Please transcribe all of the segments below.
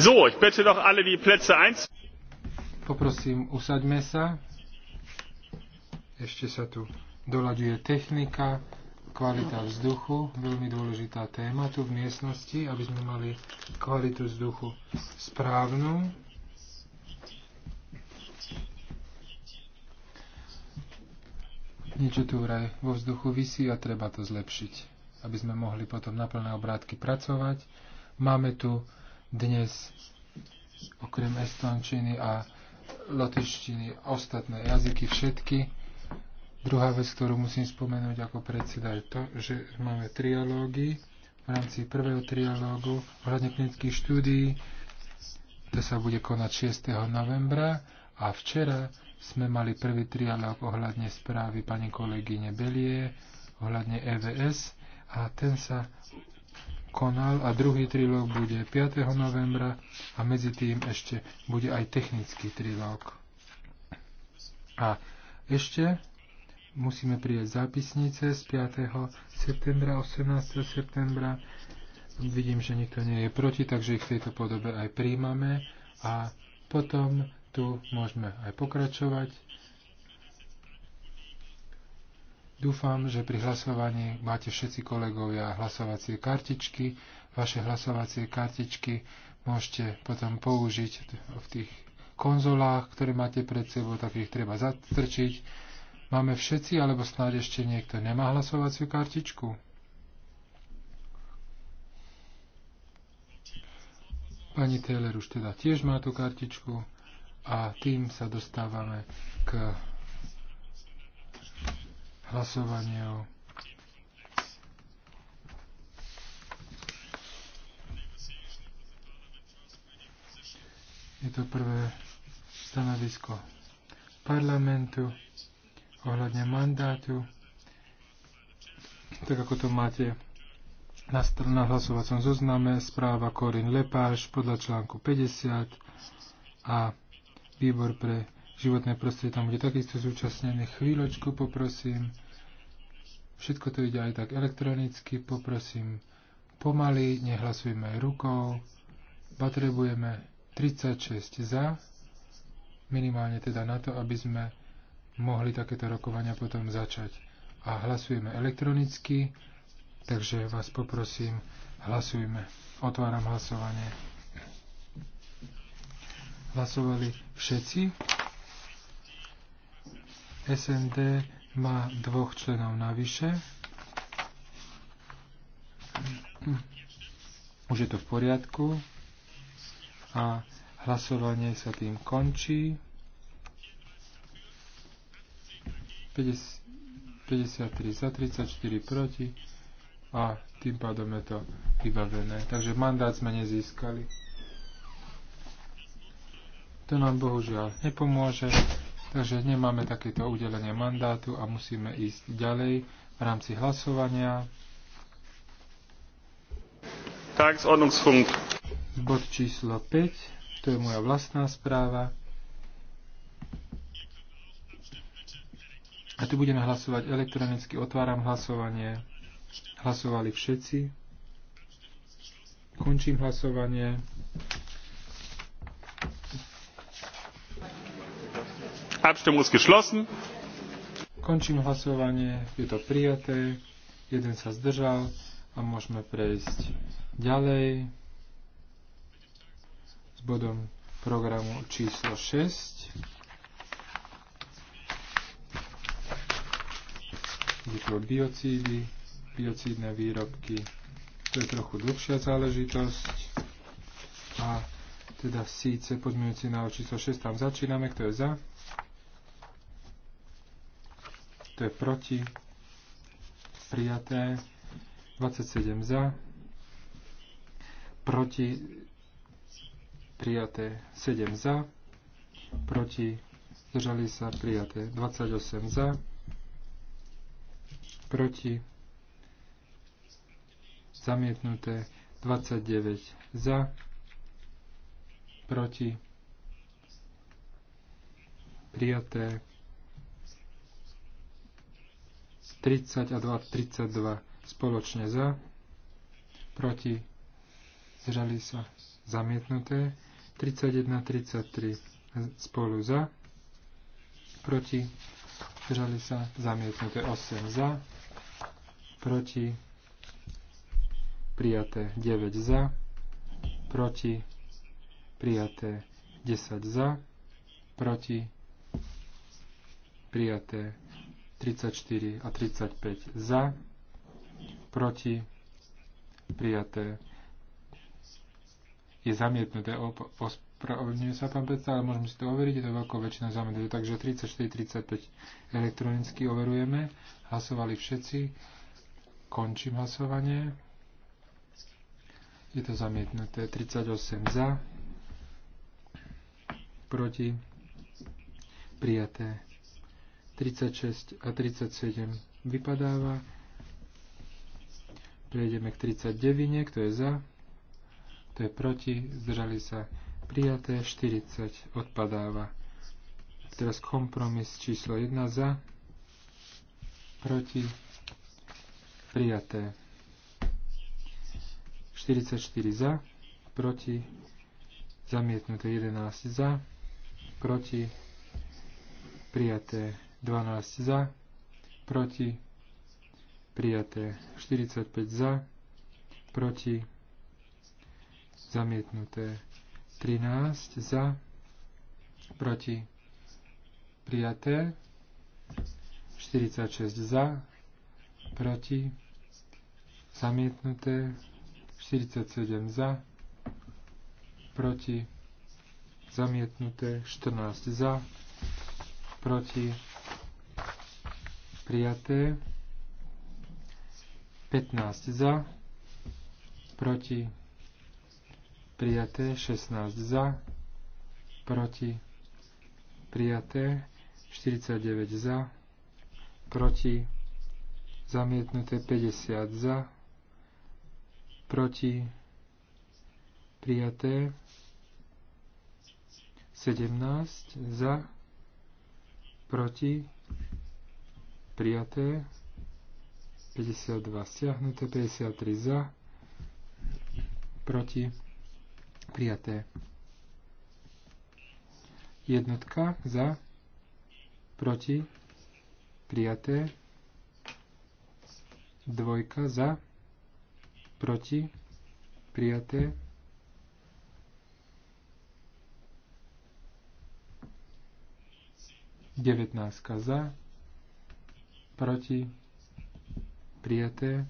So, ich bitte doch alle die Plätze eins. Poprosím, usaďme sa. Ešte sa tu doľaďuje technika, kvalita vzduchu, veľmi dôležitá téma tu v miestnosti, aby sme mali kvalitu vzduchu správnu. Niečo tu vraj vo vzduchu vysí a treba to zlepšiť, aby sme mohli potom na plné obrátky pracovať. Máme tu dnes okrem estončiny a lotištiny ostatné jazyky všetky. Druhá vec, ktorú musím spomenúť ako predseda, je to, že máme trialógy. V rámci prvého trialógu ohľadne klinických štúdií to sa bude konať 6. novembra a včera sme mali prvý trialóg ohľadne správy pani kolegyne Belie ohľadne EVS a ten sa konal a druhý trilóg bude 5. novembra a medzi tým ešte bude aj technický trilóg. A ešte musíme prijať zápisnice z 5. septembra, 18. septembra. Vidím, že nikto nie je proti, takže ich v tejto podobe aj príjmame a potom tu môžeme aj pokračovať. Dúfam, že pri hlasovaní máte všetci kolegovia hlasovacie kartičky. Vaše hlasovacie kartičky môžete potom použiť v tých konzolách, ktoré máte pred sebou, tak ich treba zastrčiť. Máme všetci, alebo snáď ešte niekto nemá hlasovaciu kartičku? Pani Taylor už teda tiež má tú kartičku a tým sa dostávame k hlasovanie o Je to prvé stanovisko parlamentu ohľadne mandátu, tak ako to máte na, na hlasovacom zozname, správa Korin Lepáš podľa článku 50 a výbor pre životné prostredie tam bude takisto zúčastnené. Chvíľočku poprosím. Všetko to ide aj tak elektronicky. Poprosím pomaly, nehlasujme rukou. Potrebujeme 36 za, minimálne teda na to, aby sme mohli takéto rokovania potom začať. A hlasujeme elektronicky, takže vás poprosím, hlasujme. Otváram hlasovanie. Hlasovali všetci? SND má dvoch členov navyše. Už je to v poriadku a hlasovanie sa tým končí. 53 za, 34 proti a tým pádom je to vybavené. Takže mandát sme nezískali. To nám bohužiaľ nepomôže. Takže nemáme takéto udelenie mandátu a musíme ísť ďalej v rámci hlasovania. Bod číslo 5, to je moja vlastná správa. A tu budeme hlasovať elektronicky. Otváram hlasovanie. Hlasovali všetci. Končím hlasovanie. Abstimmung ist geschlossen. Končím hlasovanie, je to prijaté, jeden sa zdržal a môžeme prejsť ďalej s bodom programu číslo 6. Je to biocídy, biocídne výrobky. To je trochu dlhšia záležitosť. A teda síce pozmeňujúci návrh číslo 6 tam začíname. Kto je za? kto je proti, prijaté, 27 za, proti, prijaté, 7 za, proti, zdržali sa, prijaté, 28 za, proti, zamietnuté, 29 za, proti, prijaté, 30 a 32 spoločne za, proti, zdržali sa zamietnuté, 31 33 spolu za, proti, zdržali sa zamietnuté, 8 za, proti, prijaté 9 za, proti, prijaté 10 za, proti, prijaté 34 a 35 za, proti, prijaté. Je zamietnuté, ospravedlňuje sa pán Peca, ale môžeme si to overiť, je to veľká väčšina zamietnuté. Takže 34, 35 elektronicky overujeme, hlasovali všetci, končím hlasovanie. Je to zamietnuté, 38 za, proti, prijaté. 36 a 37 vypadáva. Prejdeme k 39, kto je za, kto je proti, zdržali sa prijaté, 40 odpadáva. Teraz kompromis číslo 1 za, proti, prijaté. 44 za, proti, zamietnuté 11 za, proti, prijaté 12 za, proti, prijaté 45 za, proti, zamietnuté 13 za, proti, prijaté 46 za, proti, zamietnuté 47 za, proti, zamietnuté 14 za, proti, zamietnuté 14 za, prijaté. 15 za, proti, prijaté. 16 za, proti, prijaté. 49 za, proti, zamietnuté. 50 za, proti, prijaté. 17 za, proti, prijaté, 52 stiahnuté, 53 za, proti, prijaté. Jednotka za, proti, prijaté, dvojka za, proti, prijaté, devätnáctka za, proti, prijaté,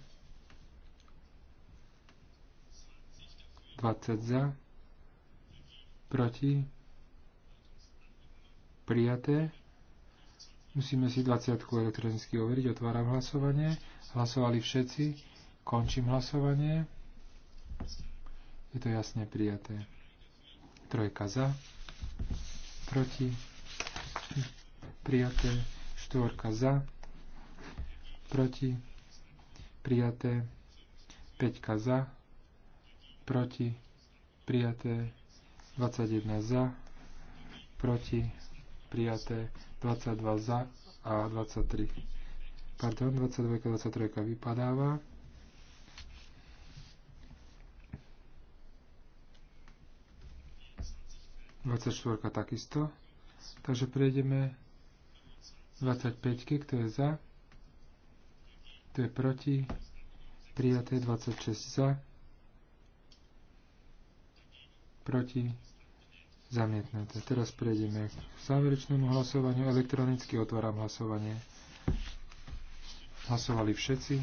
20 za, proti, prijaté. Musíme si 20 elektronicky overiť. Otváram hlasovanie. Hlasovali všetci. Končím hlasovanie. Je to jasne prijaté. Trojka za, proti, prijaté, štvorka za, proti, prijaté, 5 za, proti, prijaté, 21 za, proti, prijaté, 22 za a 23. Pardon, 22 a 23 vypadáva. Dvadsaťštvorka takisto. Takže prejdeme 25, kto je za to je proti, prijaté 26 za, proti, zamietnuté. Teraz prejdeme k záverečnému hlasovaniu. Elektronicky otváram hlasovanie. Hlasovali všetci.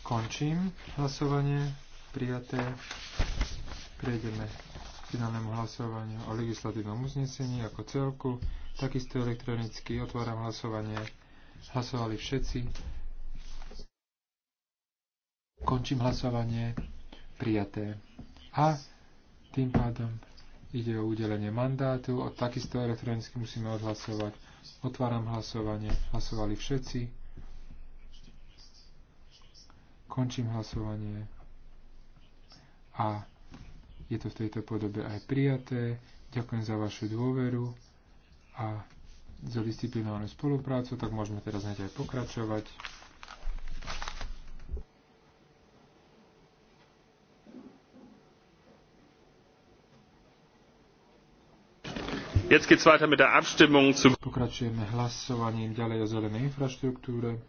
Končím hlasovanie. Prijaté. Prejdeme k finálnemu hlasovaniu o legislatívnom uznesení ako celku. Takisto elektronicky otváram hlasovanie. Hlasovali všetci. Končím hlasovanie. Prijaté. A tým pádom ide o udelenie mandátu. O takisto elektronicky musíme odhlasovať. Otváram hlasovanie. Hlasovali všetci. Končím hlasovanie. A je to v tejto podobe aj prijaté. Ďakujem za vašu dôveru a za disciplinovanú spoluprácu, tak môžeme teraz hneď aj pokračovať. Jetzt geht's weiter mit der Abstimmung zu Pokračujeme hlasovaním ďalej o zelenej infraštruktúre.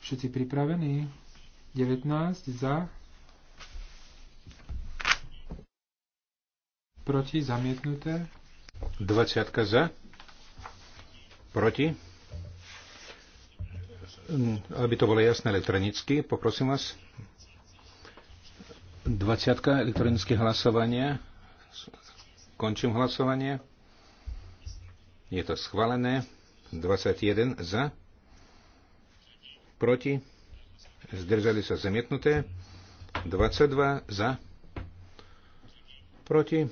Všetci pripravení? 19 za. Proti zamietnuté. 20 za. Proti? Hm, aby to bolo jasné elektronicky, poprosím vás. 20. elektronické hlasovanie. Končím hlasovanie. Je to schválené. 21 za. Proti. Zdržali sa zamietnuté. 22 za. Proti.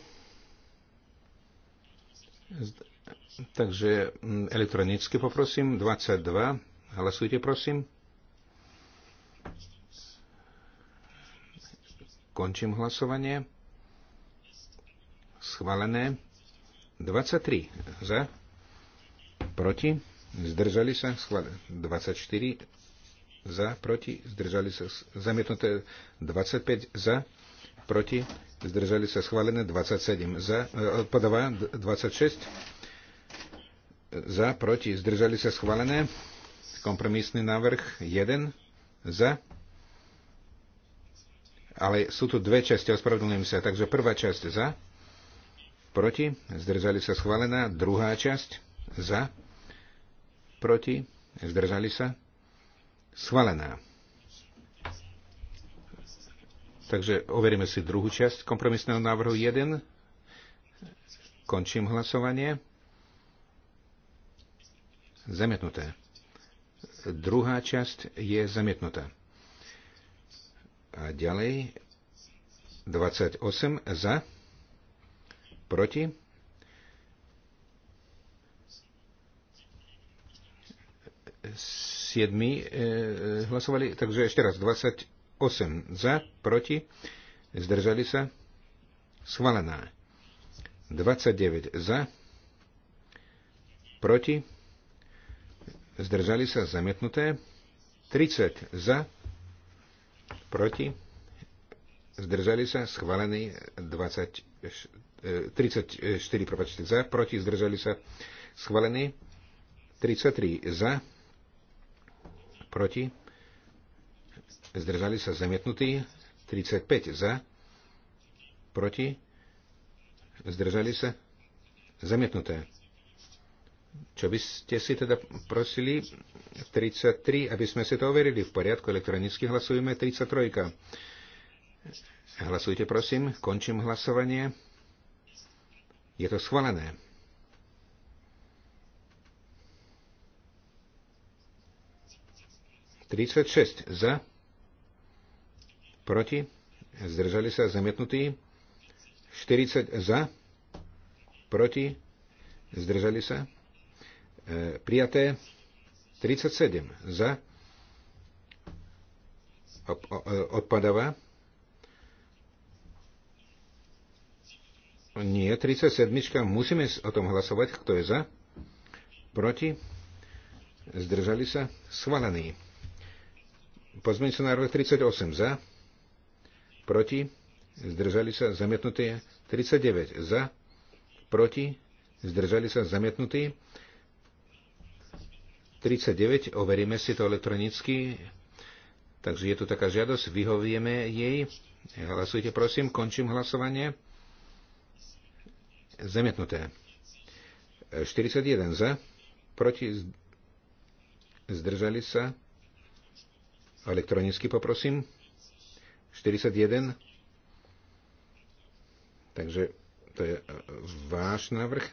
Takže mm, elektronicky poprosím, 22, hlasujte prosím. Končím hlasovanie. Schválené. 23 za. Proti. Zdržali sa. Schválené. 24 za. Proti. Zdržali sa. Zamietnuté. 25 za. Proti. Zdržali sa. Schválené. 27 za. E, e, Podáva. 26 za, proti, zdržali sa schválené. Kompromisný návrh 1 za. Ale sú tu dve časti, ospravedlňujem sa. Takže prvá časť za, proti, zdržali sa schválená. Druhá časť za, proti, zdržali sa schválená. Takže overíme si druhú časť kompromisného návrhu 1. Končím hlasovanie. Zamietnuté. Druhá časť je zamietnutá. A ďalej 28 za, proti. Siedmi e, e, hlasovali, takže ešte raz 28 za, proti, zdržali sa, schválená. 29 za, proti, zdržali sa zamietnuté, 30 za, proti, zdržali sa schválený 20, 34 propačte, za, proti, zdržali sa schválený 33 za, proti, zdržali sa zamietnutí 35 za, proti, zdržali sa zamietnuté. Čo by ste si teda prosili? 33, aby sme si to overili. V poriadku, elektronicky hlasujeme. 33. Hlasujte, prosím. Končím hlasovanie. Je to schválené. proti, zdržali против, сдержались заметнутые, 40 proti, zdržali sa? E, prijaté 37 za. E, odpadáva. Nie, 37. Musíme o tom hlasovať. Kto je za? Proti? Zdržali sa? Schválený. sa návrh 38 za. Proti? Zdržali sa? Zamietnutý. 39 za. Proti? Zdržali sa? Zamietnutý. 39, overíme si to elektronicky. Takže je tu taká žiadosť, vyhovieme jej. Hlasujte prosím, končím hlasovanie. Zamietnuté. 41 za, proti zdržali sa. Elektronicky poprosím. 41. Takže to je e, e, váš návrh.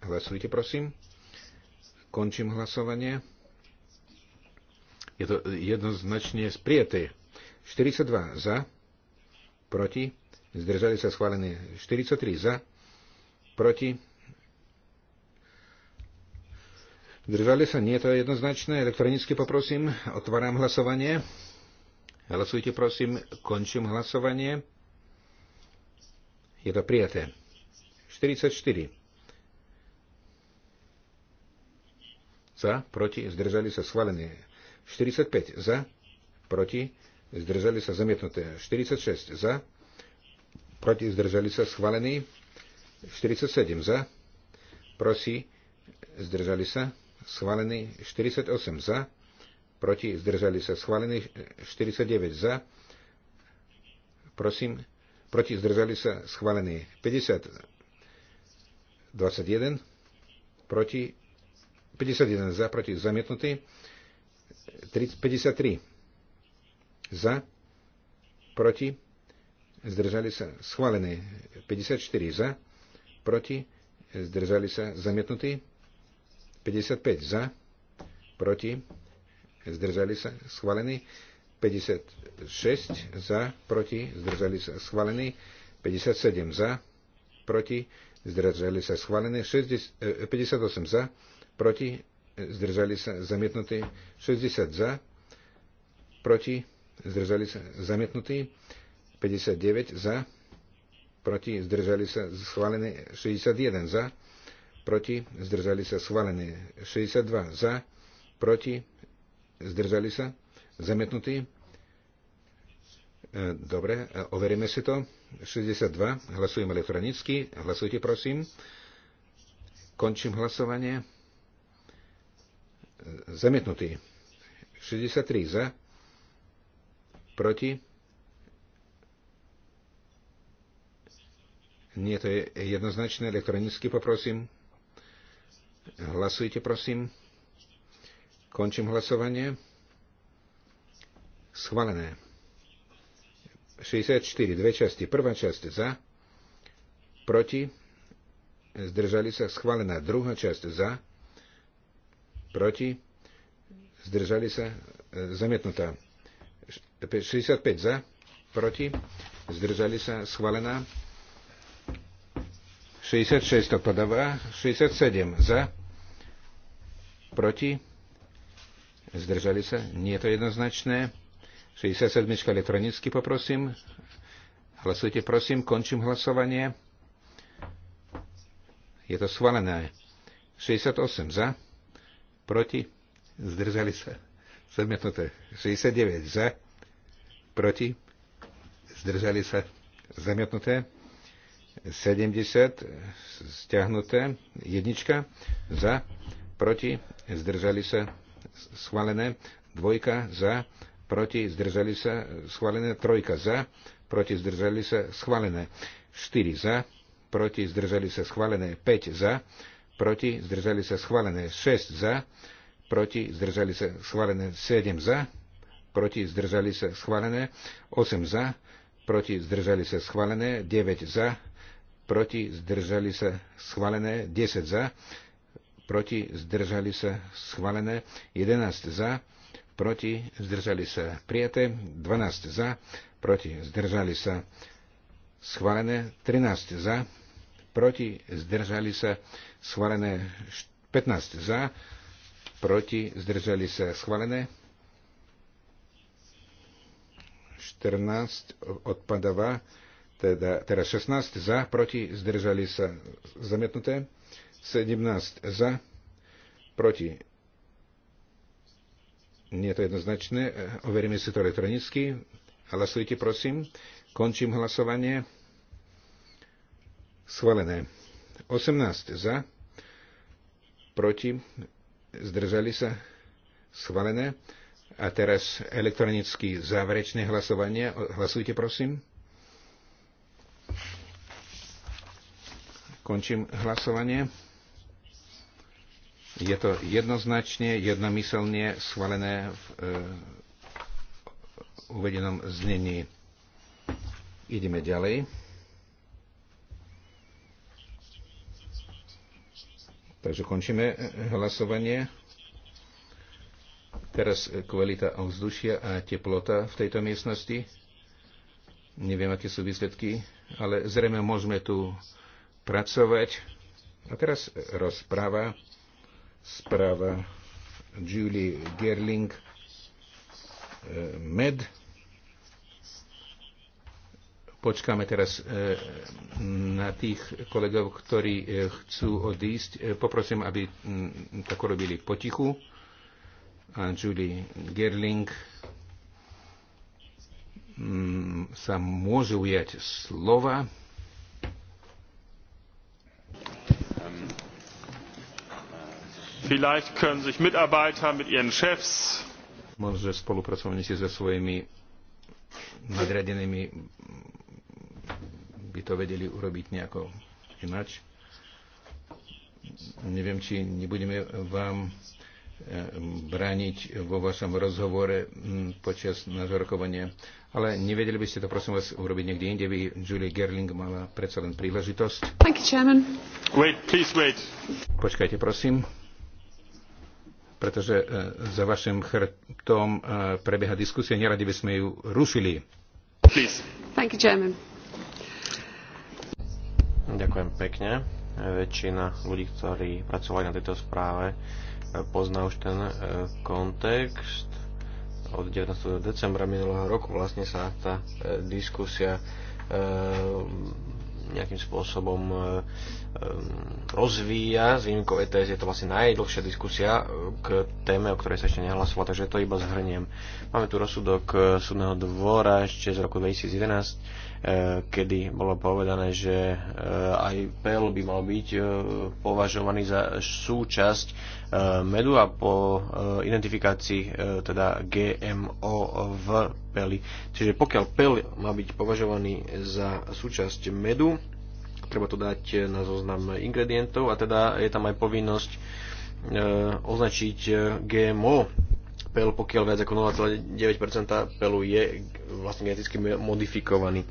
Hlasujte prosím. Končím hlasovanie. Je to jednoznačne spriete. 42 za, proti, zdržali sa schválené 43 za, proti, Zdržali sa? Nie, to je jednoznačné. Elektronicky poprosím. Otváram hlasovanie. Hlasujte, prosím. Končím hlasovanie. Je to prijaté. 44. za, proti, zdržali sa schválené. 45 za, proti, zdržali sa zamietnuté. 46 za, proti, zdržali sa schválený. 47 za, proti, zdržali sa schválený. 48 za, proti, zdržali sa schválený. 49 za, prosím, proti, zdržali sa schválený. 50 21 proti 51 za, proti zamietnutý. 53 za, proti, zdržali sa schválené. 54 za, proti, zdržali sa zamietnutý. 55 za, proti, zdržali sa schválený. 56 za, proti, zdržali sa schválený. 57 za, proti, zdržali sa schválení. 58 e, e, za, proti, zdržali sa zamietnutí, 60 za, proti, zdržali sa zamietnutí, 59 za, proti, zdržali sa schválené, 61 za, proti, zdržali sa schválené, 62 za, proti, zdržali sa, zamietnutí. E, dobre, e, overíme si to. 62, hlasujem elektronicky, hlasujte prosím. Končím hlasovanie zamietnutý. 63 za, proti. Nie, to je jednoznačné. Elektronicky poprosím. Hlasujte, prosím. Končím hlasovanie. Schválené. 64, dve časti. Prvá časť za, proti, zdržali sa, schválená. Druhá časť za, proti, zdržali sa, e, zamietnutá. 65 za, proti, zdržali sa, schválená. 66 to podáva, 67 za, proti, zdržali sa, nie je to jednoznačné. 67 elektronicky poprosím. Hlasujte prosím, končím hlasovanie. Je to schválené. 68 za proti, zdržali sa, zamietnuté. 69 za, proti, zdržali sa, zamietnuté. 70, stiahnuté, jednička, za, proti, zdržali sa, schválené, dvojka, za, proti, zdržali sa, schválené, trojka, za, proti, zdržali sa, schválené, 4 za, proti, zdržali sa, schválené, 5 za, proti, zdržali sa schválené 6 za, proti, zdržali sa schválené 7 za, proti, zdržali sa schválené 8 za, proti, zdržali sa schválené 9 za, proti, zdržali sa schválené 10 za, proti, zdržali sa schválené 11 za, proti, zdržali sa prijaté 12 za, proti, zdržali sa schválené 13 za, proti, zdržali sa, schválené 15 za, proti, zdržali sa, schválené 14 odpadáva, teda teraz 16 za, proti, zdržali sa, zamietnuté, 17 za, proti, nie je to jednoznačné, overíme si to elektronicky, hlasujte prosím, končím hlasovanie. Schválené. 18 za, proti, zdržali sa, schválené. A teraz elektronicky záverečné hlasovanie. Hlasujte, prosím. Končím hlasovanie. Je to jednoznačne, jednomyselne schválené v e, uvedenom znení. Ideme ďalej. Takže končíme eh, eh, hlasovanie. Teraz eh, kvalita ovzdušia a teplota v tejto miestnosti. Neviem, aké sú výsledky, ale zrejme môžeme tu pracovať. A teraz rozpráva, správa Julie Gerling, med. Počkáme teraz e, na tých kolegov, ktorí e, chcú odísť. E, poprosím, aby tak robili potichu. A Julie Gerling sa môže ujať slova. Vielleicht können sich Mitarbeiter mit ihren Chefs Môže spolupracovníci so svojimi nadriadenými by to vedeli urobiť nejako inač. Neviem, či nebudeme vám eh, brániť vo vašom rozhovore hm, počas nášho rokovania. Ale nevedeli by ste to, prosím vás, urobiť niekde inde, by Julie Gerling mala predsa len príležitosť. Thank you, Chairman. Wait, please wait. Počkajte, prosím pretože eh, za vašim chrbtom eh, prebieha diskusia, neradi by sme ju rušili. Please. Thank you, Chairman. Ďakujem pekne. Väčšina ľudí, ktorí pracovali na tejto správe, e, pozná už ten e, kontext. Od 19. decembra minulého roku vlastne sa tá e, diskusia nejakým spôsobom rozvíja. Z výnimkou ETS je to vlastne najdlhšia diskusia k téme, o ktorej sa ešte nehlasovala, takže to iba zhrniem. Máme tu rozsudok súdneho dvora ešte z roku 2011 E, kedy bolo povedané, že e, aj PL by mal byť e, považovaný za súčasť medu a po identifikácii teda GMO v peli. Čiže pokiaľ Pel má byť považovaný za súčasť medu, treba to dať na zoznam ingredientov a teda je tam aj povinnosť označiť GMO pel, pokiaľ viac ako 0,9% pelu je vlastne geneticky modifikovaný.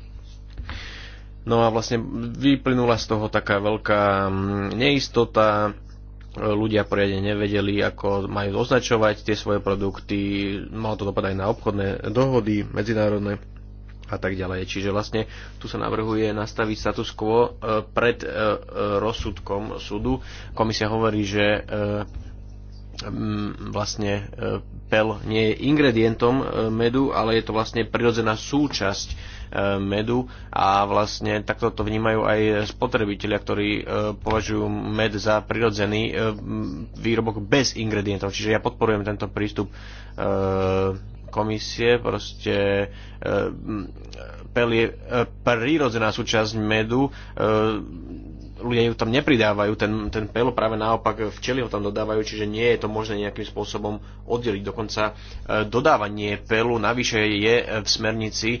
No a vlastne vyplynula z toho taká veľká mm, neistota, ľudia poriadne nevedeli, ako majú označovať tie svoje produkty, malo to dopad aj na obchodné dohody medzinárodné a tak ďalej. Čiže vlastne tu sa navrhuje nastaviť status quo e, pred e, e, rozsudkom súdu. Komisia hovorí, že vlastne pel nie je ingredientom medu, ale je to vlastne prirodzená súčasť E, medu a vlastne takto to vnímajú aj spotrebitelia, ktorí e, považujú med za prirodzený e, výrobok bez ingredientov. Čiže ja podporujem tento prístup komisie, proste pel je prírodzená súčasť medu, ľudia ju tam nepridávajú, ten, ten pelo práve naopak včeli ho tam dodávajú, čiže nie je to možné nejakým spôsobom oddeliť. Dokonca e, dodávanie pelu navyše je v smernici e,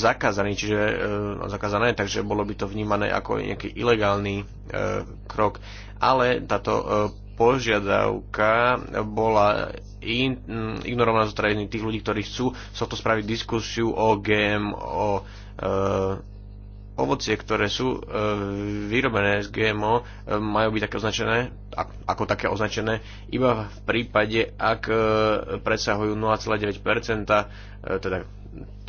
zakázané, čiže e, no, zakázané, takže bolo by to vnímané ako nejaký ilegálny e, krok. Ale táto e, požiadavka bola in, mm, ignorovaná zo strany tých ľudí, ktorí chcú so to spraviť diskusiu o GM, o e, ovocie, ktoré sú e, vyrobené z GMO, e, majú byť také označené, ako, ako také označené, iba v prípade, ak e, presahujú 0,9%, e, teda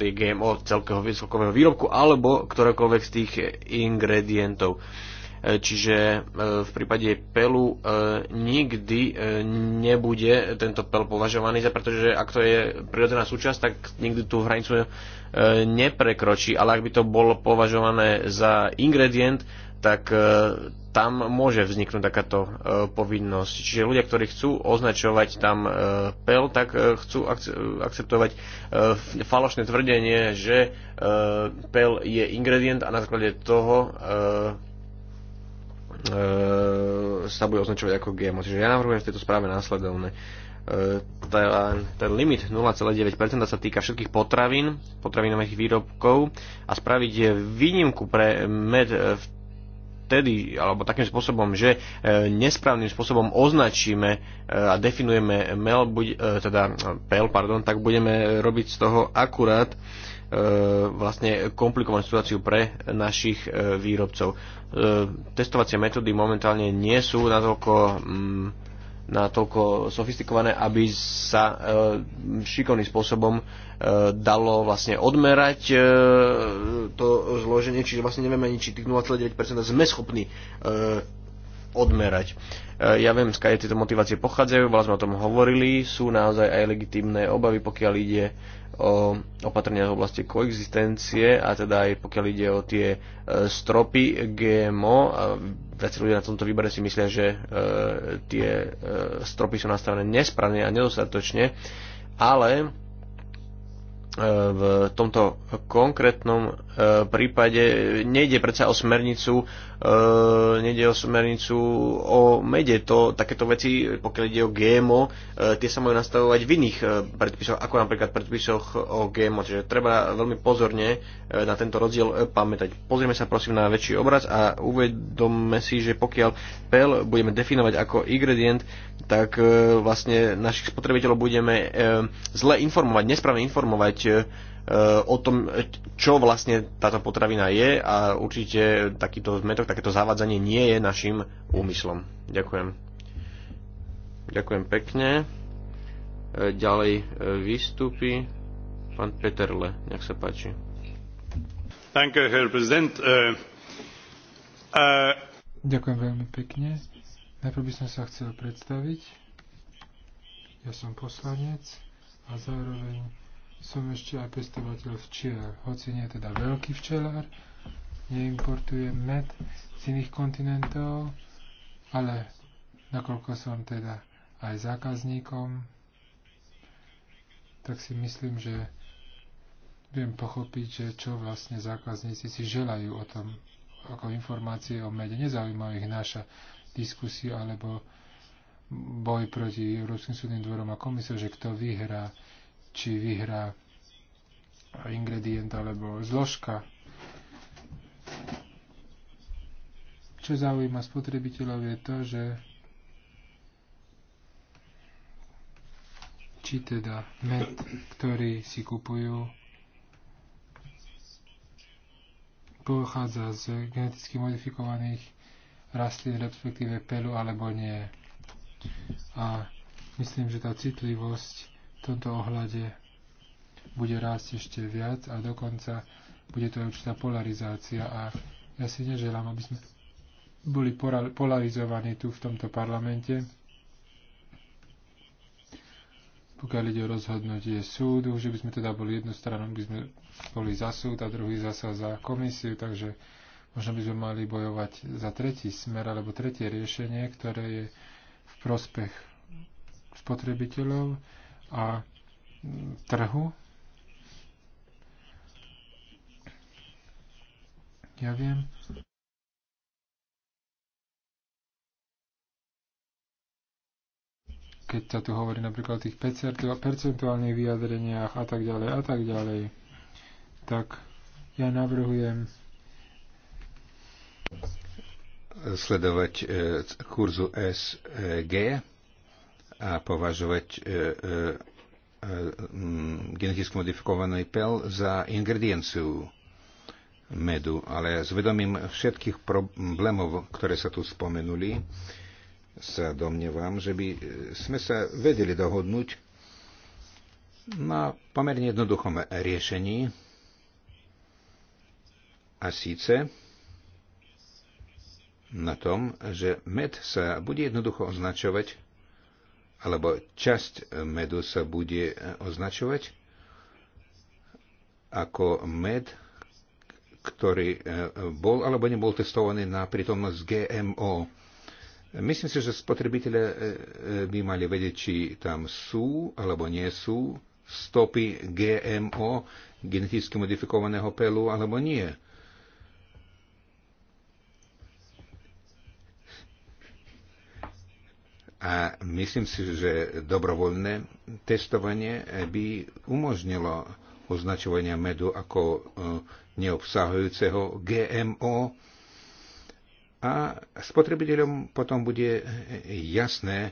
GMO celkého výsledkového výrobku, alebo ktorékoľvek z tých ingredientov. E, E, čiže e, v prípade pelu e, nikdy nebude tento pel považovaný za, pretože ak to je prirodzená súčasť, tak nikdy tú hranicu neprekročí, ale ak by to bolo považované za ingredient, tak tam môže vzniknúť takáto povinnosť. Čiže ľudia, ktorí chcú označovať tam pel, tak chcú akceptovať falošné tvrdenie, že pel je ingredient a na základe toho E, sa bude označovať ako GMO. Čiže ja navrhujem v tejto správe následovné. E, ten, ten limit 0,9% sa týka všetkých potravín, potravinových výrobkov a spraviť výnimku pre med v vtedy, alebo takým spôsobom, že e, nesprávnym spôsobom označíme a definujeme mel, buď, teda pel, pardon, tak budeme robiť z toho akurát vlastne komplikovanú situáciu pre našich výrobcov. E, testovacie metódy momentálne nie sú natoľko, mm, natoľko sofistikované, aby sa e, šikovným spôsobom e, dalo vlastne odmerať to zloženie, čiže vlastne nevieme ani, či tých 0,9% sme schopní odmerať. Ja viem, z tieto motivácie pochádzajú, veľa sme o tom hovorili, sú naozaj aj legitímne obavy, pokiaľ ide o v oblasti koexistencie a teda aj pokiaľ ide o tie e, stropy GMO. Veci ľudia na tomto výbere si myslia, že e, tie e, stropy sú nastavené nesprávne a nedostatočne, ale v tomto konkrétnom prípade nejde predsa o smernicu E, nejde o smernicu o mede. To, takéto veci, pokiaľ ide o GMO, e, tie sa majú nastavovať v iných e, predpisoch, ako napríklad predpisoch o GMO. Čiže treba veľmi pozorne na tento rozdiel pamätať. Pozrieme sa prosím na väčší obraz a uvedomme si, že pokiaľ pel budeme definovať ako ingredient, tak vlastne našich spotrebiteľov budeme zle informovať, nesprávne informovať o tom, čo vlastne táto potravina je a určite takýto zmetok, takéto zavádzanie nie je našim úmyslom. Ďakujem. Ďakujem pekne. E, ďalej e, vystúpi pán Peterle. Nech sa páči. Herr Uh, uh... Ďakujem veľmi pekne. Najprv by som sa chcel predstaviť. Ja som poslanec a zároveň som ešte aj pestovateľ včiel, hoci nie teda veľký včelár, neimportujem med z iných kontinentov, ale nakoľko som teda aj zákazníkom, tak si myslím, že viem pochopiť, že čo vlastne zákazníci si želajú o tom, ako informácie o mede. Nezaujíma ich naša diskusia alebo boj proti Európskym súdnym dvorom a komisie, že kto vyhrá či vyhrá ingredient alebo zložka. Čo zaujíma spotrebiteľov je to, že či teda med, ktorý si kupujú, pochádza z geneticky modifikovaných rastlín, respektíve pelu alebo nie. A myslím, že tá citlivosť v tomto ohľade bude rásť ešte viac a dokonca bude to aj určitá polarizácia a ja si neželám, aby sme boli polarizovaní tu v tomto parlamente, pokiaľ ide o rozhodnutie súdu, že by sme teda boli jednu stranu, by sme boli za súd a druhý zasa za komisiu, takže možno by sme mali bojovať za tretí smer alebo tretie riešenie, ktoré je v prospech spotrebiteľov a trhu. Ja viem. Keď sa tu hovorí napríklad o tých percentuálnych vyjadreniach a tak ďalej a tak ďalej, tak ja navrhujem sledovať eh, kurzu SG a považovať e, e, e, geneticky modifikovaný pel za ingredienciu medu, ale s vedomím všetkých problémov, ktoré sa tu spomenuli, sa domnievam, že by sme sa vedeli dohodnúť na pomerne jednoduchom riešení a síce na tom, že med sa bude jednoducho označovať alebo časť medu sa bude e, označovať ako med, ktorý e, bol alebo nebol testovaný na prítomnosť GMO. Myslím si, že spotrebitelia e, by mali vedieť, či tam sú alebo nie sú stopy GMO, geneticky modifikovaného pelu, alebo nie. A myslím si, že dobrovoľné testovanie by umožnilo označovanie medu ako e, neobsahujúceho GMO a spotrebiteľom potom bude jasné, e,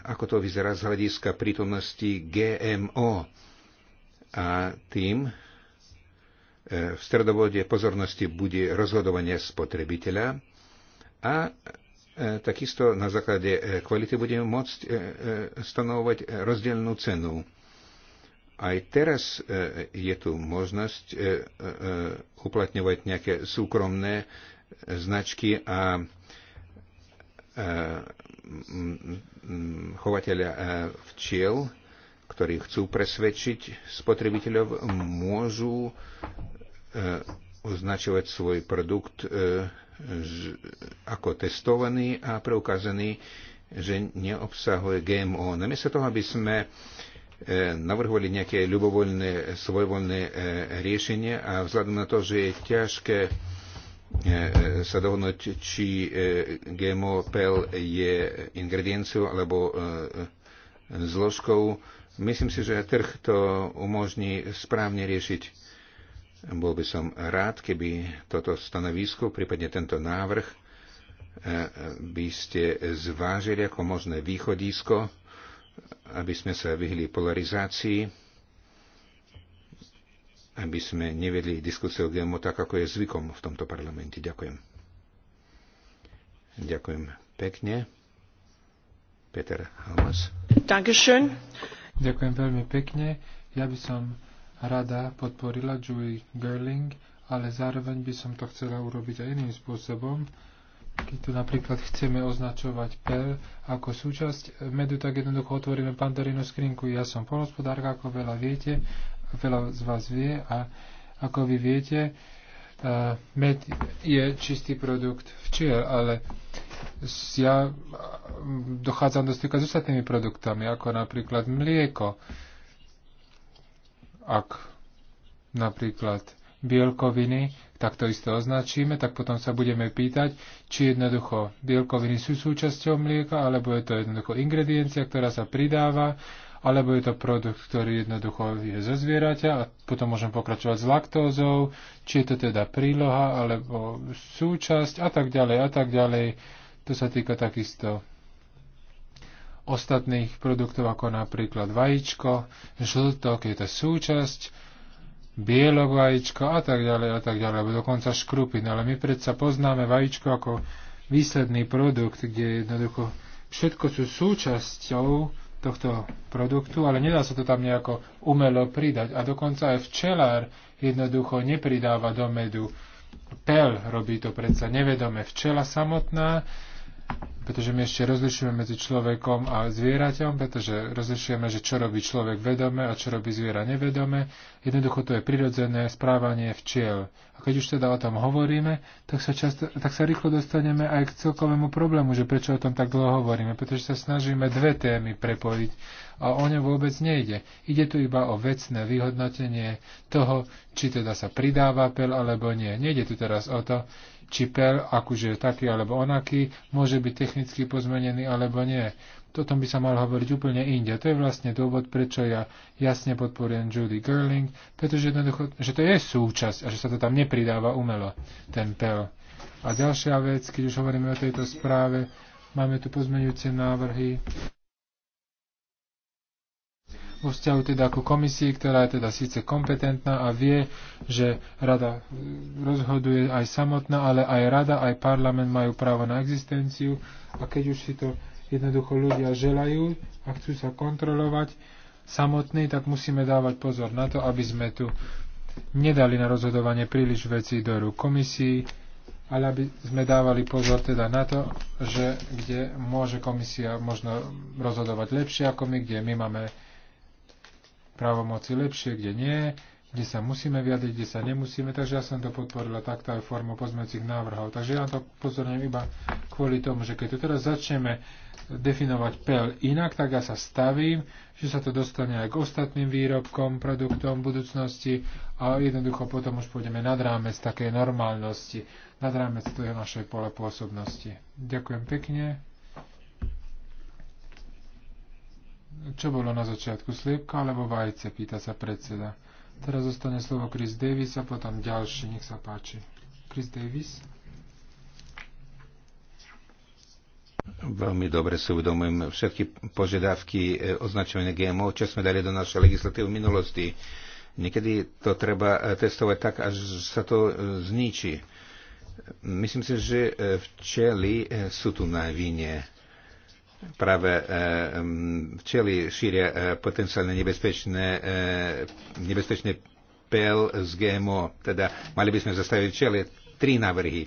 ako to vyzerá z hľadiska prítomnosti GMO. A tým e, v stredobode pozornosti bude rozhodovanie spotrebiteľa a E, takisto na základe e, kvality budeme môcť e, stanovať rozdielnú cenu. Aj teraz je tu možnosť uplatňovať nejaké súkromné značky a chovateľa včiel, ktorí chcú presvedčiť spotrebiteľov, môžu označovať svoj produkt ako testovaný a preukázaný, že neobsahuje GMO. Namiesto toho, aby sme e, navrhovali nejaké ľubovoľné, svojvoľné e, riešenie a vzhľadom na to, že je ťažké e, sa dohodnúť, či GMO PL je ingredienciou alebo zložkou, myslím si, že trh to umožní správne riešiť bol by som rád, keby toto stanovisko, prípadne tento návrh, e, e, by ste zvážili ako možné východisko, aby sme sa vyhli polarizácii, aby sme nevedli diskusiu o GMO tak, ako je zvykom v tomto parlamente. Ďakujem. Ďakujem pekne. Peter Halmas. Ďakujem veľmi pekne. Ja by som rada podporila Julie Gerling, ale zároveň by som to chcela urobiť aj iným spôsobom. Keď tu napríklad chceme označovať PEL ako súčasť medu, tak jednoducho otvoríme pandorínu skrinku. Ja som polospodárka, ako veľa viete, veľa z vás vie a ako vy viete, eh, med je čistý produkt včiel, ale ja eh, dochádzam do styka s ostatnými produktami, ako napríklad mlieko ak napríklad bielkoviny takto isto označíme, tak potom sa budeme pýtať, či jednoducho bielkoviny sú súčasťou mlieka, alebo je to jednoducho ingrediencia, ktorá sa pridáva, alebo je to produkt, ktorý jednoducho je zo zvieraťa a potom môžem pokračovať s laktózou, či je to teda príloha alebo súčasť a tak ďalej a tak ďalej. To sa týka takisto ostatných produktov, ako napríklad vajíčko, žltok, je to súčasť, bielo vajíčko a tak ďalej a tak ďalej, alebo dokonca škrupin. Ale my predsa poznáme vajíčko ako výsledný produkt, kde jednoducho všetko sú súčasťou tohto produktu, ale nedá sa to tam nejako umelo pridať. A dokonca aj včelár jednoducho nepridáva do medu. Pel robí to predsa nevedome. Včela samotná pretože my ešte rozlišujeme medzi človekom a zvieraťom, pretože rozlišujeme, že čo robí človek vedome a čo robí zviera nevedome. Jednoducho to je prirodzené správanie včiel. A keď už teda o tom hovoríme, tak sa, často, tak sa rýchlo dostaneme aj k celkovému problému, že prečo o tom tak dlho hovoríme, pretože sa snažíme dve témy prepojiť a o ne vôbec nejde. Ide tu iba o vecné vyhodnotenie toho, či teda sa pridáva pel alebo nie. Nejde tu teraz o to, čipel, akože je taký alebo onaký, môže byť technicky pozmenený alebo nie. Toto by sa mal hovoriť úplne inde. To je vlastne dôvod, prečo ja jasne podporujem Judy Girling, pretože jednoducho, že to je súčasť a že sa to tam nepridáva umelo, ten pel. A ďalšia vec, keď už hovoríme o tejto správe, máme tu pozmenujúce návrhy vo vzťahu teda ku komisii, ktorá je teda síce kompetentná a vie, že rada e, rozhoduje aj samotná, ale aj rada, aj parlament majú právo na existenciu a keď už si to jednoducho ľudia želajú a chcú sa kontrolovať samotný, tak musíme dávať pozor na to, aby sme tu nedali na rozhodovanie príliš vecí do rúk komisii, ale aby sme dávali pozor teda na to, že kde môže komisia možno rozhodovať lepšie ako my, kde my máme právomoci lepšie, kde nie, kde sa musíme vyjadriť, kde sa nemusíme, takže ja som to podporila takto aj formou pozmeňujúcich návrhov. Takže ja to pozorujem iba kvôli tomu, že keď to teraz začneme definovať PEL inak, tak ja sa stavím, že sa to dostane aj k ostatným výrobkom, produktom budúcnosti a jednoducho potom už pôjdeme nad rámec takej normálnosti, nad rámec tej našej pole pôsobnosti. Ďakujem pekne. Čo bolo na začiatku, sliepka alebo vajce, pýta sa predseda. Teraz zostane slovo Chris Davis a potom ďalší, nech sa páči. Chris Davis. Veľmi dobre si uvedomujem všetky požiadavky e, označovania GMO, čo sme dali do našej legislatívy v minulosti. Niekedy to treba e, testovať tak, až sa to e, zničí. Myslím si, že včely sú tu na vine práve e, včely šíria e, potenciálne nebezpečné, e, nebezpečné PL z GMO. Teda mali by sme zastaviť včely tri návrhy.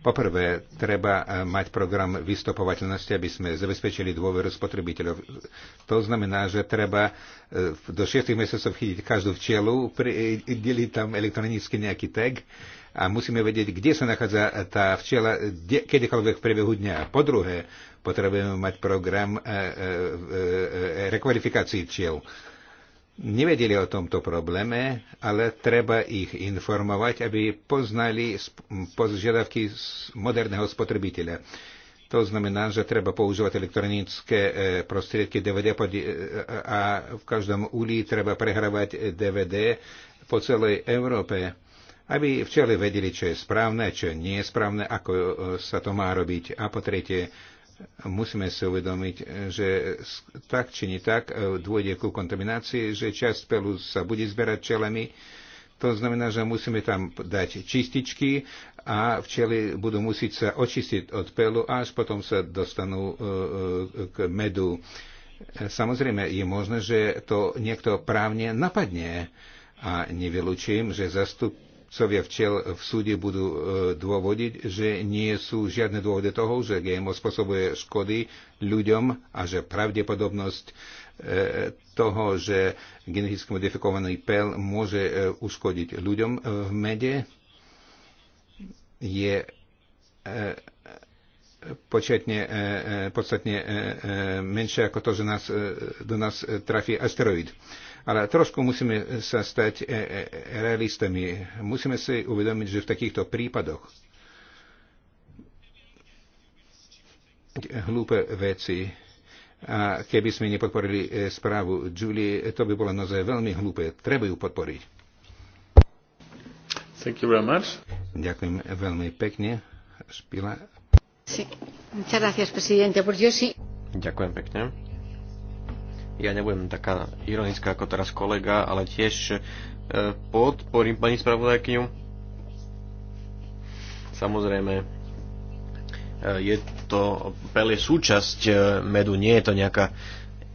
Poprvé, treba mať program vystopovateľnosti, aby sme zabezpečili dôveru spotrebiteľov. To znamená, že treba do 6 mesiacov chytiť každú včelu, prideliť tam elektronicky nejaký tag a musíme vedieť, kde sa nachádza tá včela, kedykoľvek v priebehu dňa. Po druhé, Potrebujeme mať program e, e, e, rekvalifikácií čiel. Nevedeli o tomto probléme, ale treba ich informovať, aby poznali požiadavky moderného spotrebiteľa. To znamená, že treba používať elektronické prostriedky DVD a v každom úli treba prehrávať DVD po celej Európe, aby včeli vedeli, čo je správne, čo nie je správne, ako sa to má robiť. A po tretie, musíme si uvedomiť, že tak či nie tak e, dôjde ku kontaminácii, že časť pelu sa bude zberať čelami. To znamená, že musíme tam dať čističky a včely budú musieť sa očistiť od pelu a až potom sa dostanú e, e, k medu. Samozrejme, je možné, že to niekto právne napadne a nevylučím, že zastup sovia včel v súde budú e, dôvodiť, že nie sú žiadne dôvody toho, že GMO spôsobuje škody ľuďom a že pravdepodobnosť e, toho, že geneticky modifikovaný pel môže e, uškodiť ľuďom v mede, je početne, podstatne menšie ako to, že nás, do nás trafí asteroid. Ale trošku musíme sa stať e, e, realistami. Musíme si uvedomiť, že v takýchto prípadoch hlúpe veci a keby sme nepodporili e, správu Julie, to by bolo naozaj veľmi hlúpe. Treba ju podporiť. Thank you very much. Ďakujem veľmi pekne. Špila. Sí. Muchas gracias, presidente. Pues yo sí. Ďakujem pekne ja nebudem taká ironická ako teraz kolega, ale tiež e, podporím pani spravodajkyňu. Samozrejme, e, je to, pel je súčasť e, medu, nie je to nejaká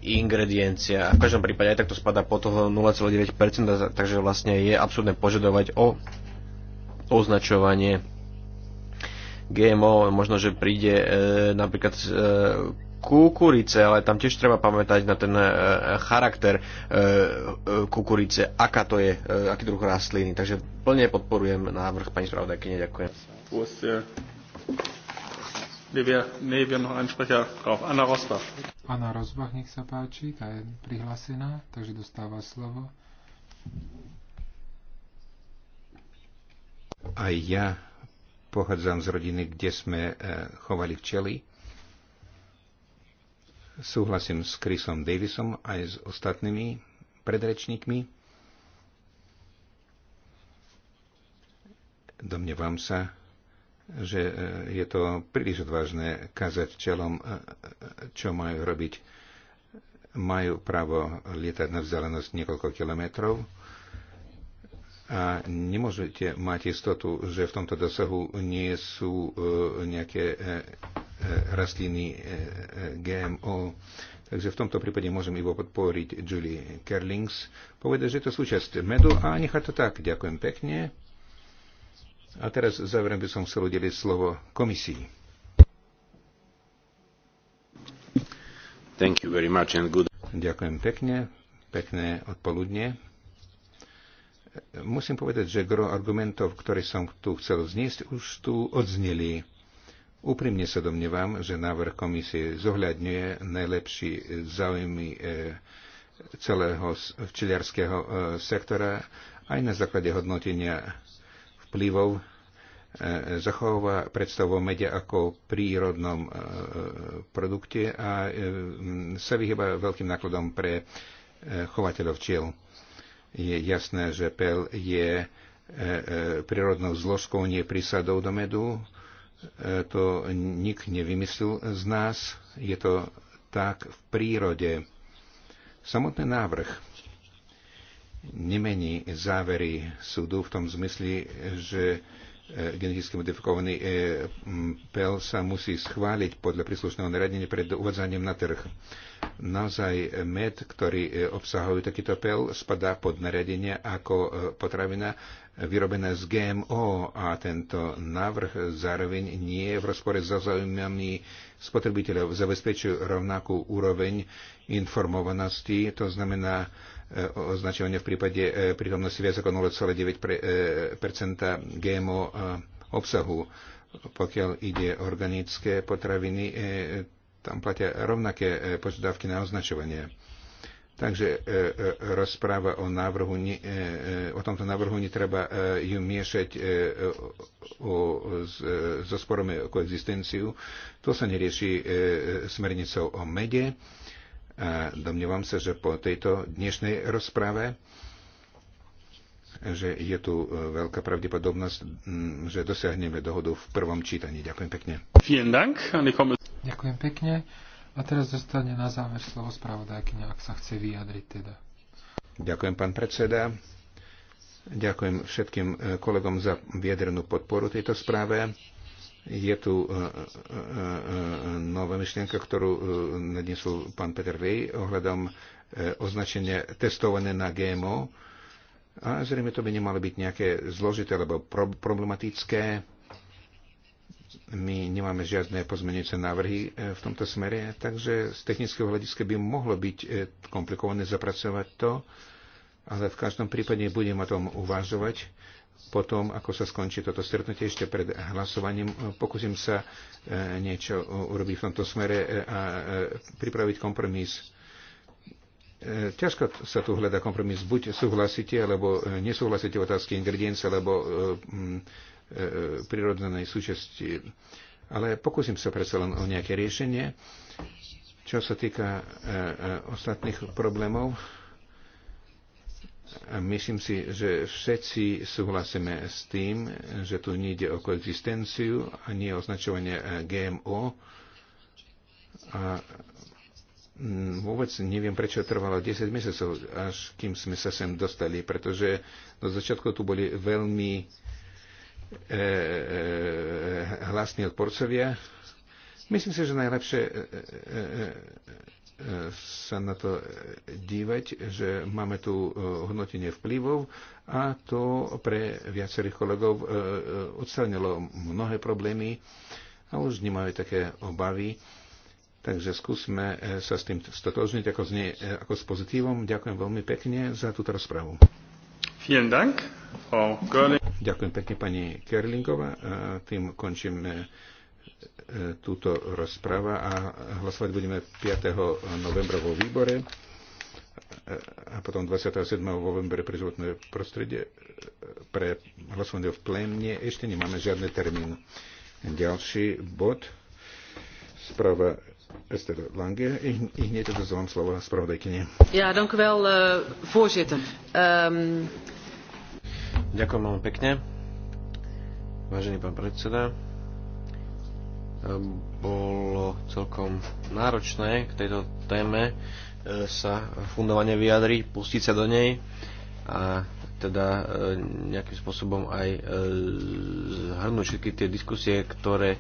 ingrediencia. A v každom prípade aj takto spadá po toho 0,9%, takže vlastne je absurdné požadovať o označovanie GMO možno, že príde e, napríklad e, kukurice, ale tam tiež treba pamätať na ten e, e, charakter e, kukurice, aká to je, aký druh rastliny. Takže plne podporujem návrh pani spravodajkyne. Ďakujem. Anna Rozbach, nech sa páči, tá je prihlásená, takže dostáva slovo. Aj ja pochádzam z rodiny, kde sme chovali včely Súhlasím s Chrisom Davisom aj s ostatnými predrečníkmi. Domnievam sa, že e, je to príliš odvážne kazať čelom, e, e, čo majú robiť. Majú právo lietať na vzdialenosť niekoľko kilometrov a nemôžete mať istotu, že v tomto dosahu nie sú nejaké rastliny e, e, GMO. Takže v tomto prípade môžem iba podporiť Julie Kerlings, povedať, že je to súčasť medu a nechať to tak. Ďakujem pekne. A teraz záverem by som chcel udeliť slovo komisii. Thank you very much and good... Ďakujem pekne, pekné odpoludne. Musím povedať, že gro argumentov, ktoré som tu chcel zniesť, už tu odzneli. Úprimne sa domnievam, že návrh komisie zohľadňuje najlepší záujmy e, celého včeliarského e, sektora aj na základe hodnotenia vplyvov e, zachováva predstavu media ako prírodnom produkte a sa vyhýba veľkým nákladom pre chovateľov čiel. Je jasné, že pel je prírodnou zložkou, nie prísadou do medu E, to nik nevymyslel z nás, je to tak v prírode. Samotný návrh nemení závery súdu v tom zmysle, že e, geneticky modifikovaný e, pel sa musí schváliť podľa príslušného naradenia pred uvádzaním na trh. Naozaj med, ktorý obsahuje takýto pel, spadá pod naradenie ako potravina vyrobené z GMO a tento návrh zároveň nie je v rozpore so záujmami spotrebiteľov. Zabezpečujú rovnakú úroveň informovanosti, to znamená e, označovanie v prípade e, prítomnosti viac ako 0,9 e, GMO obsahu. Pokiaľ ide organické potraviny, tam platia rovnaké požiadavky na označovanie Takže e, e, rozpráva o, návrhu, e, o tomto návrhu netreba ju miešať so sporom o koexistenciu. To sa nerieši smernicou o mede. A domnievam sa, že po tejto dnešnej rozprave že je tu veľká pravdepodobnosť, že dosiahneme dohodu v prvom čítaní. Ďakujem pekne. Ďakujem pekne. A teraz zostane na záver slovo spravodajkyňa, ak sa chce vyjadriť teda. Ďakujem, pán predseda. Ďakujem všetkým e, kolegom za vyjadrenú podporu tejto správe. Je tu e, e, nová myšlienka, ktorú nadnesol pán Peter Vej. ohľadom označenia testované na GMO. A zrejme to by nemalo byť nejaké zložité alebo problematické my nemáme žiadne pozmenujúce návrhy e, v tomto smere, takže z technického hľadiska by mohlo byť e, komplikované zapracovať to, ale v každom prípade budem o tom uvažovať. Potom, ako sa skončí toto stretnutie ešte pred hlasovaním, e, pokúsim sa niečo urobiť v tomto smere a pripraviť kompromis ťažko sa tu hľada kompromis. Buď súhlasíte, alebo nesúhlasíte otázky ingrediencie, alebo prirodzenej súčasti. Ale pokúsim sa predsa len o nejaké riešenie. Čo sa týka e, e, ostatných problémov, myslím si, že všetci súhlasíme s tým, že tu nejde o koexistenciu a nie o označovanie e, GMO. A mm, vôbec neviem, prečo trvalo 10 mesiacov, až kým sme sa sem dostali, pretože do začiatku tu boli veľmi E, e, hlasní odporcovia. Myslím si, že najlepšie e, sa na to dívať, že máme tu hodnotenie vplyvov a to pre viacerých kolegov odstranilo mnohé problémy a už nemajú také obavy. Takže skúsme sa s tým stotožniť ako s, ako s pozitívom. Ďakujem veľmi pekne za túto rozpravu. Vielen Dank, Frau Görling. Ďakujem pekne pani Kerlingová. Tým končíme e, túto rozpráva a hlasovať budeme 5. novembra vo výbore e, a potom 27. novembra pre životné prostredie e, pre hlasovanie v plémne. Ešte nemáme žiadny termín. Ďalší bod správa Esther Lange. I hneď to zvám slovo spravodajkyne. Ja, dank u wel, uh, voorzitter. Um, Ďakujem veľmi pekne. Vážený pán predseda, e, bolo celkom náročné k tejto téme e, sa fundovane vyjadriť, pustiť sa do nej a teda e, nejakým spôsobom aj zhrnúť všetky tie diskusie, ktoré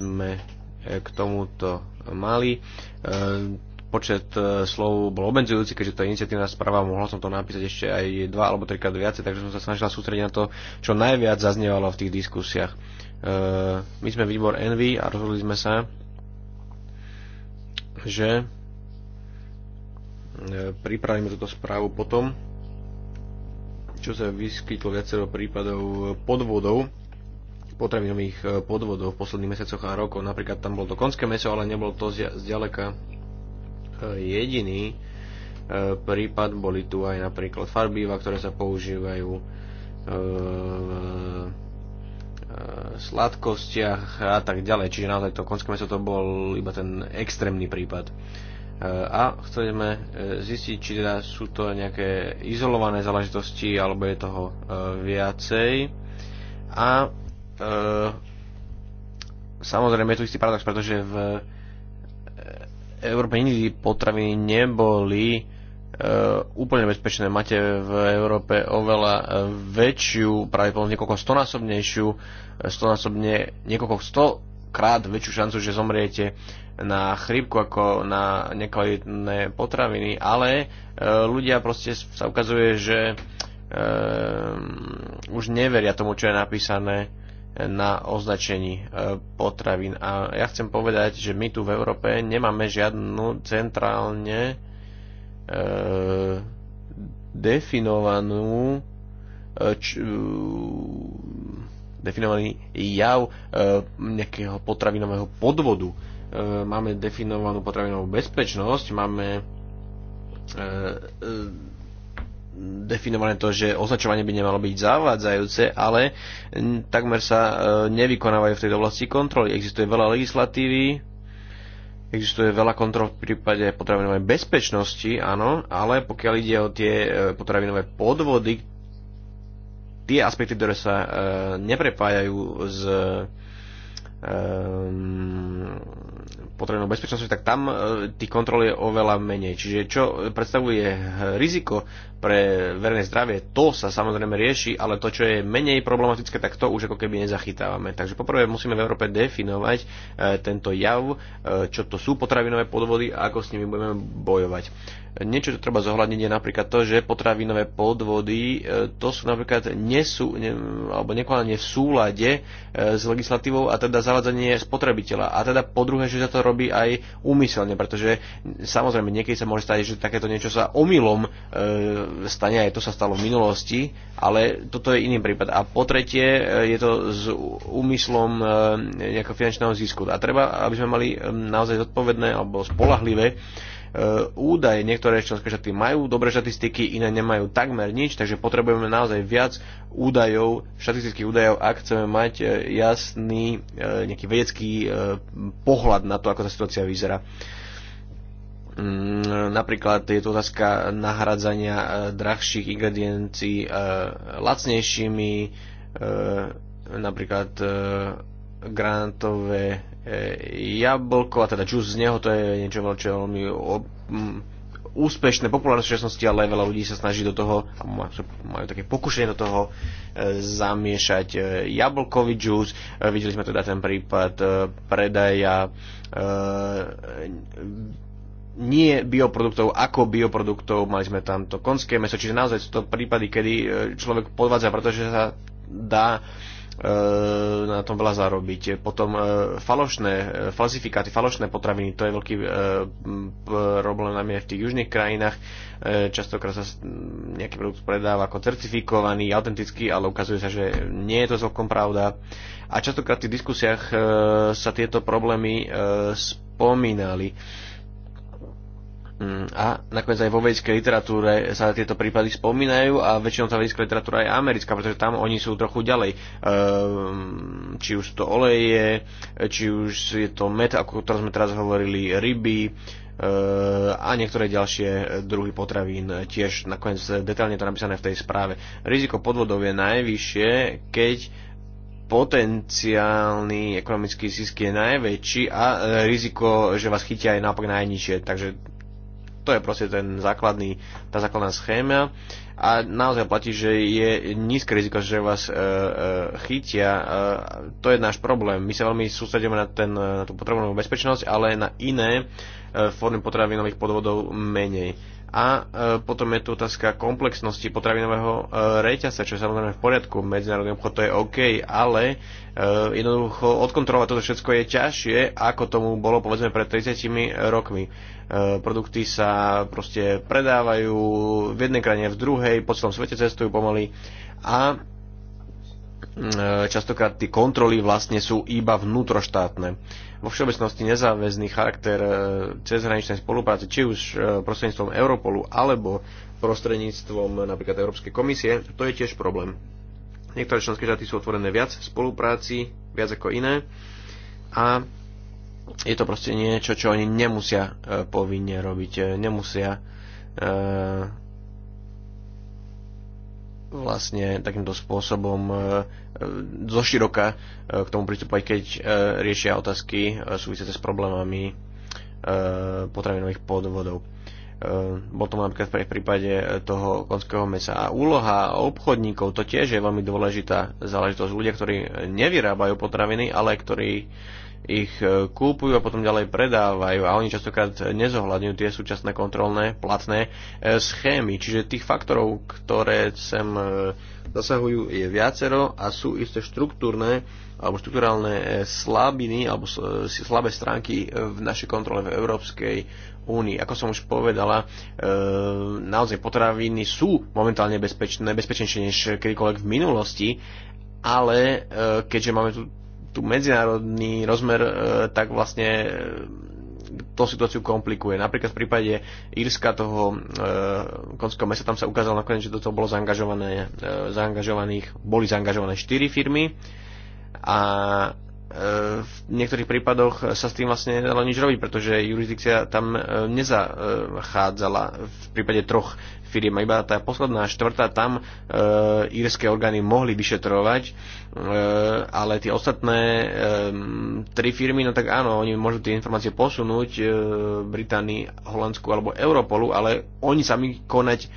sme k tomuto mali počet e, slov bol obmedzujúci, keďže to je iniciatívna správa, mohla som to napísať ešte aj dva alebo trikrát viacej, takže som sa snažila sústrediť na to, čo najviac zaznievalo v tých diskusiách. E, my sme výbor Envy a rozhodli sme sa, že e, pripravíme túto správu potom, čo sa vyskytlo viacero prípadov podvodov, potravinových podvodov v posledných mesiacoch a rokoch. Napríklad tam bolo to konské meso, ale nebolo to zďaleka jediný e, prípad. Boli tu aj napríklad farbíva, ktoré sa používajú e, v e, sladkostiach a tak ďalej. Čiže naozaj to konské meso to bol iba ten extrémny prípad. A sme zistiť, či teda sú to nejaké izolované záležitosti, alebo je toho viacej. A samozrejme je tu istý paradox, pretože v Európe nikdy potraviny neboli e, úplne bezpečné. Máte v Európe oveľa e, väčšiu, pravdepodobne niekoľko stonásobnejšiu, e, stonásobne niekoľko stokrát väčšiu šancu, že zomriete na chrípku ako na nekvalitné potraviny, ale e, ľudia proste sa ukazuje, že e, už neveria tomu, čo je napísané na označení e, potravín. A ja chcem povedať, že my tu v Európe nemáme žiadnu centrálne e, definovanú e, č, definovaný jav nejakého potravinového podvodu. máme definovanú potravinovú bezpečnosť, máme definované to, že označovanie by nemalo byť zavádzajúce, ale takmer sa e, nevykonávajú v tejto oblasti kontroly. Existuje veľa legislatívy, existuje veľa kontrol v prípade potravinovej bezpečnosti, áno, ale pokiaľ ide o tie e, potravinové podvody, tie aspekty, ktoré sa e, neprepájajú s potrebnou bezpečnosťou, tak tam e, tých kontrol je oveľa menej. Čiže čo predstavuje riziko pre verejné zdravie, to sa samozrejme rieši, ale to, čo je menej problematické, tak to už ako keby nezachytávame. Takže poprvé musíme v Európe definovať e, tento jav, e, čo to sú potravinové podvody a ako s nimi budeme bojovať. Niečo, čo treba zohľadniť je napríklad to, že potravinové podvody e, to sú napríklad nesú, ne, alebo nekonanie v súlade e, s legislatívou a teda zavadzanie spotrebiteľa. A teda po druhé, že sa to robí aj úmyselne, pretože samozrejme niekedy sa môže stať, že takéto niečo sa omylom e, stane, aj to sa stalo v minulosti, ale toto je iný prípad. A po tretie, e, je to s úmyslom e, nejakého finančného zisku. A treba, aby sme mali naozaj zodpovedné alebo spolahlivé E, údaje. Niektoré členské štáty majú dobré štatistiky, iné nemajú takmer nič, takže potrebujeme naozaj viac údajov, štatistických údajov, ak chceme mať e, jasný e, nejaký vedecký pohľad na to, ako tá situácia vyzerá. Mm, napríklad je to otázka nahradzania drahších ingrediencií lacnejšími, napríklad grantové e, jablko, a teda džús z neho, to je niečo čo veľmi úspešné, populárne v súčasnosti, ale veľa ľudí sa snaží do toho, majú také pokušenie do toho e, zamiešať e, jablkový džús. E, videli sme teda ten prípad e, predaja e, nie bioproduktov ako bioproduktov, mali sme tam to konské meso, čiže naozaj sú to prípady, kedy e, človek podvádza, pretože sa dá e, E, na tom veľa zarobiť. Potom e, falošné, e, falzifikáty, falošné potraviny, to je veľký problém najmä v tých južných krajinách. Častokrát sa nejaký produkt predáva ako certifikovaný, autentický, ale ukazuje sa, že nie je to celkom pravda. A častokrát v tých diskusiách sa tieto problémy spomínali Mm, a nakoniec aj vo vedeckej literatúre sa tieto prípady spomínajú a väčšinou tá vedecká literatúra je americká, pretože tam oni sú trochu ďalej. Ehm, či už to oleje, či už je to med, ako o sme teraz hovorili, ryby ehm, a niektoré ďalšie druhy potravín tiež nakoniec detailne to napísané v tej správe. Riziko podvodov je najvyššie, keď potenciálny ekonomický zisk je najväčší a riziko, že vás chytia aj naopak najnižšie. Takže to je proste ten základný, tá základná schéma a naozaj platí, že je nízke riziko, že vás e, e, chytia. E, to je náš problém. My sa veľmi sústredíme na, ten, na tú potrebnú bezpečnosť, ale na iné e, formy potravinových podvodov menej. A e, potom je tu otázka komplexnosti potravinového e, reťazca, čo je samozrejme v poriadku, medzinárodný obchod to je OK, ale e, jednoducho odkontrolovať toto všetko je ťažšie, ako tomu bolo povedzme pred 30 rokmi. Produkty sa proste predávajú v jednej krajine, v druhej, po celom svete cestujú pomaly a mm, častokrát tie kontroly vlastne sú iba vnútroštátne vo všeobecnosti nezáväzný charakter e, cezhraničnej spolupráce, či už e, prostredníctvom Europolu alebo prostredníctvom e, napríklad Európskej komisie, to je tiež problém. Niektoré členské štáty sú otvorené viac spolupráci, viac ako iné a je to proste niečo, čo oni nemusia povinne robiť, nemusia vlastne takýmto spôsobom e, e, zoširoka e, k tomu pristúpať, keď riešia otázky súvisiace s problémami potravinových podvodov. Bol to napríklad v prípade toho konského mesa. A úloha obchodníkov to tiež je veľmi dôležitá záležitosť. Ľudia, ktorí nevyrábajú potraviny, ale ktorí ich e, kúpujú a potom ďalej predávajú a oni častokrát nezohľadňujú tie súčasné kontrolné platné e, schémy. Čiže tých faktorov, ktoré sem e, zasahujú je viacero a sú isté štruktúrne alebo štruktúrálne slabiny alebo slabé stránky v našej kontrole v Európskej únii. Ako som už povedala, naozaj potraviny sú momentálne bezpečné, bezpečnejšie než kedykoľvek v minulosti, ale keďže máme tu tu medzinárodný rozmer e, tak vlastne e, to situáciu komplikuje. Napríklad v prípade Írska toho e, konského mesa tam sa ukázalo nakoniec, že do toho bolo zaangažované, e, zaangažovaných, boli zaangažované 4 firmy a e, v niektorých prípadoch sa s tým vlastne nedalo nič robiť, pretože jurisdikcia tam e, nezachádzala e, v prípade troch firiem. iba tá posledná štvrtá tam e, írske orgány mohli vyšetrovať, e, ale tie ostatné e, tri firmy, no tak áno, oni môžu tie informácie posunúť e, Británii, Holandsku alebo Europolu, ale oni sami konať e,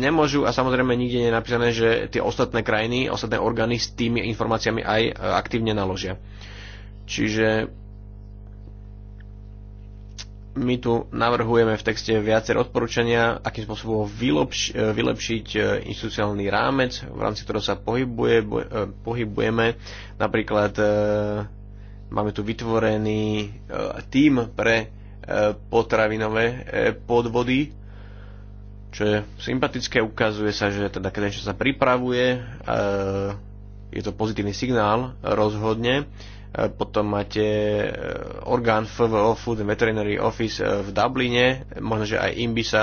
nemôžu a samozrejme nikde nie je napísané, že tie ostatné krajiny, ostatné orgány s tými informáciami aj e, aktívne naložia. Čiže my tu navrhujeme v texte viacer odporúčania, akým spôsobom vylepši, e, vylepšiť e, institucionálny rámec, v rámci ktorého sa pohybuje, e, pohybujeme. Napríklad máme tu vytvorený tím pre potravinové podvody, čo je sympatické, ukazuje sa, že teda keď sa pripravuje, je to pozitívny signál rozhodne potom máte e, orgán FVO, Food and Veterinary Office e, v Dubline, možno, že aj im by sa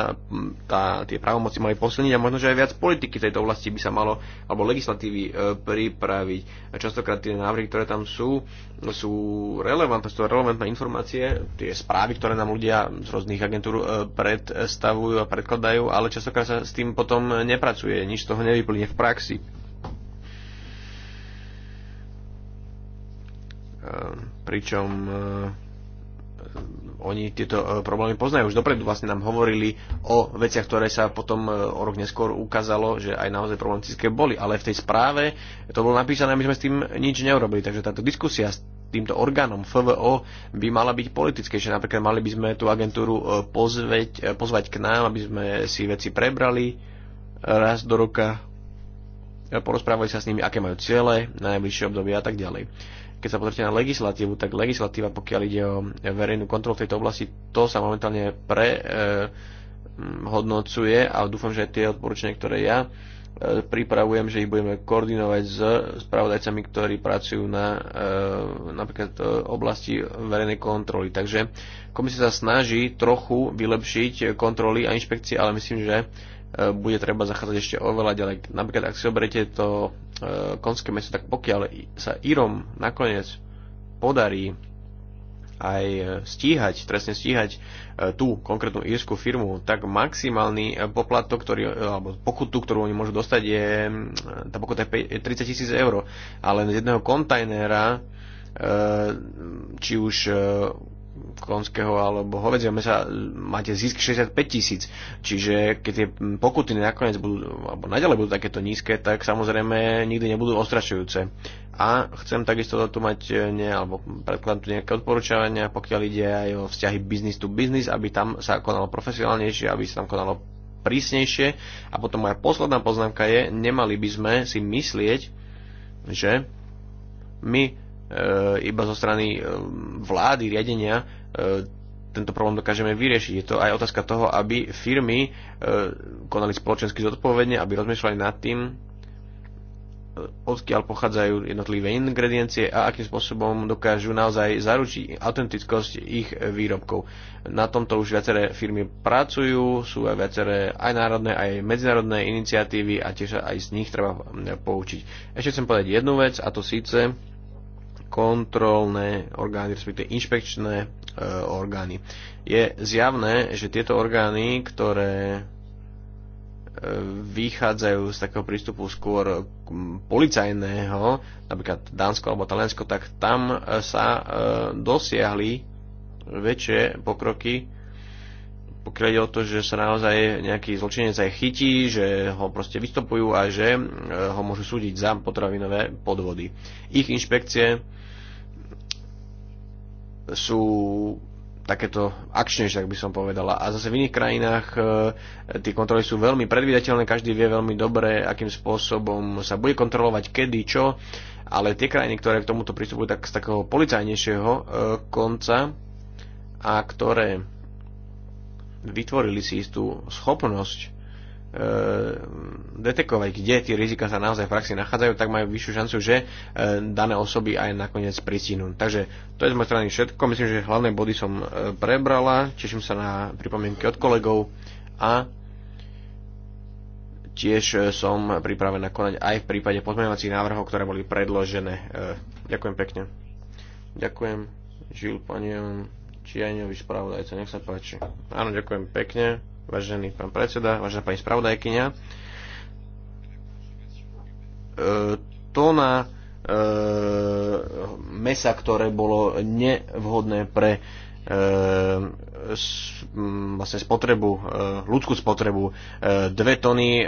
tá, tie právomoci mali posilniť a možno, že aj viac politiky v tejto oblasti by sa malo, alebo legislatívy e, pripraviť. A častokrát tie návrhy, ktoré tam sú, sú relevantné, sú relevantné informácie, tie správy, ktoré nám ľudia z rôznych agentúr predstavujú a predkladajú, ale častokrát sa s tým potom nepracuje, nič z toho nevyplne v praxi. Ehm, pričom ehm, oni tieto e, problémy poznajú. Už dopredu vlastne nám hovorili o veciach, ktoré sa potom e, o rok neskôr ukázalo, že aj naozaj problematické boli. Ale v tej správe to bolo napísané my sme s tým nič neurobili. Takže táto diskusia s týmto orgánom FVO by mala byť Že Napríklad mali by sme tú agentúru e, pozveť, pozvať k nám, aby sme si veci prebrali raz do roka, porozprávali sa s nimi, aké majú ciele na najbližšie obdobie a tak ďalej keď sa pozrite na legislatívu, tak legislatíva, pokiaľ ide o verejnú kontrolu v tejto oblasti, to sa momentálne prehodnocuje e, a dúfam, že tie odporúčania, ktoré ja e, pripravujem, že ich budeme koordinovať s spravodajcami, ktorí pracujú na e, napríklad oblasti verejnej kontroly. Takže komisia sa snaží trochu vylepšiť kontroly a inšpekcie, ale myslím, že E, bude treba zachádzať ešte oveľa ďalej. Napríklad, ak si zoberiete to e, konské meso, tak pokiaľ sa Irom nakoniec podarí aj e, stíhať, trestne stíhať e, tú konkrétnu írskú firmu, tak maximálny e, poplatok, ktorý, alebo pokutu, ktorú oni môžu dostať, je, tá pokuta je 30 tisíc eur. Ale z jedného kontajnera, e, či už konského alebo hovedzieho mesa máte zisk 65 tisíc. Čiže keď tie pokuty nakoniec budú, alebo naďalej budú takéto nízke, tak samozrejme nikdy nebudú ostrašujúce. A chcem takisto tu mať e, ne, alebo predkladám tu nejaké odporúčania, pokiaľ ide aj o vzťahy business to business, aby tam sa konalo profesionálnejšie, aby sa tam konalo prísnejšie. A potom moja posledná poznámka je, nemali by sme si myslieť, že my E, iba zo strany e, vlády, riadenia e, tento problém dokážeme vyriešiť. Je to aj otázka toho, aby firmy konali spoločensky zodpovedne, aby rozmýšľali nad tým, odkiaľ pochádzajú jednotlivé ingrediencie a akým spôsobom dokážu naozaj zaručiť autentickosť ich výrobkov. Na tomto už viaceré firmy pracujú, sú aj viaceré aj národné, aj medzinárodné iniciatívy a tiež aj z nich treba poučiť. Ešte chcem povedať jednu vec a to síce, kontrolné orgány, respektíve inšpekčné e, orgány. Je zjavné, že tieto orgány, ktoré e, vychádzajú z takého prístupu skôr policajného, napríklad Dánsko alebo Taliansko, tak tam e, sa e, dosiahli väčšie pokroky, pokiaľ ide o to, že sa naozaj nejaký zločinec aj chytí, že ho proste vystopujú a že ho môžu súdiť za potravinové podvody. Ich inšpekcie sú takéto akčnejšie, ak by som povedala. A zase v iných krajinách e, e, tie kontroly sú veľmi predvídateľné, každý vie veľmi dobre, akým spôsobom sa bude kontrolovať, kedy, čo, ale tie krajiny, ktoré k tomuto prístupujú tak z takého policajnejšieho e, konca a ktoré vytvorili si istú schopnosť E, detekovať, kde tie rizika sa naozaj v praxi nachádzajú, tak majú vyššiu šancu, že e, dané osoby aj nakoniec pristihnú. Takže to je z mojej strany všetko. Myslím, že hlavné body som e, prebrala. Teším sa na pripomienky od kolegov a tiež som pripravená konať aj v prípade pozmeňovacích návrhov, ktoré boli predložené. Ďakujem pekne. Ďakujem. Žil pani Čiajňovi spravodajca, nech sa páči. Áno, ďakujem pekne vážený pán predseda, vážená pani spravodajkyňa. E, tóna e, mesa, ktoré bolo nevhodné pre Ehm, mm, vlastne spotrebu, eh, ľudskú spotrebu. Eh, dve tony eh,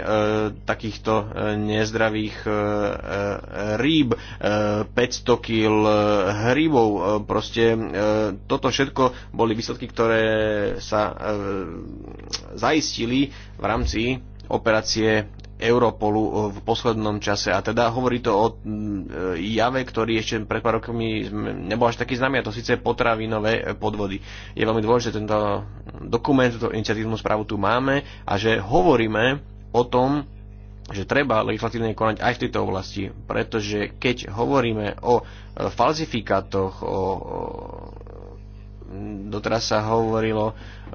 takýchto nezdravých rýb, 500 kg hrybov, proste toto všetko boli výsledky, ktoré sa zaistili v rámci operácie Europolu eh, v poslednom čase. A teda hovorí to o mm, eh, jave, ktorý ešte pred pár rokmi nebol až taký známy, a to síce potravinové eh, podvody. Je veľmi dôležité, že tento dokument, túto iniciatívnu správu tu máme a že hovoríme o tom, že treba legislatívne konať aj v tejto oblasti, pretože keď hovoríme o falzifikátoch, o doteraz sa hovorilo e, e,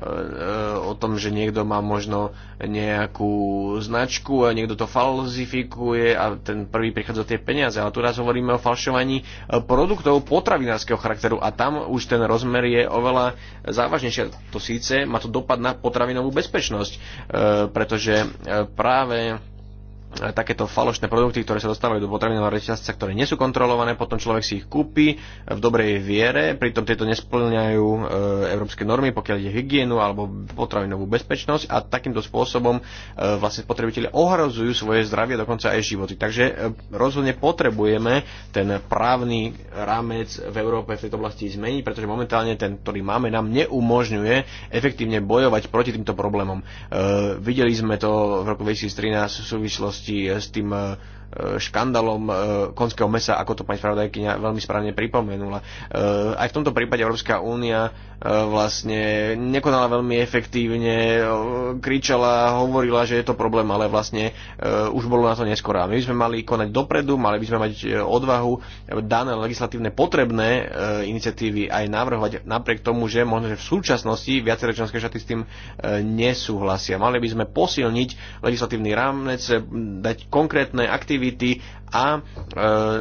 o tom, že niekto má možno nejakú značku a niekto to falzifikuje a ten prvý prichádza tie peniaze. Ale tu raz hovoríme o falšovaní e, produktov potravinárskeho charakteru a tam už ten rozmer je oveľa závažnejší. To síce má to dopad na potravinovú bezpečnosť, pretože práve takéto falošné produkty, ktoré sa dostávajú do potravinového reťazca, ktoré nie sú kontrolované, potom človek si ich kúpi v dobrej viere, pritom tieto nesplňajú e, európske normy, pokiaľ ide hygienu alebo potravinovú bezpečnosť a takýmto spôsobom e, vlastne spotrebitelia ohrozujú svoje zdravie, dokonca aj životy. Takže e, rozhodne potrebujeme ten právny rámec v Európe v tejto oblasti zmeniť, pretože momentálne ten, ktorý máme, nám neumožňuje efektívne bojovať proti týmto problémom. E, videli sme to v roku 2013 v súvislosti súvislosti s tým e, škandalom e, konského mesa, ako to pani spravodajkyňa veľmi správne pripomenula. E, aj v tomto prípade Európska únia Eh, vlastne nekonala veľmi efektívne, eh, kričala, hovorila, že je to problém, ale vlastne eh, už bolo na to neskoro. My by sme mali konať dopredu, mali by sme mať odvahu dané legislatívne potrebné iniciatívy aj navrhovať napriek tomu, že možno, že v súčasnosti viaceré členské štáty s tým nesúhlasia. Mali by sme posilniť legislatívny rámec, dať konkrétne aktivity a e,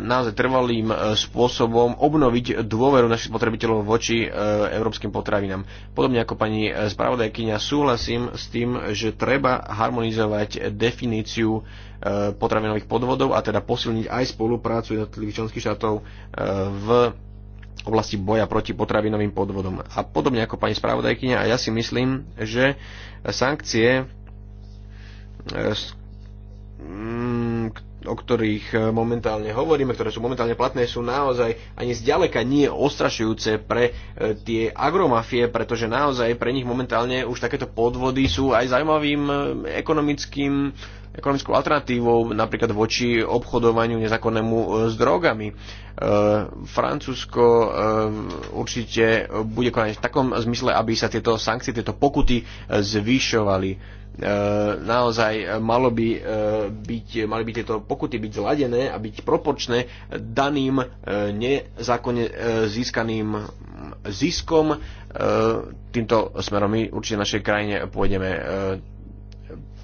naozaj trvalým e, spôsobom obnoviť dôveru našich spotrebiteľov voči e, európskym potravinám. Podobne ako pani spravodajkyňa súhlasím s tým, že treba harmonizovať definíciu potravinových podvodov a teda posilniť aj spoluprácu jednotlivých členských štátov v oblasti boja proti potravinovým podvodom. A podobne ako pani spravodajkyňa, a ja si myslím, že sankcie, o ktorých e, momentálne hovoríme, ktoré sú momentálne platné, sú naozaj ani zďaleka nie ostrašujúce pre e, tie agromafie, pretože naozaj pre nich momentálne už takéto podvody sú aj zaujímavým e, ekonomickým ekonomickou alternatívou napríklad voči obchodovaniu nezákonnému e, s drogami. E, Francúzsko e, určite bude konať v takom zmysle, aby sa tieto sankcie, tieto pokuty e, zvyšovali. E, naozaj e, malo by, byť, mali by tieto pokuty byť zladené a byť proporčné daným nezákonne získaným ziskom. Týmto smerom my určite v našej krajine pôjdeme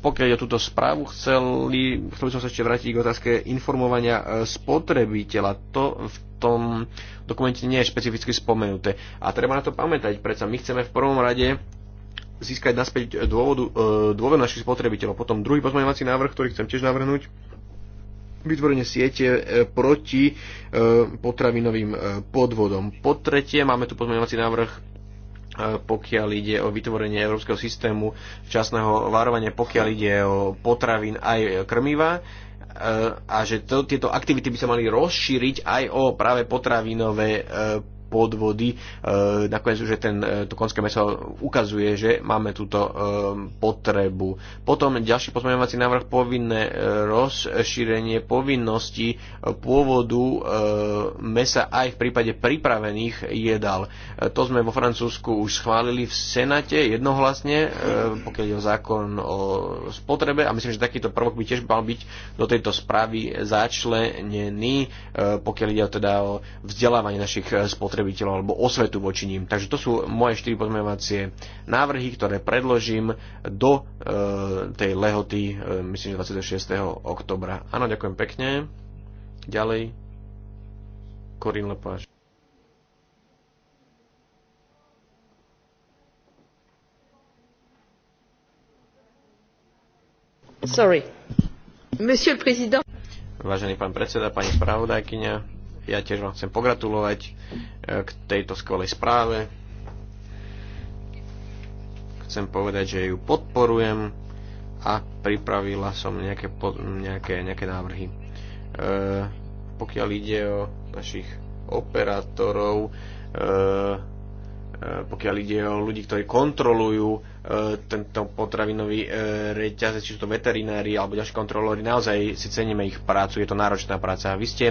pokiaľ je o túto správu, chceli, chcel som sa ešte vrátiť k otázke informovania e, spotrebiteľa. To v tom dokumente nie je špecificky spomenuté. A treba na to pamätať, predsa my chceme v prvom rade získať naspäť dôvodu, e, dôvod našich spotrebiteľov. Potom druhý pozmeňovací návrh, ktorý chcem tiež navrhnúť, vytvorenie siete e, proti potravinovým podvodom. Po tretie máme tu pozmeňovací návrh pokiaľ ide o vytvorenie európskeho systému včasného varovania, pokiaľ ide o potravín aj krmiva e, a že to, tieto aktivity by sa mali rozšíriť aj o práve potravinové e, podvody. E, nakoniec už ten, e, to konské meso ukazuje, že máme túto e, potrebu. Potom ďalší pozmeňovací návrh povinné e, rozšírenie povinnosti pôvodu mesa aj v prípade pripravených jedál. To sme vo Francúzsku už schválili v Senate jednohlasne, pokiaľ je o zákon o spotrebe a myslím, že takýto prvok by tiež mal byť do tejto správy začlenený, pokiaľ ide o teda o vzdelávanie našich spotreb spotrebiteľov alebo osvetu voči ním. Takže to sú moje 4 pozmeňovacie návrhy, ktoré predložím do e, tej lehoty, e, myslím, že 26. oktobra. Áno, ďakujem pekne. Ďalej. Korin Lepáš. Sorry. Monsieur le Président. Vážený pán predseda, pani spravodajkyňa, ja tiež vám chcem pogratulovať e, k tejto skvelej správe. Chcem povedať, že ju podporujem a pripravila som nejaké, nejaké, nejaké návrhy. E, pokiaľ ide o našich operátorov, e, e, pokiaľ ide o ľudí, ktorí kontrolujú e, tento potravinový e, reťazec, či sú to veterinári alebo ďalší kontrolóri, naozaj si ceníme ich prácu, je to náročná práca. Vy ste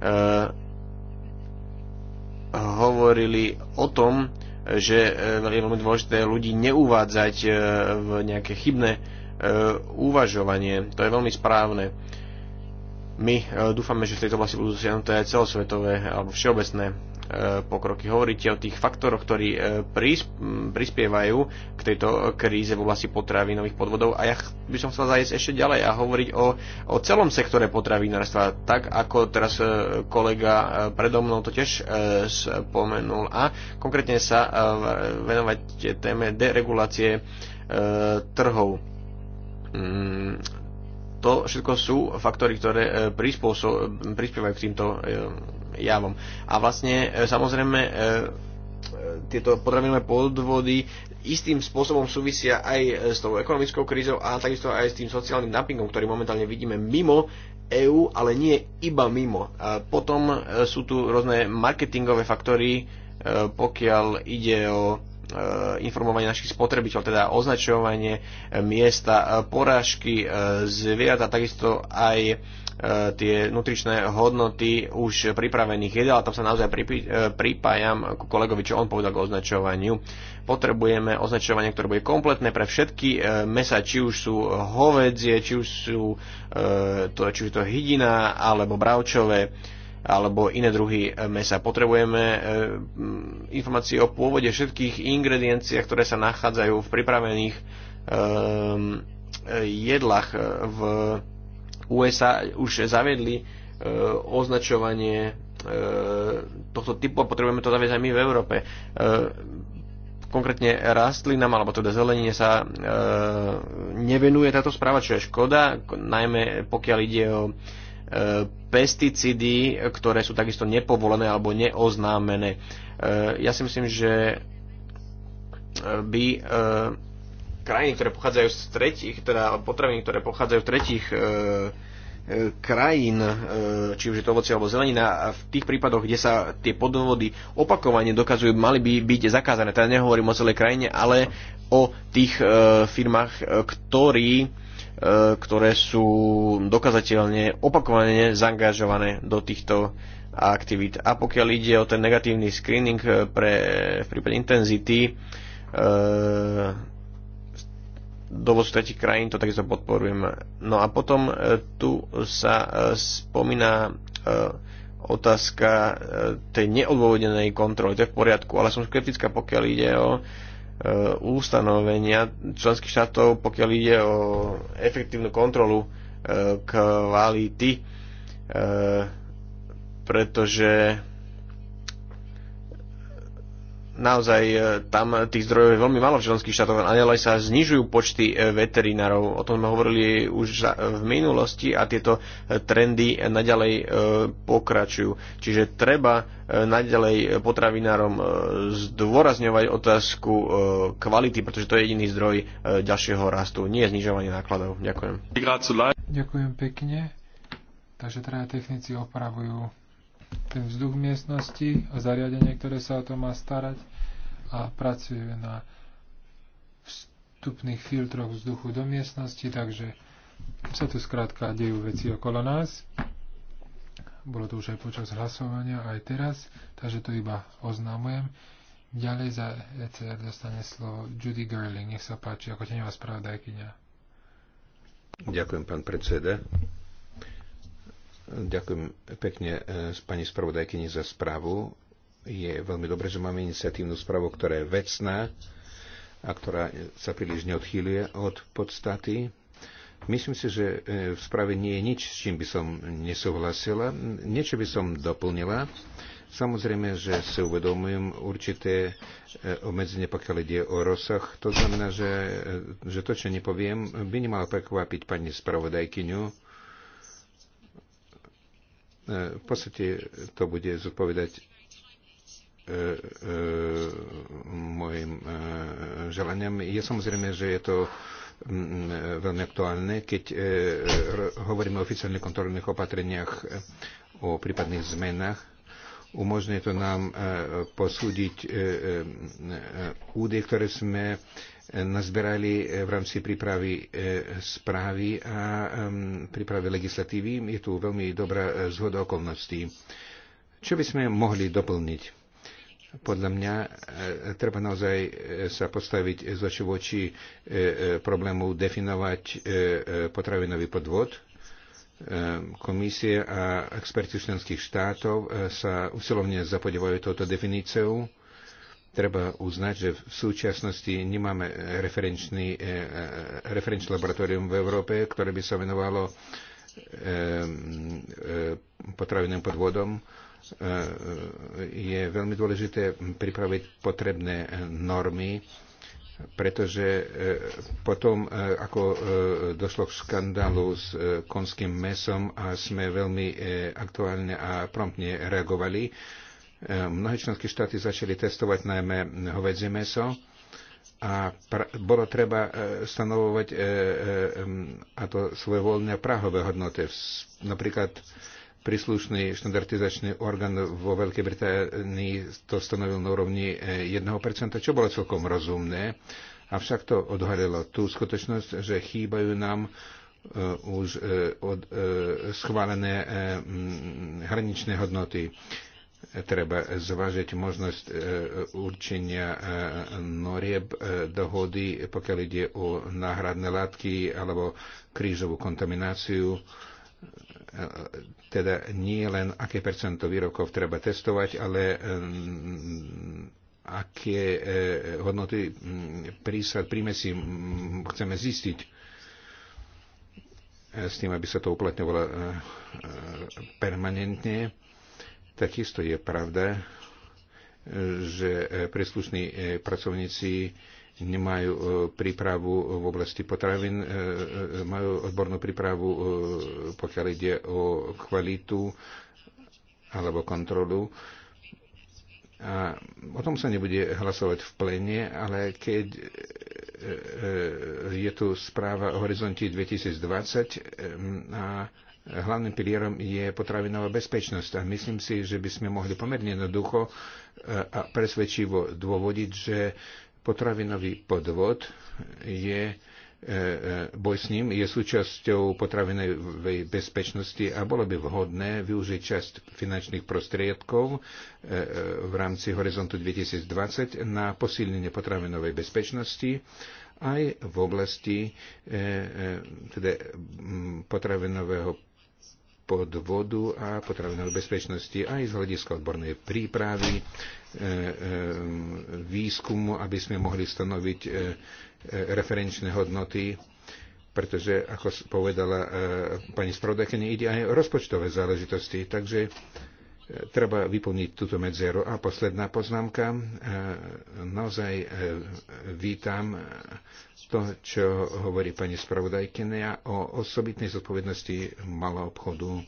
Eh, hovorili o tom, že eh, je veľmi dôležité ľudí neuvádzať eh, v nejaké chybné uvažovanie. To je veľmi správne. My dúfame, že v tejto oblasti budú dosiahnuté aj celosvetové alebo všeobecné E, pokroky. Hovoríte o tých faktoroch, ktorí e, prispievajú k tejto kríze v oblasti potravinových podvodov a ja by som chcel zajsť ešte ďalej a hovoriť o, o celom sektore potravinárstva, tak ako teraz e, kolega predo mnou to tiež spomenul a konkrétne sa venovať téme deregulácie trhov mm, to všetko sú faktory, ktoré prispievajú k týmto javom. A vlastne e, samozrejme e, e, tieto potravinové podvody istým spôsobom súvisia aj s tou ekonomickou krízou a takisto aj s tým sociálnym dumpingom, ktorý momentálne vidíme mimo EÚ, ale nie iba mimo. A potom sú tu rôzne marketingové faktory, pokiaľ ide o informovanie našich spotrebiteľov, teda označovanie miesta porážky zvierat a takisto aj tie nutričné hodnoty už pripravených jedel a tam sa naozaj e, pripájam ku kolegovi, čo on povedal k označovaniu. Potrebujeme označovanie, ktoré bude kompletné pre všetky e, mesa, či už sú hovedzie, či už, sú, e, to, či už to hydina alebo bravčové alebo iné druhy mesa. Potrebujeme informácie o pôvode všetkých ingredienciách, ktoré sa nachádzajú v pripravených jedlách v USA už zaviedli e, označovanie e, tohto typu a potrebujeme to zaviesť aj my v Európe. E, konkrétne rastlinám, alebo teda zelenine sa nevenuje táto správa, čo je škoda, najmä pokiaľ ide o pesticídy, ktoré sú takisto nepovolené alebo neoznámené. Ja si myslím, že by krajiny, ktoré pochádzajú z tretich, teda potraviny, ktoré pochádzajú z tretich e, e, krajín, e, či už je to ovoce alebo zelenina, a v tých prípadoch, kde sa tie podvody opakovane dokazujú, mali by byť zakázané. Teda nehovorím o celej krajine, ale o tých e, firmách, e, ktorí e, ktoré sú dokazateľne opakovane zaangažované do týchto aktivít. A pokiaľ ide o ten negatívny screening e, pre, v prípade intenzity, dovozu tretich krajín, to takisto podporujeme. No a potom e, tu sa e, spomína e, otázka tej neodôvodenej kontroly, to je v poriadku, ale som skeptická, pokiaľ ide o ustanovenia členských štátov, pokiaľ ide o efektívnu kontrolu kvality, pretože naozaj e, tam tých zdrojov je veľmi málo v členských štátoch a ďalej sa znižujú počty e, veterinárov. O tom sme hovorili už e, v minulosti a tieto trendy naďalej pokračujú. Čiže treba naďalej potravinárom zdôrazňovať otázku kvality, pretože to je jediný zdroj ďalšieho rastu, nie znižovanie nákladov. Ďakujem. Ďakujem pekne. Takže teda technici opravujú ten vzduch miestnosti a zariadenie, ktoré sa o to má starať a pracuje na vstupných filtroch vzduchu do miestnosti, takže sa tu skrátka dejú veci okolo nás. Bolo to už aj počas hlasovania, aj teraz, takže to iba oznámujem. Ďalej za ECR dostane slovo Judy Gerling. Nech sa páči, ako teňová spravodajkynia. Ďakujem, pán predseda. Ďakujem pekne e, pani spravodajkyni za správu. Je veľmi dobré, že máme iniciatívnu správu, ktorá je vecná a ktorá sa príliš neodchýluje od podstaty. Myslím si, že e, v správe nie je nič, s čím by som nesúhlasila. Niečo by som doplnila. Samozrejme, že si uvedomujem určité e, obmedzenie, pokiaľ ide o rozsah. To znamená, že, že to, čo nepoviem, by nemalo prekvapiť pani spravodajkyňu E, v podstate to bude zodpovedať e, e, mojim želaniam. Je samozrejme, že je to mm, veľmi aktuálne, keď hovoríme o oficiálnych kontrolných opatreniach, o prípadných zmenách. Umožňuje to nám posúdiť údy, ktoré sme nazberali eh, v rámci prípravy eh, správy a prípravy legislatívy. Je tu veľmi dobrá eh, zhoda okolností. Čo by sme mohli doplniť? Podľa mňa treba naozaj sa postaviť z oči v oči problému definovať potravinový podvod. Komisie a experti členských štátov sa usilovne zapodívajú touto definíciou Treba uznať, že v súčasnosti nemáme referenčný, e, e, referenčné laboratórium v Európe, ktoré by sa venovalo e, potravinným podvodom. Je veľmi dôležité pripraviť potrebné normy, pretože potom, ako došlo k skandálu s konským mesom a sme veľmi aktuálne a promptne reagovali, E, mnohé členské štáty začali testovať najmä hovedzie meso a pra- bolo treba e, stanovovať e, e, a to voľné prahové hodnoty. Napríklad príslušný štandardizačný orgán vo Veľkej Británii to stanovil na úrovni 1%, e, čo bolo celkom rozumné. Avšak to odhalilo tú skutočnosť, že chýbajú nám už od, schválené hraničné hodnoty treba zvážiť možnosť e, určenia e, norieb e, dohody, pokiaľ ide o náhradné látky alebo krížovú kontamináciu. Teda nie len aké percento výrokov treba testovať, ale aké hodnoty prísad prímesí chceme zistiť s tým, aby sa to uplatňovalo permanentne Takisto je pravda, že eh, príslušní eh, pracovníci nemajú eh, prípravu v oblasti potravín, majú odbornú prípravu, pokiaľ ide o kvalitu alebo kontrolu. A o tom sa nebude hlasovať v plene, ale keď je tu správa o horizonte 2020 a hlavným pilierom je potravinová bezpečnosť. A myslím si, že by sme mohli pomerne jednoducho e, a presvedčivo dôvodiť, že potravinový podvod je e, e, boj s ním je súčasťou potravinovej bezpečnosti a bolo by vhodné využiť časť finančných prostriedkov v rámci horizontu 2020 na posilnenie potravinovej bezpečnosti aj v oblasti teda potravinového vodu a potravinovej bezpečnosti aj z hľadiska odbornej prípravy, e, e, výskumu, aby sme mohli stanoviť e, referenčné hodnoty, pretože, ako povedala pani spravodajkyni, ide aj o rozpočtové záležitosti. Takže treba vyplniť túto medzeru. A posledná poznámka. Naozaj vítam to, čo hovorí pani spravodajkenia o osobitnej zodpovednosti malého obchodu.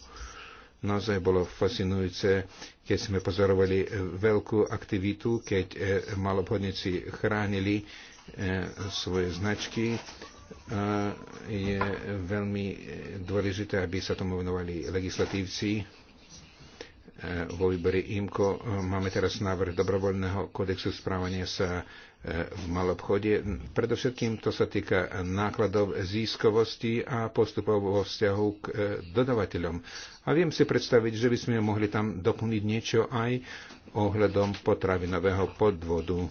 Naozaj bolo fascinujúce, keď sme pozorovali veľkú aktivitu, keď e, malobchodníci chránili e, svoje značky. E, je veľmi dôležité, aby sa tomu venovali legislatívci, vo výbore IMKO. Máme teraz návrh dobrovoľného kodexu správania sa v malobchode. Predovšetkým to sa týka nákladov získovosti a postupov vo vzťahu k e, dodavateľom. A viem si predstaviť, že by sme mohli tam doplniť niečo aj ohľadom potravinového podvodu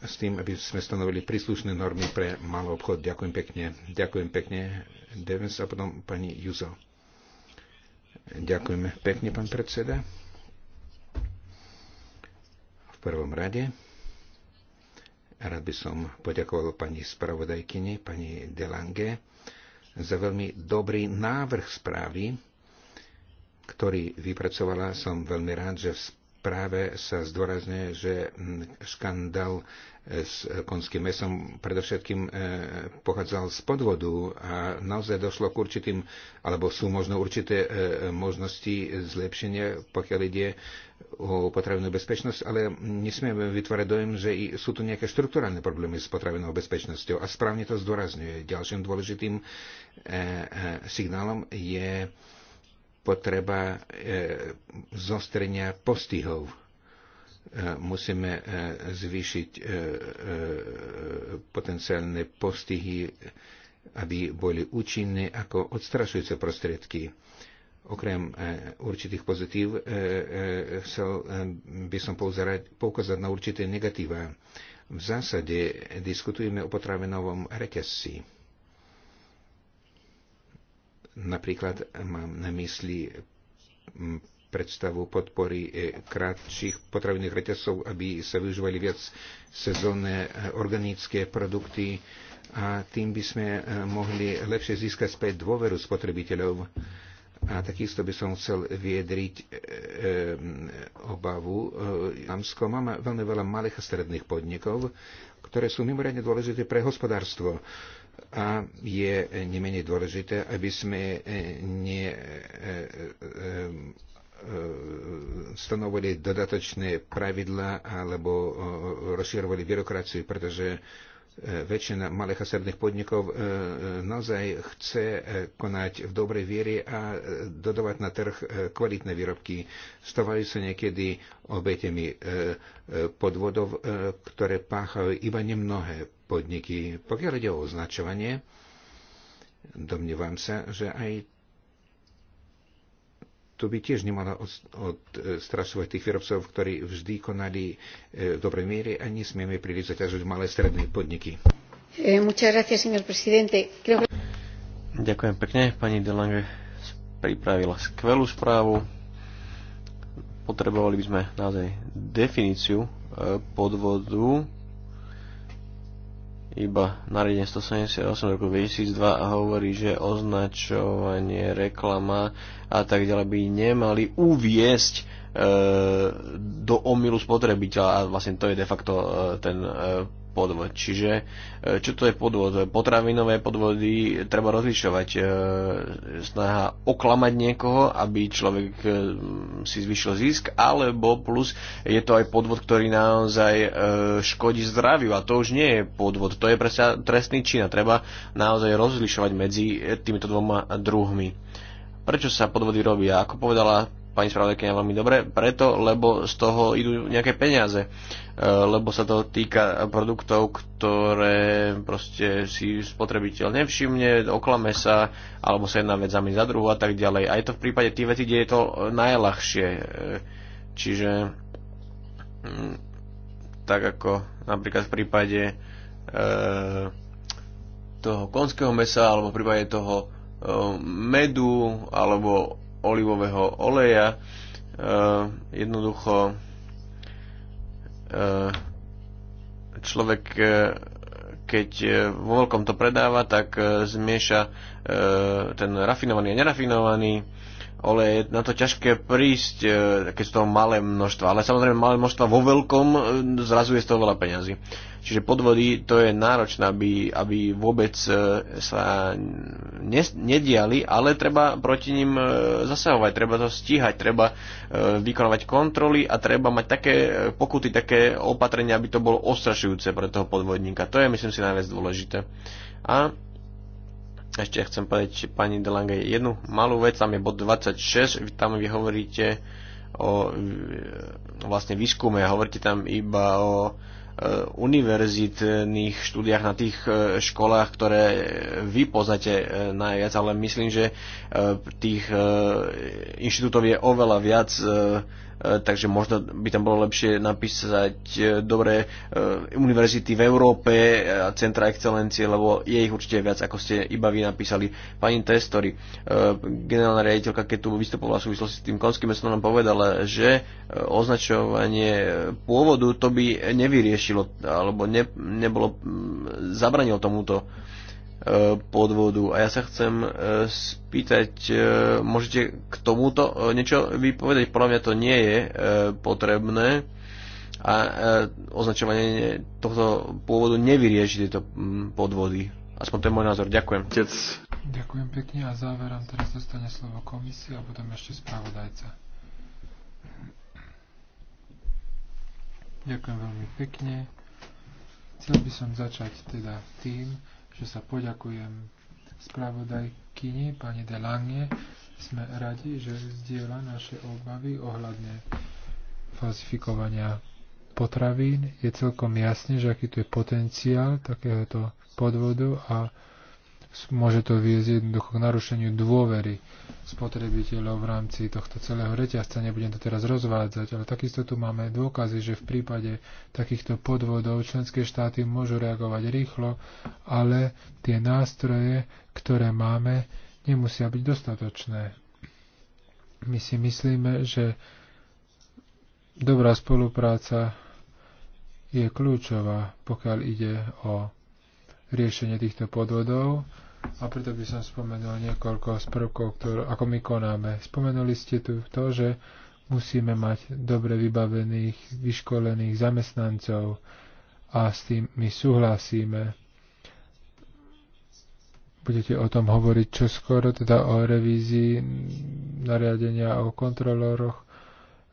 s tým, aby sme stanovili príslušné normy pre malý obchod. Ďakujem pekne. Ďakujem pekne, Devens a potom pani Juzo. Ďakujeme pekne, pán predseda. V prvom rade Rád by som poďakoval pani spravodajkyni, pani Delange, za veľmi dobrý návrh správy, ktorý vypracovala. Som veľmi rád, že v práve sa zdôrazňuje, že mm, škandál e, s konským mesom predovšetkým e, pochádzal z podvodu a naozaj došlo k určitým, alebo sú možno určité e, možnosti zlepšenia, pokiaľ ide o potravinú bezpečnosť, ale nesmieme vytvárať dojem, že sú tu nejaké štruktúrálne problémy s potravinou bezpečnosťou a správne to zdôrazňuje. Ďalším dôležitým signálom je potreba e, zostrenia postihov. E, musíme e, zvýšiť potenciálne postihy, aby boli účinné ako odstrašujúce prostriedky. Okrem určitých pozitív chcel by som poukázať na určité negatíva. V zásade diskutujeme o potravinovom reťazci Napríklad mám na mysli predstavu podpory e, krátších potravinných reťazcov, aby sa využívali viac sezónne e, organické produkty a tým by sme e, mohli lepšie získať späť dôveru spotrebiteľov. A takisto by som chcel viedriť e, obavu. E, Amsko máme veľmi veľa malých a stredných podnikov, ktoré sú mimoriadne dôležité pre hospodárstvo. E, a je nemenej dôležité, aby sme e, ne e, e, stanovali dodatočné pravidla alebo rozširovali byrokraciu, pretože väčšina malých a stredných podnikov naozaj chce konať v dobrej viere a dodávať na trh kvalitné výrobky. Stávajú sa niekedy obetemi podvodov, ktoré páchajú iba nemnohé podniky. Pokiaľ ide o označovanie, domnievam sa, že aj to by tiež nemalo odstrašovať tých výrobcov, ktorí vždy konali e, v dobrej miere a nesmieme príliš zaťažiť malé stredné podniky. Eh, Ďakujem pekne. Pani Delange pripravila skvelú správu. Potrebovali by sme naozaj definíciu e, podvodu iba nariadenie 178 roku 2002 a hovorí, že označovanie, reklama a tak ďalej by nemali uviesť e, do omilu spotrebiteľa a vlastne to je de facto e, ten e, podvod. Čiže e, čo to je podvod? Potravinové podvody treba rozlišovať. E, snaha oklamať niekoho, aby človek e, si zvyšil zisk, alebo plus je to aj podvod, ktorý naozaj škodí zdraviu. A to už nie je podvod, to je presne trestný čin a treba naozaj rozlišovať medzi týmito dvoma druhmi. Prečo sa podvody robia? Ako povedala pani spravodajkynia veľmi dobre, preto, lebo z toho idú nejaké peniaze, e, lebo sa to týka produktov, ktoré proste si spotrebiteľ nevšimne, oklame sa, alebo sa jedna vec za druhú a tak ďalej. A je to v prípade tých vecí, kde je to najľahšie. E, čiže mm, tak ako napríklad v prípade e, toho konského mesa alebo v prípade toho e, medu alebo olivového oleja. E, jednoducho e, človek, e, keď e, vo veľkom to predáva, tak e, zmieša ten rafinovaný a nerafinovaný ale Je na to ťažké prísť, keď sú to malé množstva. Ale samozrejme malé množstva vo veľkom zrazuje z toho veľa peňazí. Čiže podvody to je náročné, aby, aby vôbec e, sa ne, nediali, ale treba proti ním e, zasahovať, treba to stíhať, treba e, vykonovať kontroly a treba mať také pokuty, také opatrenia, aby to bolo ostrašujúce pre toho podvodníka. To je myslím si najviac dôležité. A ešte chcem povedať pani Delange jednu malú vec, tam je bod 26, tam vy hovoríte o vlastne výskume, hovoríte tam iba o Eh, univerzitných štúdiách, na tých eh, školách, ktoré vy poznáte eh, najviac, ale myslím, že tých inštitútov je oveľa viac E, takže možno by tam bolo lepšie napísať e, dobré e, univerzity v Európe a centra excelencie, lebo je ich určite viac, ako ste iba vy napísali. Pani Testory, generálna riaditeľka, keď tu vystupovala v súvislosti s tým konským mestom, nám povedala, že označovanie pôvodu to by nevyriešilo, alebo ne, nebolo, zabranilo tomuto E, podvodu. A ja sa chcem e, spýtať, e, môžete k tomuto niečo vypovedať? Podľa mňa to nie je potrebné a označovanie tohto pôvodu nevyrieši tieto podvody. Aspoň to je môj názor. Ďakujem. Tec. Ďakujem pekne a záverom teraz dostane slovo komisia a potom ešte spravodajca. Ďakujem veľmi pekne. Chcel by som začať teda tým, že sa poďakujem spravodajkyni pani Delange. Sme radi, že zdieľa naše obavy ohľadne falsifikovania potravín. Je celkom jasné, že aký tu je potenciál takéhoto podvodu a môže to viesť jednoducho k narušeniu dôvery spotrebiteľov v rámci tohto celého reťazca. Nebudem to teraz rozvádzať, ale takisto tu máme dôkazy, že v prípade takýchto podvodov členské štáty môžu reagovať rýchlo, ale tie nástroje, ktoré máme, nemusia byť dostatočné. My si myslíme, že dobrá spolupráca je kľúčová, pokiaľ ide o riešenie týchto podvodov a preto by som spomenul niekoľko z prvkov, ktoré, ako my konáme. Spomenuli ste tu to, že musíme mať dobre vybavených, vyškolených zamestnancov a s tým my súhlasíme. Budete o tom hovoriť čoskoro, teda o revízii nariadenia o kontroloroch,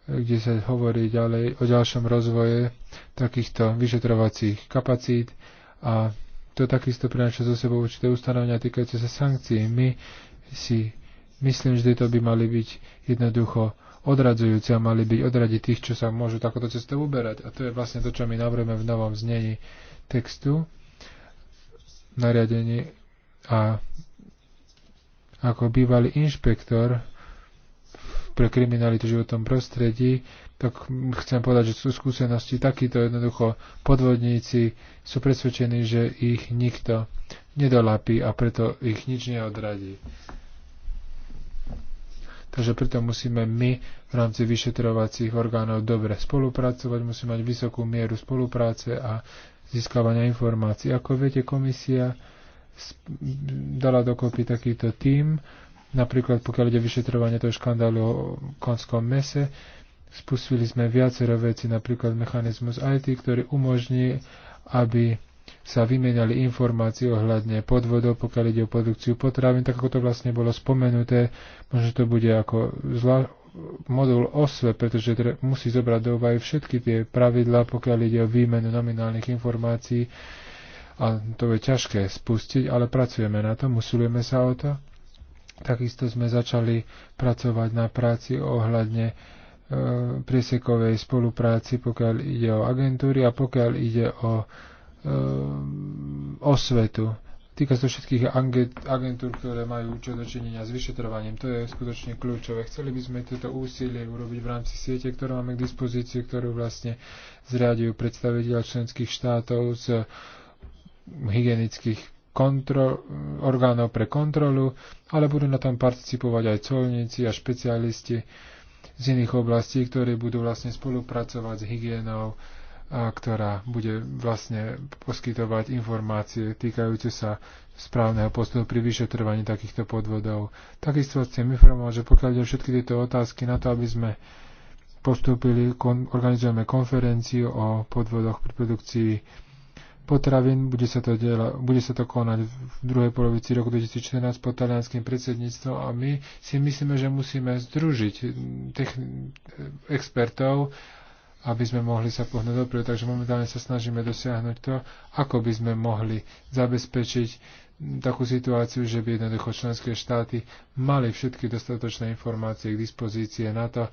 kde sa hovorí ďalej o ďalšom rozvoje takýchto vyšetrovacích kapacít a to takisto prináša zo sebou určité ustanovenia týkajúce sa sankcií. My si myslím, že to by mali byť jednoducho odradzujúce a mali byť odradiť tých, čo sa môžu takoto cestou uberať. A to je vlastne to, čo my navrhujeme v novom znení textu, nariadení a ako bývalý inšpektor pre kriminalitu v životnom prostredí, tak chcem povedať, že sú skúsenosti takíto jednoducho podvodníci sú presvedčení, že ich nikto nedolapí a preto ich nič neodradí. Takže preto musíme my v rámci vyšetrovacích orgánov dobre spolupracovať, musíme mať vysokú mieru spolupráce a získavania informácií. Ako viete, komisia dala dokopy takýto tím, Napríklad pokiaľ ide vyšetrovanie toho škandálu o konskom mese, spustili sme viacero veci, napríklad mechanizmus IT, ktorý umožní, aby sa vymenali informácie ohľadne podvodov, pokiaľ ide o produkciu potravín, tak ako to vlastne bolo spomenuté, možno to bude ako zla, modul OSVE, pretože tre, musí zobrať do úvahy všetky tie pravidlá, pokiaľ ide o výmenu nominálnych informácií a to je ťažké spustiť, ale pracujeme na tom, usilujeme sa o to Takisto sme začali pracovať na práci ohľadne e, priesekovej spolupráci, pokiaľ ide o agentúry a pokiaľ ide o e, osvetu. Týka sa to všetkých agentúr, ktoré majú čo dočinenia s vyšetrovaním. To je skutočne kľúčové. Chceli by sme toto úsilie urobiť v rámci siete, ktorú máme k dispozícii, ktorú vlastne zriadujú predstaviteľ členských štátov z hygienických kontro, orgánov pre kontrolu, ale budú na tom participovať aj colníci a špecialisti z iných oblastí, ktorí budú vlastne spolupracovať s hygienou, a ktorá bude vlastne poskytovať informácie týkajúce sa správneho postupu pri vyšetrovaní takýchto podvodov. Takisto chcem informovať, že pokiaľ ide všetky tieto otázky na to, aby sme postúpili, kon, organizujeme konferenciu o podvodoch pri produkcii potravín. Bude sa, to diela, bude sa to konať v druhej polovici roku 2014 pod talianským predsedníctvom a my si myslíme, že musíme združiť e, expertov aby sme mohli sa pohnúť dopredu. Takže momentálne sa snažíme dosiahnuť to, ako by sme mohli zabezpečiť takú situáciu, že by jednoducho členské štáty mali všetky dostatočné informácie k dispozície na to,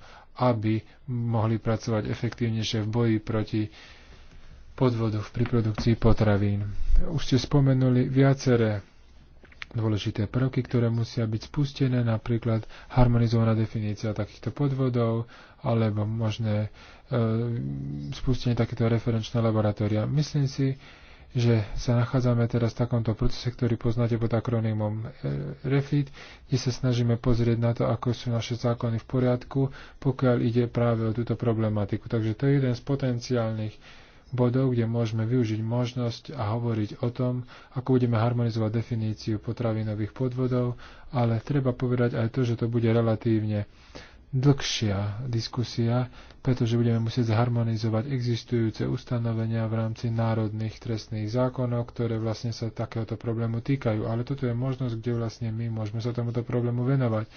aby mohli pracovať efektívnejšie v boji proti uh, podvodov pri produkcii potravín. Už ste spomenuli viaceré dôležité prvky, ktoré musia byť spustené, napríklad harmonizovaná definícia takýchto podvodov alebo možné e, spustenie takéto referenčné laboratória. Myslím si, že sa nachádzame teraz v takomto procese, ktorý poznáte pod akronymom e, REFIT, kde sa snažíme pozrieť na to, ako sú naše zákony v poriadku, pokiaľ ide práve o túto problematiku. Takže to je jeden z potenciálnych bodov, kde môžeme využiť možnosť a hovoriť o tom, ako budeme harmonizovať definíciu potravinových podvodov, ale treba povedať aj to, že to bude relatívne dlhšia diskusia, pretože budeme musieť zharmonizovať existujúce ustanovenia v rámci národných trestných zákonov, ktoré vlastne sa takéhoto problému týkajú. Ale toto je možnosť, kde vlastne my môžeme sa tomuto problému venovať.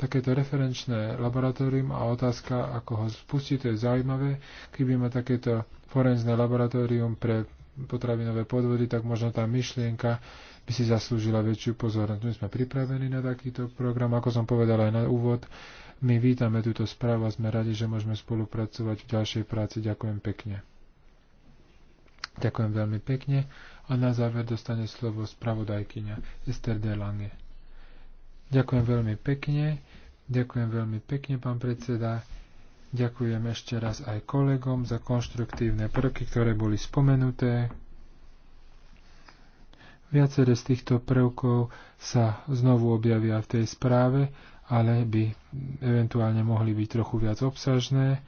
Takéto referenčné laboratórium a otázka, ako ho spustiť, to je zaujímavé. Keby ma takéto forenzné laboratórium pre potravinové podvody, tak možno tá myšlienka by si zaslúžila väčšiu pozornosť. My sme pripravení na takýto program, ako som povedal aj na úvod. My vítame túto správu a sme radi, že môžeme spolupracovať v ďalšej práci. Ďakujem pekne. Ďakujem veľmi pekne a na záver dostane slovo spravodajkyňa Esther de Lange. Ďakujem veľmi pekne, ďakujem veľmi pekne, pán predseda. Ďakujem ešte raz aj kolegom za konštruktívne prvky, ktoré boli spomenuté. Viacere z týchto prvkov sa znovu objavia v tej správe, ale by eventuálne mohli byť trochu viac obsažné.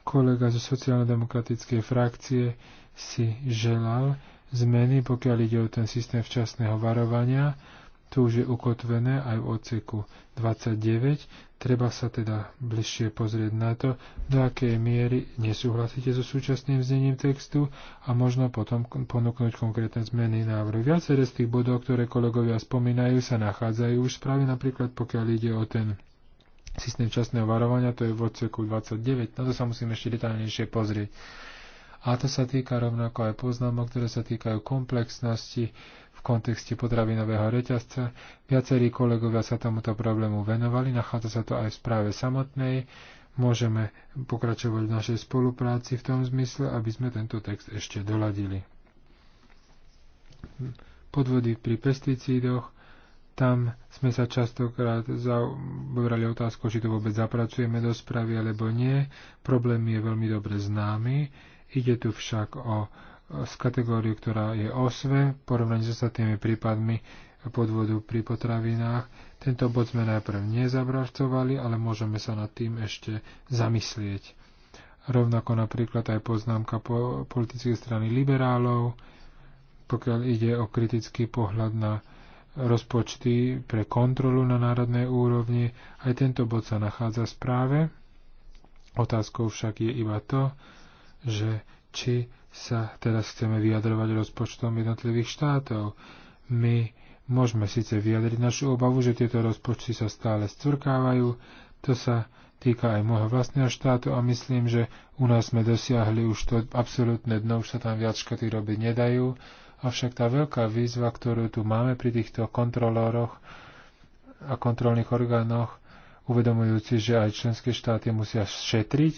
Kolega zo sociálno-demokratickej frakcie si želal zmeny, pokiaľ ide o ten systém včasného varovania, to už je ukotvené aj v odseku 29. Treba sa teda bližšie pozrieť na to, do akej miery nesúhlasíte so súčasným znením textu a možno potom ponúknuť konkrétne zmeny návrhu. Viaceré z tých bodov, ktoré kolegovia spomínajú, sa nachádzajú už správne, napríklad pokiaľ ide o ten systém časného varovania, to je v odseku 29. Na to sa musíme ešte detaľnejšie pozrieť. A to sa týka rovnako aj poznámok, ktoré sa týkajú komplexnosti v kontexte potravinového reťazca. Viacerí kolegovia sa tomuto problému venovali, nachádza sa to aj v správe samotnej. Môžeme pokračovať v našej spolupráci v tom zmysle, aby sme tento text ešte doladili. Podvody pri pesticídoch tam sme sa častokrát zaoberali otázku, či to vôbec zapracujeme do správy alebo nie. Problém je veľmi dobre známy Ide tu však o z kategóriu, ktorá je osve, porovnaní s ostatnými prípadmi podvodu pri potravinách. Tento bod sme najprv nezabracovali, ale môžeme sa nad tým ešte zamyslieť. Rovnako napríklad aj poznámka po politickej strany liberálov, pokiaľ ide o kritický pohľad na rozpočty pre kontrolu na národnej úrovni, aj tento bod sa nachádza v správe. Otázkou však je iba to, že či sa teraz chceme vyjadrovať rozpočtom jednotlivých štátov. My môžeme síce vyjadriť našu obavu, že tieto rozpočty sa stále stvrkávajú, to sa týka aj môjho vlastného štátu a myslím, že u nás sme dosiahli už to absolútne dno, už sa tam viac škody robiť nedajú, avšak tá veľká výzva, ktorú tu máme pri týchto kontrolóroch a kontrolných orgánoch, uvedomujúci, že aj členské štáty musia šetriť,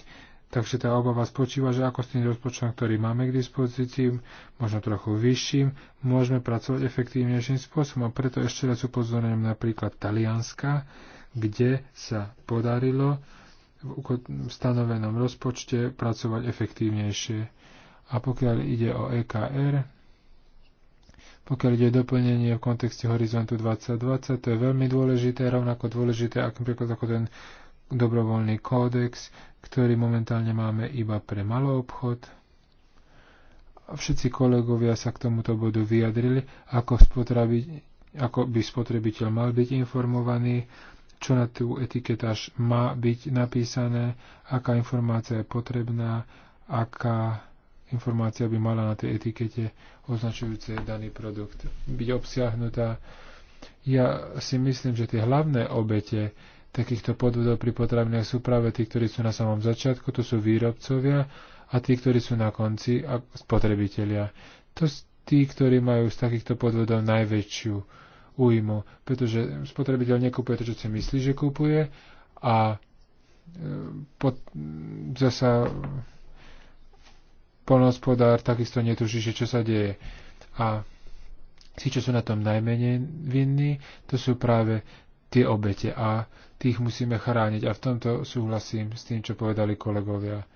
Takže tá obava spočíva, že ako s tým rozpočtom, ktorý máme k dispozícii, možno trochu vyšším, môžeme pracovať efektívnejším spôsobom. A preto ešte raz upozorňujem napríklad Talianska, kde sa podarilo v stanovenom rozpočte pracovať efektívnejšie. A pokiaľ ide o EKR, pokiaľ ide o doplnenie v kontexte horizontu 2020, to je veľmi dôležité, rovnako dôležité ako napríklad ako ten dobrovoľný kódex, ktorý momentálne máme iba pre malý obchod. A všetci kolegovia sa k tomuto bodu vyjadrili, ako, spotrebi, ako by spotrebiteľ mal byť informovaný, čo na tú etiketáž má byť napísané, aká informácia je potrebná, aká informácia by mala na tej etikete označujúce daný produkt byť obsiahnutá. Ja si myslím, že tie hlavné obete takýchto podvodov pri potravinách sú práve tí, ktorí sú na samom začiatku, to sú výrobcovia a tí, ktorí sú na konci a spotrebitelia. To sú tí, ktorí majú z takýchto podvodov najväčšiu újmu, pretože spotrebiteľ nekúpuje to, čo si myslí, že kúpuje, a e, pod, zasa polnospodár takisto netuší, že čo sa deje. A tí, čo sú na tom najmenej vinní, to sú práve tie obete. A tých musíme chrániť. A v tomto súhlasím s tým, čo povedali kolegovia.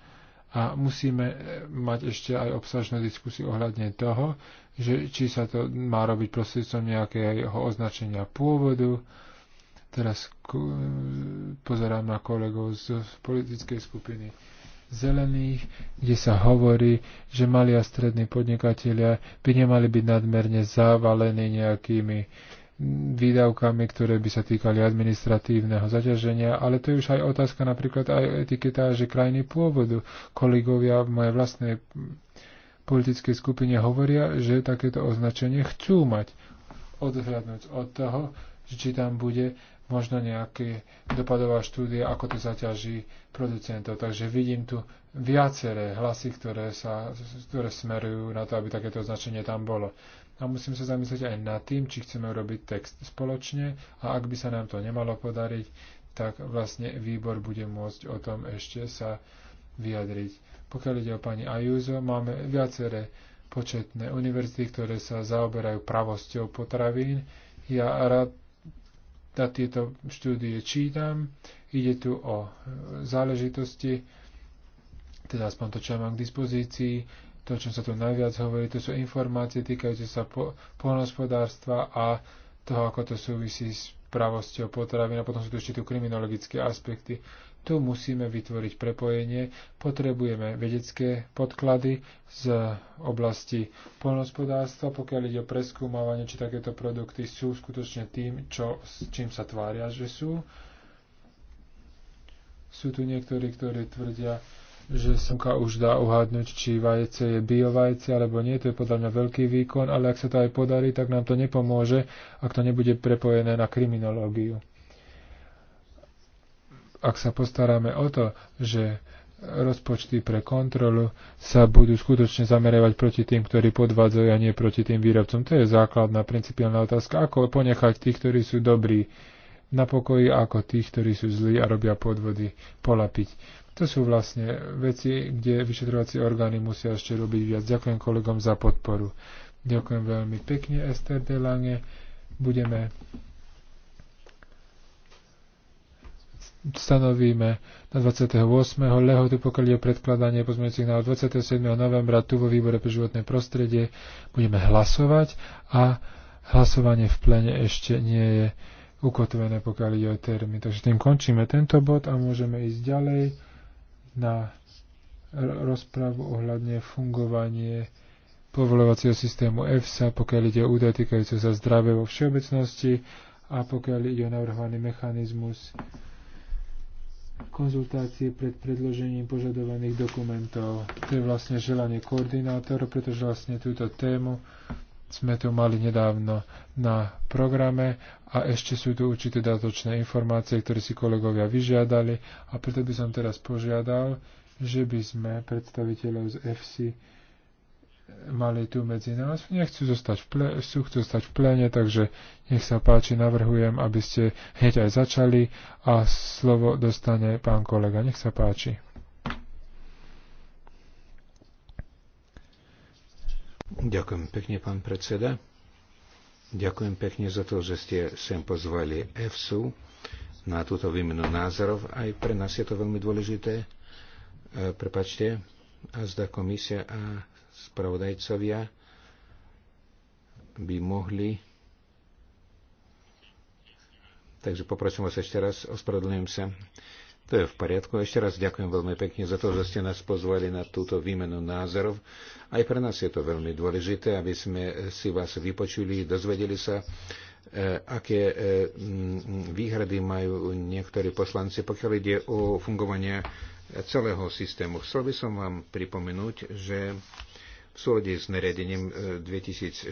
A musíme eh, mať ešte aj obsažnú diskusiu ohľadne toho, že či sa to má robiť prostredstvom nejakého označenia pôvodu. Teraz pozerám na kolegov z politickej skupiny zelených, kde sa hovorí, že mali a strední podnikatelia by nemali byť nadmerne zavalení nejakými výdavkami, ktoré by sa týkali administratívneho zaťaženia, ale to je už aj otázka napríklad aj etiketáže krajiny pôvodu. Kolegovia v mojej vlastnej politickej skupine hovoria, že takéto označenie chcú mať, odhľadnúť od toho, či tam bude možno nejaké dopadová štúdia, ako to zaťaží producentov. Takže vidím tu viaceré hlasy, ktoré, sa, ktoré smerujú na to, aby takéto označenie tam bolo a musím sa zamyslieť aj nad tým, či chceme urobiť text spoločne a ak by sa nám to nemalo podariť, tak vlastne výbor bude môcť o tom ešte sa vyjadriť. Pokiaľ ide o pani Ajúzo, máme viaceré početné univerzity, ktoré sa zaoberajú pravosťou potravín. Ja rád na tieto štúdie čítam. Ide tu o záležitosti, teda aspoň to, čo mám k dispozícii, to, čo sa tu najviac hovorí, to sú informácie týkajúce sa po, polnospodárstva a toho, ako to súvisí s pravosťou potravín a potom sú tu ešte tu kriminologické aspekty. Tu musíme vytvoriť prepojenie, potrebujeme vedecké podklady z oblasti poľnospodárstva, pokiaľ ide o preskúmavanie, či takéto produkty sú skutočne tým, čo, s čím sa tvária, že sú. Sú tu niektorí, ktorí tvrdia, že slnka už dá uhádnuť, či vajce je biovajce alebo nie. To je podľa mňa veľký výkon, ale ak sa to aj podarí, tak nám to nepomôže, ak to nebude prepojené na kriminológiu. Ak sa postaráme o to, že rozpočty pre kontrolu sa budú skutočne zamerevať proti tým, ktorí podvádzajú a nie proti tým výrobcom. To je základná principiálna otázka. Ako ponechať tých, ktorí sú dobrí na pokoji, ako tých, ktorí sú zlí a robia podvody, polapiť. To sú vlastne veci, kde vyšetrovacie orgány musia ešte robiť viac. Ďakujem kolegom za podporu. Ďakujem veľmi pekne, Ester Delange. Budeme stanovíme na 28. lehotu, pokiaľ je predkladanie pozmeňujúcich na 27. novembra tu vo výbore pre životné prostredie. Budeme hlasovať a hlasovanie v plene ešte nie je ukotvené, pokiaľ ide o termín. Takže tým končíme tento bod a môžeme ísť ďalej na rozpravu ohľadne fungovanie povolovacieho systému EFSA, pokiaľ ide o údaje týkajúce sa zdravia vo všeobecnosti a pokiaľ ide o navrhovaný mechanizmus konzultácie pred predložením požadovaných dokumentov. To je vlastne želanie koordinátorov, pretože vlastne túto tému sme tu mali nedávno na programe a ešte sú tu určité datočné informácie, ktoré si kolegovia vyžiadali a preto by som teraz požiadal, že by sme predstaviteľov z FC mali tu medzi nás. Nechcú zostať v, plé, chcú, chcú zostať v pléne, takže nech sa páči, navrhujem, aby ste hneď aj začali a slovo dostane pán kolega. Nech sa páči. Ďakujem pekne, pán predseda. Ďakujem pekne za to, že ste sem pozvali EFSU na túto výmenu názorov. Aj pre nás je to veľmi dôležité. E, prepačte, a zda komisia a spravodajcovia by mohli. Takže poprosím vás ešte raz, ospravedlňujem sa. To je v poriadku. Ešte raz ďakujem veľmi pekne za to, že ste nás pozvali na túto výmenu názorov. Aj pre nás je to veľmi dôležité, aby sme si vás vypočuli, dozvedeli sa, e, aké e, výhrady majú niektorí poslanci, pokiaľ ide o fungovanie celého systému. Chcel by som vám pripomenúť, že v súlade s nariadením 2006 e,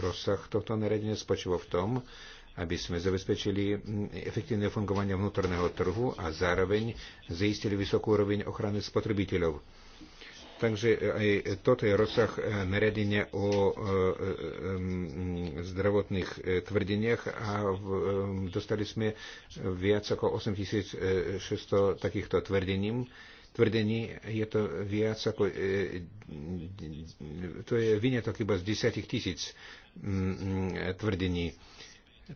rozsah tohto nariadenia spočíva v tom, aby sme zabezpečili efektívne fungovanie vnútorného trhu a zároveň zaistili vysokú úroveň ochrany spotrebiteľov. Takže e, aj toto je rozsah e, naredenia o e, zdravotných tvrdeniach a dostali sme viac ako 8600 takýchto tvrdením. Tvrdení je to viac ako, to je vynetok iba z 10 tisíc tvrdení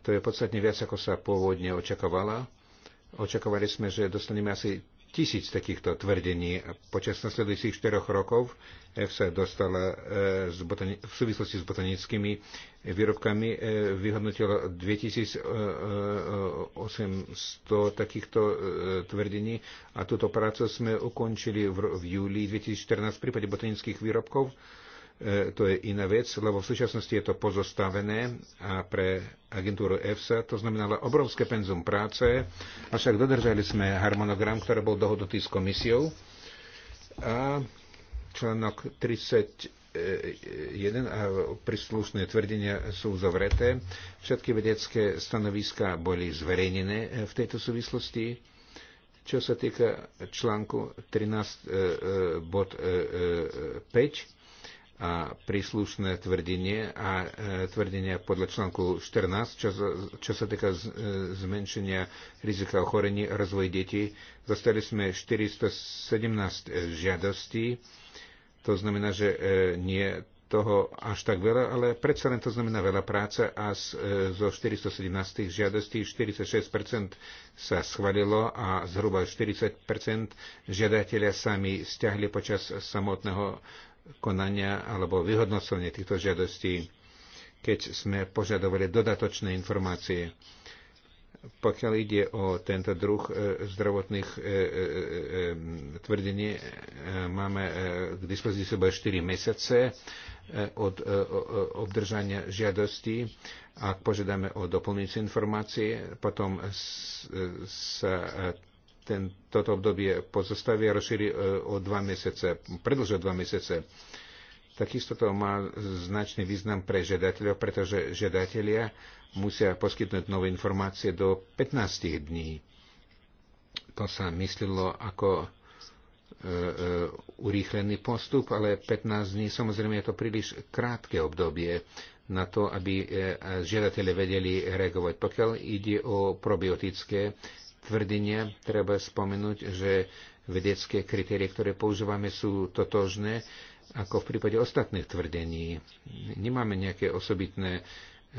to je podstatne viac, ako sa pôvodne očakovala. Očakovali sme, že dostaneme asi tisíc takýchto tvrdení. Počas nasledujúcich 4 rokov EFSA dostala eh, v súvislosti s botanickými eh, výrobkami eh, vyhodnotilo 2800 takýchto tvrdení a túto prácu sme ukončili v, v júli 2014 v prípade botanických výrobkov E, to je iná vec, lebo v súčasnosti je to pozostavené a pre agentúru EFSA to znamenalo obrovské penzum práce, avšak dodržali sme harmonogram, ktorý bol dohodnutý s komisiou a článok 31 a príslušné tvrdenia sú zovreté. Všetky vedecké stanoviská boli zverejnené v tejto súvislosti. Čo sa týka článku 13 e, e, bod 5, a príslušné tvrdenie a e, tvrdenia podľa článku 14, čo, čo sa týka e, zmenšenia rizika ochorení a rozvoj detí. Dostali sme 417 e, žiadostí, to znamená, že nie toho až tak veľa, ale predsa len to znamená veľa práce a z, zo 417 žiadostí 46% sa schválilo a zhruba 40% žiadatelia sami stiahli počas samotného konania alebo vyhodnocovanie týchto žiadostí, keď sme požadovali dodatočné informácie. Pokiaľ ide o tento druh e, zdravotných e, e, tvrdení, máme k dispozícii iba 4 mesiace od obdržania žiadosti. Ak požiadame o doplňujúce informácie, potom sa ten, toto obdobie pozostavia a rozšíri e, o dva mesiace, predlžia o dva mesiace. Takisto to má značný význam pre žiadateľov, pretože žiadatelia musia poskytnúť nové informácie do 15 dní. To sa myslilo ako e, e, urýchlený postup, ale 15 dní samozrejme je to príliš krátke obdobie na to, aby žiadatelia vedeli reagovať. Pokiaľ ide o probiotické tvrdenia treba spomenúť, že vedecké kritérie, ktoré používame, sú totožné ako v prípade ostatných tvrdení. Nemáme nejaké osobitné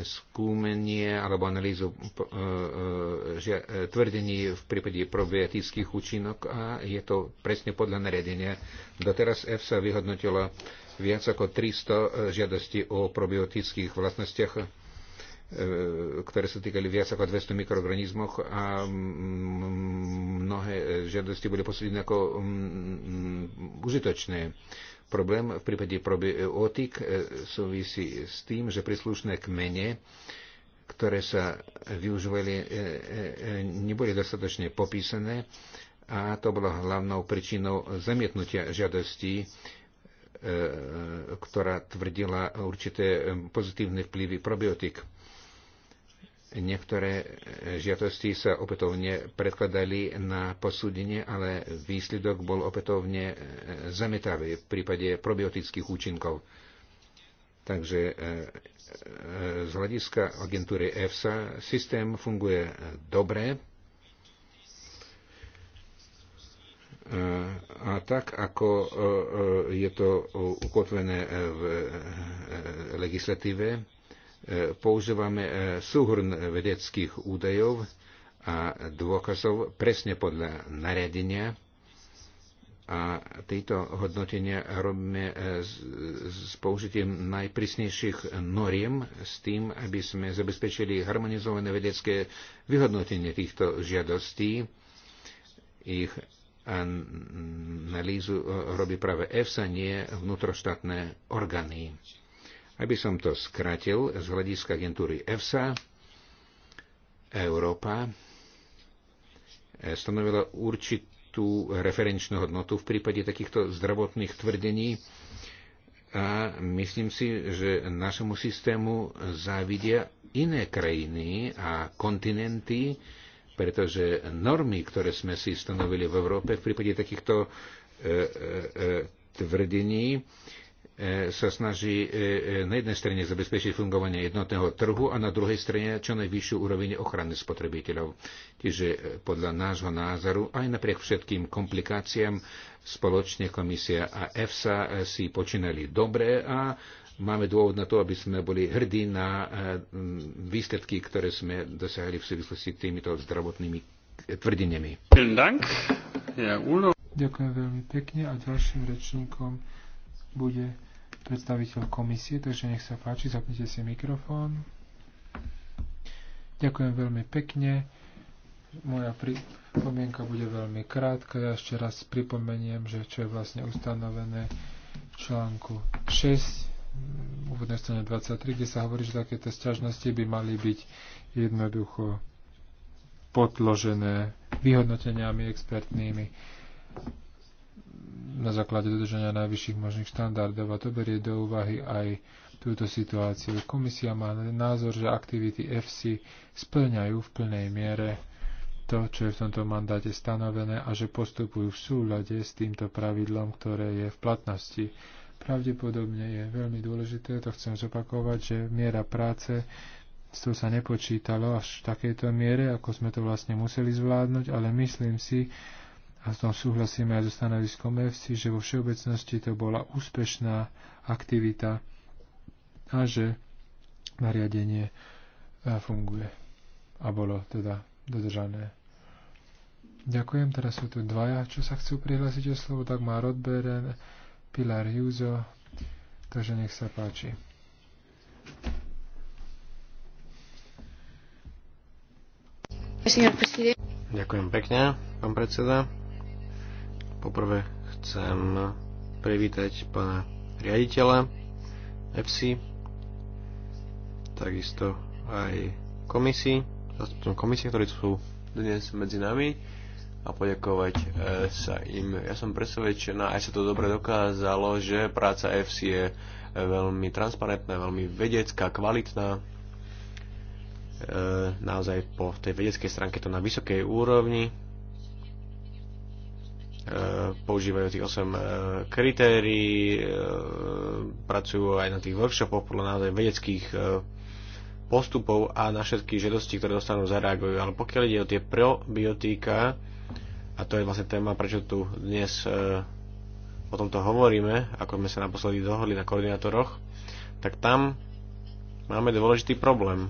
skúmenie alebo analýzu e, e, e, tvrdení v prípade probiotických účinok a je to presne podľa nariadenia. Doteraz EFSA vyhodnotila viac ako 300 žiadostí o probiotických vlastnostiach E, ktoré sa týkali viac ako 200 mikroorganizmov a mnohé žiadosti boli posúdené ako užitočné. Problém v prípade probiotik e, súvisí s tým, že príslušné kmene, ktoré sa využívali, e, neboli dostatočne popísané a to bolo hlavnou príčinou zamietnutia žiadostí ktorá tvrdila určité pozitívne vplyvy probiotik. Niektoré e, žiadosti sa opätovne predkladali na posúdenie, ale výsledok bol opätovne e, zametavý v prípade probiotických účinkov. Takže e, z hľadiska agentúry EFSA systém funguje dobre a tak, ako je to ukotvené v legislatíve, používame e, súhrn vedeckých údajov a dôkazov presne podľa nariadenia a tieto hodnotenia robíme e, s, s použitím najprísnejších noriem s tým, aby sme zabezpečili harmonizované vedecké vyhodnotenie týchto žiadostí. Ich analýzu e, robí práve EFSA, nie vnútroštátne orgány. Aby som to skratil, z hľadiska agentúry EFSA, Európa eh, stanovila určitú referenčnú hodnotu v prípade takýchto zdravotných tvrdení a myslím si, že našemu systému závidia iné krajiny a kontinenty, pretože normy, ktoré sme si stanovili v Európe v prípade takýchto e, e, tvrdení, E, sa snaží e, e, na jednej strane zabezpečiť fungovanie jednotného trhu a na druhej strane čo najvyššiu úroveň ochrany spotrebiteľov. Čiže podľa nášho názoru, aj napriek všetkým komplikáciám, spoločne komisia a EFSA si počínali dobre a máme dôvod na to, aby sme boli hrdí na výsledky, ktoré sme dosiahli v súvislosti s týmito zdravotnými tvrdeniami. Ďakujem veľmi pekne a ďalším rečníkom bude predstaviteľ komisie, takže nech sa páči, zapnite si mikrofón. Ďakujem veľmi pekne. Moja pripomienka bude veľmi krátka. Ja ešte raz pripomeniem, že čo je vlastne ustanovené v článku 6, mm, úvodnej strane 23, kde sa hovorí, že takéto sťažnosti by mali byť jednoducho podložené vyhodnoteniami expertnými na základe dodržania najvyšších možných štandardov a to berie do úvahy aj túto situáciu. Komisia má názor, že aktivity FC splňajú v plnej miere to, čo je v tomto mandáte stanovené a že postupujú v súlade s týmto pravidlom, ktoré je v platnosti. Pravdepodobne je veľmi dôležité, to chcem zopakovať, že miera práce s tou sa nepočítalo až v takejto miere, ako sme to vlastne museli zvládnuť, ale myslím si, a v tom súhlasíme aj so stanoviskom EFSI, že vo všeobecnosti to bola úspešná aktivita a že nariadenie e, funguje a bolo teda dodržané. Ďakujem, teraz sú tu dvaja, čo sa chcú prihlásiť o slovo, tak má Rodberen, Pilar Juzo, takže nech sa páči. Ďakujem pekne, pán predseda. Poprvé chcem privítať pána riaditeľa FC, takisto aj komisii, zastupcom komisie, ktorí sú dnes medzi nami a poďakovať e, sa im. Ja som presvedčená, aj sa to dobre dokázalo, že práca FC je e, veľmi transparentná, veľmi vedecká, kvalitná. E, naozaj po tej vedeckej stránke to na vysokej úrovni E, používajú tých 8 e, kritérií, e, pracujú aj na tých workshopoch podľa naozaj vedeckých postupov a na všetky žiadosti, ktoré dostanú, zareagujú. Ale pokiaľ ide o tie probiotika, a to je vlastne téma, prečo tu dnes o tomto hovoríme, ako sme sa naposledy dohodli na koordinátoroch, tak tam máme dôležitý problém.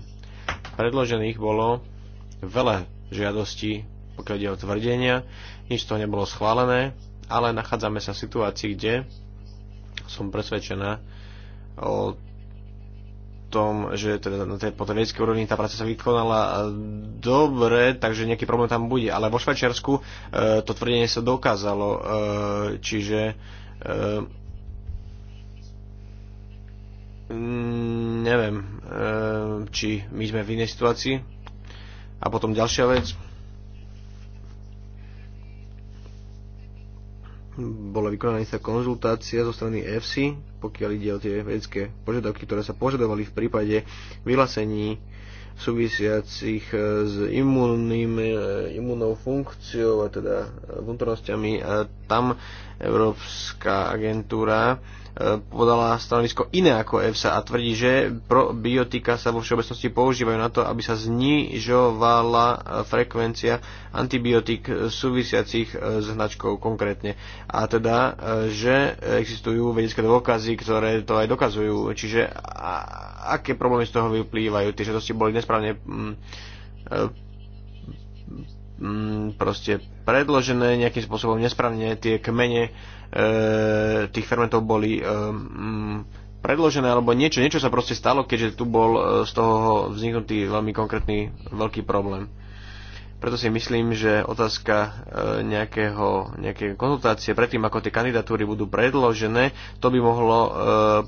Predložených bolo veľa žiadostí pokiaľ ide o tvrdenia, nič to nebolo schválené, ale nachádzame sa v situácii, kde som presvedčená o tom, že teda na tej, po tej vedeckej úrovni tá práca sa vykonala e, dobre, takže nejaký problém tam bude. Ale vo Švajčiarsku e, to tvrdenie sa dokázalo, e, čiže e, mm, neviem, e, či my sme v inej situácii. A potom ďalšia vec. bola vykonaná istá konzultácia zo strany FC, pokiaľ ide o tie vedecké požiadavky, ktoré sa požadovali v prípade vyhlásení súvisiacich e, s imunným, e, imunnou funkciou a teda vnútornosťami a tam Európska agentúra e, podala stanovisko iné ako EFSA a tvrdí, že probiotika sa vo všeobecnosti používajú na to, aby sa znižovala e, frekvencia antibiotík súvisiacich e, s hnačkou konkrétne. A teda, že existujú vedecké dôkazy, ktoré to aj dokazujú. Čiže aké problémy z toho vyplývajú? Tie žiadosti boli nesprávne mm, mm, proste predložené nejakým spôsobom nesprávne, tie kmene e, tých fermentov boli e, m, mm, predložené alebo niečo, niečo sa proste stalo, keďže tu bol e, z toho vzniknutý veľmi konkrétny veľký problém. Preto si myslím, že otázka e, nejakého, nejakej konzultácie predtým, ako tie kandidatúry budú predložené, to by mohlo e,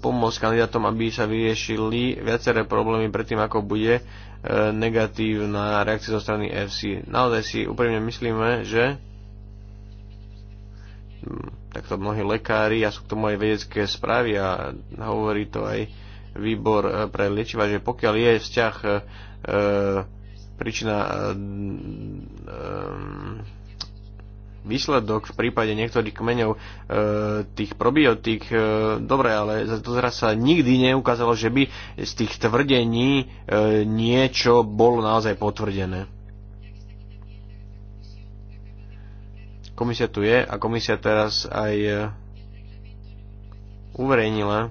pomôcť kandidátom, aby sa vyriešili viaceré problémy predtým, ako bude e, negatívna reakcia zo strany FC. Naozaj si úprimne myslíme, že hm, takto mnohí lekári a sú k tomu aj vedecké správy a hovorí to aj výbor pre liečiva, že pokiaľ je vzťah príčina eh, eh, výsledok v prípade niektorých kmeňov e, tých probiotík. E, dobre, ale to doteraz sa nikdy neukázalo, že by z tých tvrdení e, niečo bolo naozaj potvrdené. Komisia tu je a komisia teraz aj uverejnila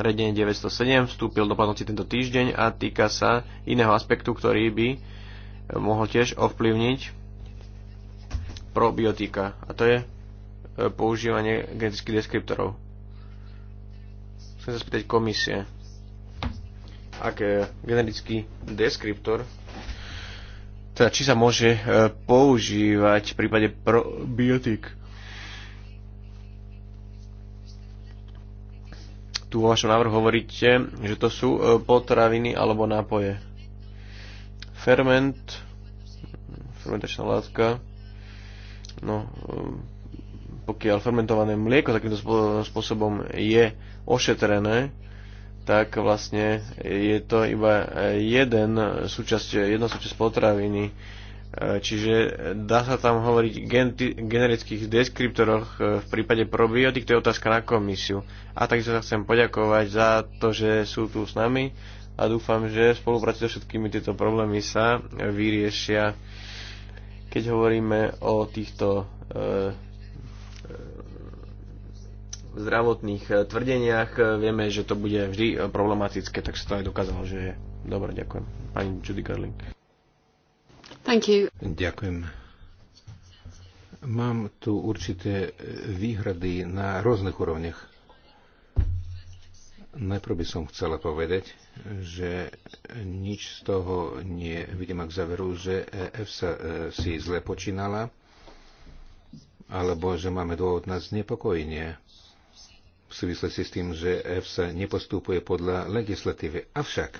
nariadenie 907 vstúpil do platnosti tento týždeň a týka sa iného aspektu, ktorý by mohol tiež ovplyvniť probiotika a to je e, používanie genetických deskriptorov. Chcem sa spýtať komisie, ak e, generický deskriptor teda či sa môže e, používať v prípade probiotik tu vo vašom návrhu hovoríte, že to sú e, potraviny alebo nápoje. Ferment, fermentačná látka, no, e, pokiaľ fermentované mlieko takýmto spôsobom je ošetrené, tak vlastne je to iba e, jeden súčasť, jedna súčasť potraviny E, čiže e, dá sa tam hovoriť gen- generických deskriptoroch e, v prípade probiotik, to je otázka na komisiu. A takisto sa chcem poďakovať za to, že sú tu s nami a dúfam, že v spolupráci so všetkými tieto problémy sa vyriešia, keď hovoríme o týchto e, zdravotných tvrdeniach. Vieme, že to bude vždy problematické, tak sa to aj dokázalo, že je. Dobre, ďakujem. Pani Judy Garling. Thank you. Ďakujem. Mám tu určité výhrady na rôznych úrovniach. Najprv by som chcela povedať, že nič z toho vidím k záveru, že EFSA e, si zle počínala, alebo že máme dôvod na znepokojenie v súvislosti s tým, že EFSA nepostupuje podľa legislatívy. Avšak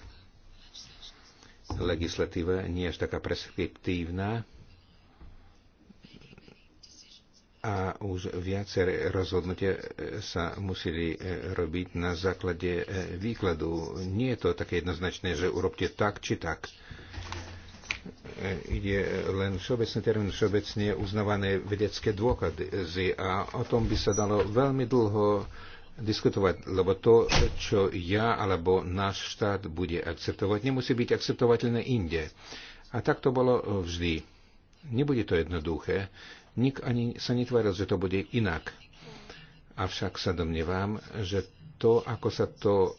legislatíva nie je až taká preskriptívna a už viaceré rozhodnutia sa museli e, robiť na základe e, výkladu. Nie je to také jednoznačné, že urobte tak či tak. E, ide len všeobecný termín, všeobecne uznávané vedecké dôkazy a o tom by sa dalo veľmi dlho diskutovať, lebo to, čo ja alebo náš štát bude akceptovať, nemusí byť akceptovateľné inde. A tak to bolo e, vždy. Nebude to jednoduché. Nik ani sa netváril, že to bude inak. Avšak sa domnievam, že to, ako sa to e, e,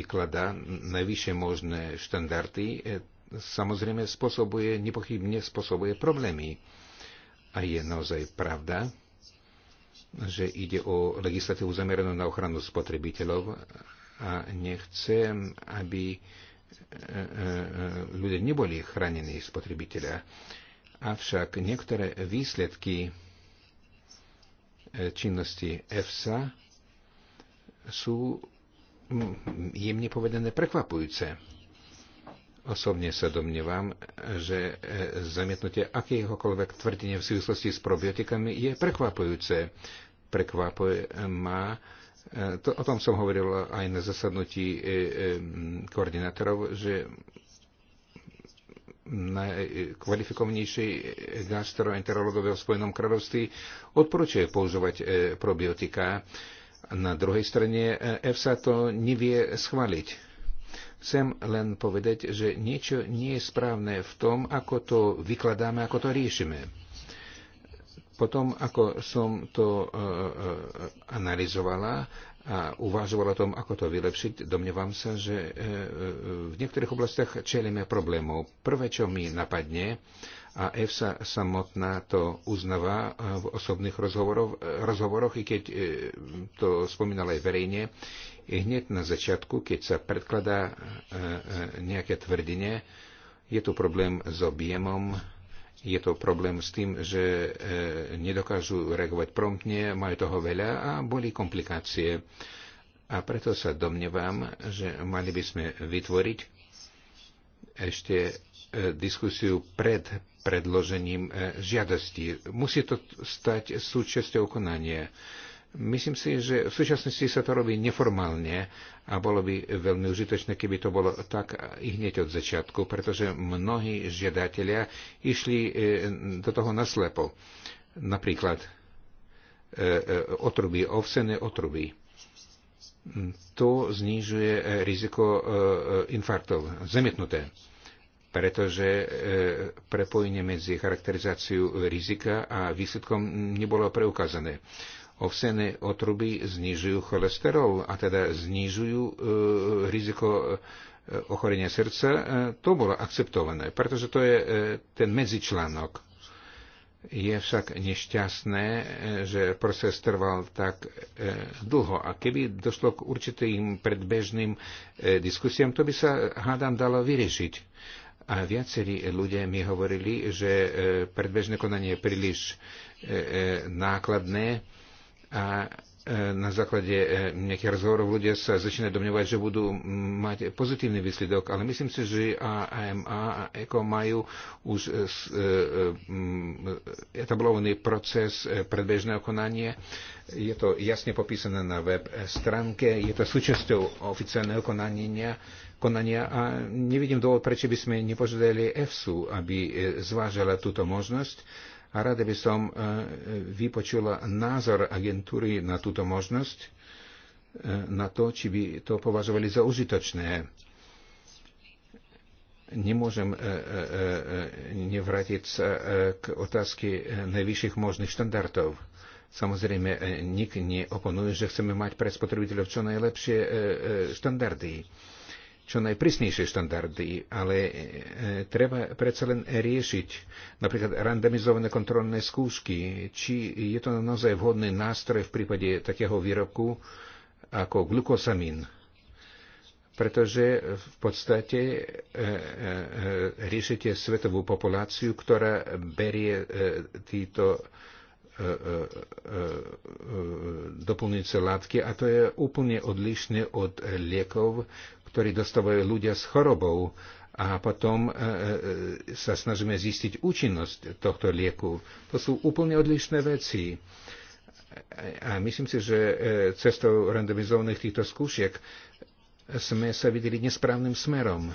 vykladá, najvyššie možné štandardy, samozrejme spôsobuje, nepochybne spôsobuje problémy. A je naozaj pravda, že ide o legislatívu zameranú na ochranu spotrebiteľov a nechcem, aby e, e, e, ľudia neboli chránení spotrebiteľa. Avšak niektoré výsledky činnosti EFSA sú jemne povedané prekvapujúce. Osobne sa domnievam, že zamietnutie akéhokoľvek tvrdenia v súvislosti s probiotikami je prekvapujúce prekvapuje ma, e, to, o tom som hovoril aj na zasadnutí e, e, koordinátorov, že najkvalifikovanejší gastroenterológovia v Spojenom kráľovství odporúčajú používať probiotika. Na druhej strane EFSA to nevie schváliť. Chcem len povedať, že niečo nie je správne v tom, ako to vykladáme, ako to riešime potom, ako som to e, e, analyzovala a uvažovala o tom, ako to vylepšiť, domnievam sa, že e, v niektorých oblastiach čelíme problémov. Prvé, čo mi napadne, a EFSA samotná to uznáva v osobných rozhovoroch, i keď to spomínala aj verejne, i hneď na začiatku, keď sa predkladá nejaké tvrdenie, je tu problém s objemom je to problém s tým, že e, nedokážu reagovať promptne, majú toho veľa a boli komplikácie. A preto sa domnievam, že mali by sme vytvoriť ešte e, diskusiu pred predložením e, žiadosti. Musí to stať súčasťou konania. Myslím si, že v súčasnosti sa to robí neformálne a bolo by veľmi užitočné, keby to bolo tak i hneď od začiatku, pretože mnohí žiadatelia išli e, do toho naslepo. Napríklad e, e, otruby, ovsené otruby. To znižuje riziko infarktov, zamietnuté pretože prepojenie medzi charakterizáciou rizika a výsledkom nebolo preukázané. Ovsené otruby znižujú cholesterol a teda znižujú e, riziko e, ochorenia srdca. E, to bolo akceptované, pretože to je e, ten medzičlánok. Je však nešťastné, e, že proces trval tak e, dlho a keby došlo k určitým predbežným diskusiám, to by sa, hádam, dalo vyriešiť. A viacerí ľudia mi hovorili, že predbežné konanie je príliš nákladné a e, na základe e, nejakých rozhovorov ľudia sa začínajú domnievať, že budú mať pozitívny výsledok, ale myslím si, že AMA a ECO majú už e, etablovaný proces predbežného konania. Je to jasne popísané na web stránke, je to súčasťou oficiálneho konania, konania a nevidím dôvod, prečo by sme nepožiadali EFSU, aby zvážala túto možnosť a rada by som e, vypočula názor agentúry na túto možnosť, e, na to, či by to považovali za užitočné. Nemôžem e, nevrátiť sa k otázke najvyšších možných štandardov. Samozrejme, nik neoponuje, že chceme mať pre spotrebiteľov čo najlepšie štandardy čo najprísnejšie štandardy, ale e, treba predsa len riešiť napríklad randomizované kontrolné skúšky, či je to naozaj vhodný nástroj v prípade takého výrobku ako glukosamín. Pretože v podstate e, e, e riešite svetovú populáciu, ktorá berie e, títo e, e, doplňujúce látky a to je úplne odlišné od liekov, ktorý dostávajú ľudia s chorobou a potom e, e, sa snažíme zistiť účinnosť tohto lieku. To sú úplne odlišné veci. A myslím si, že e, cestou randomizovaných týchto skúšiek sme sa videli nesprávnym smerom.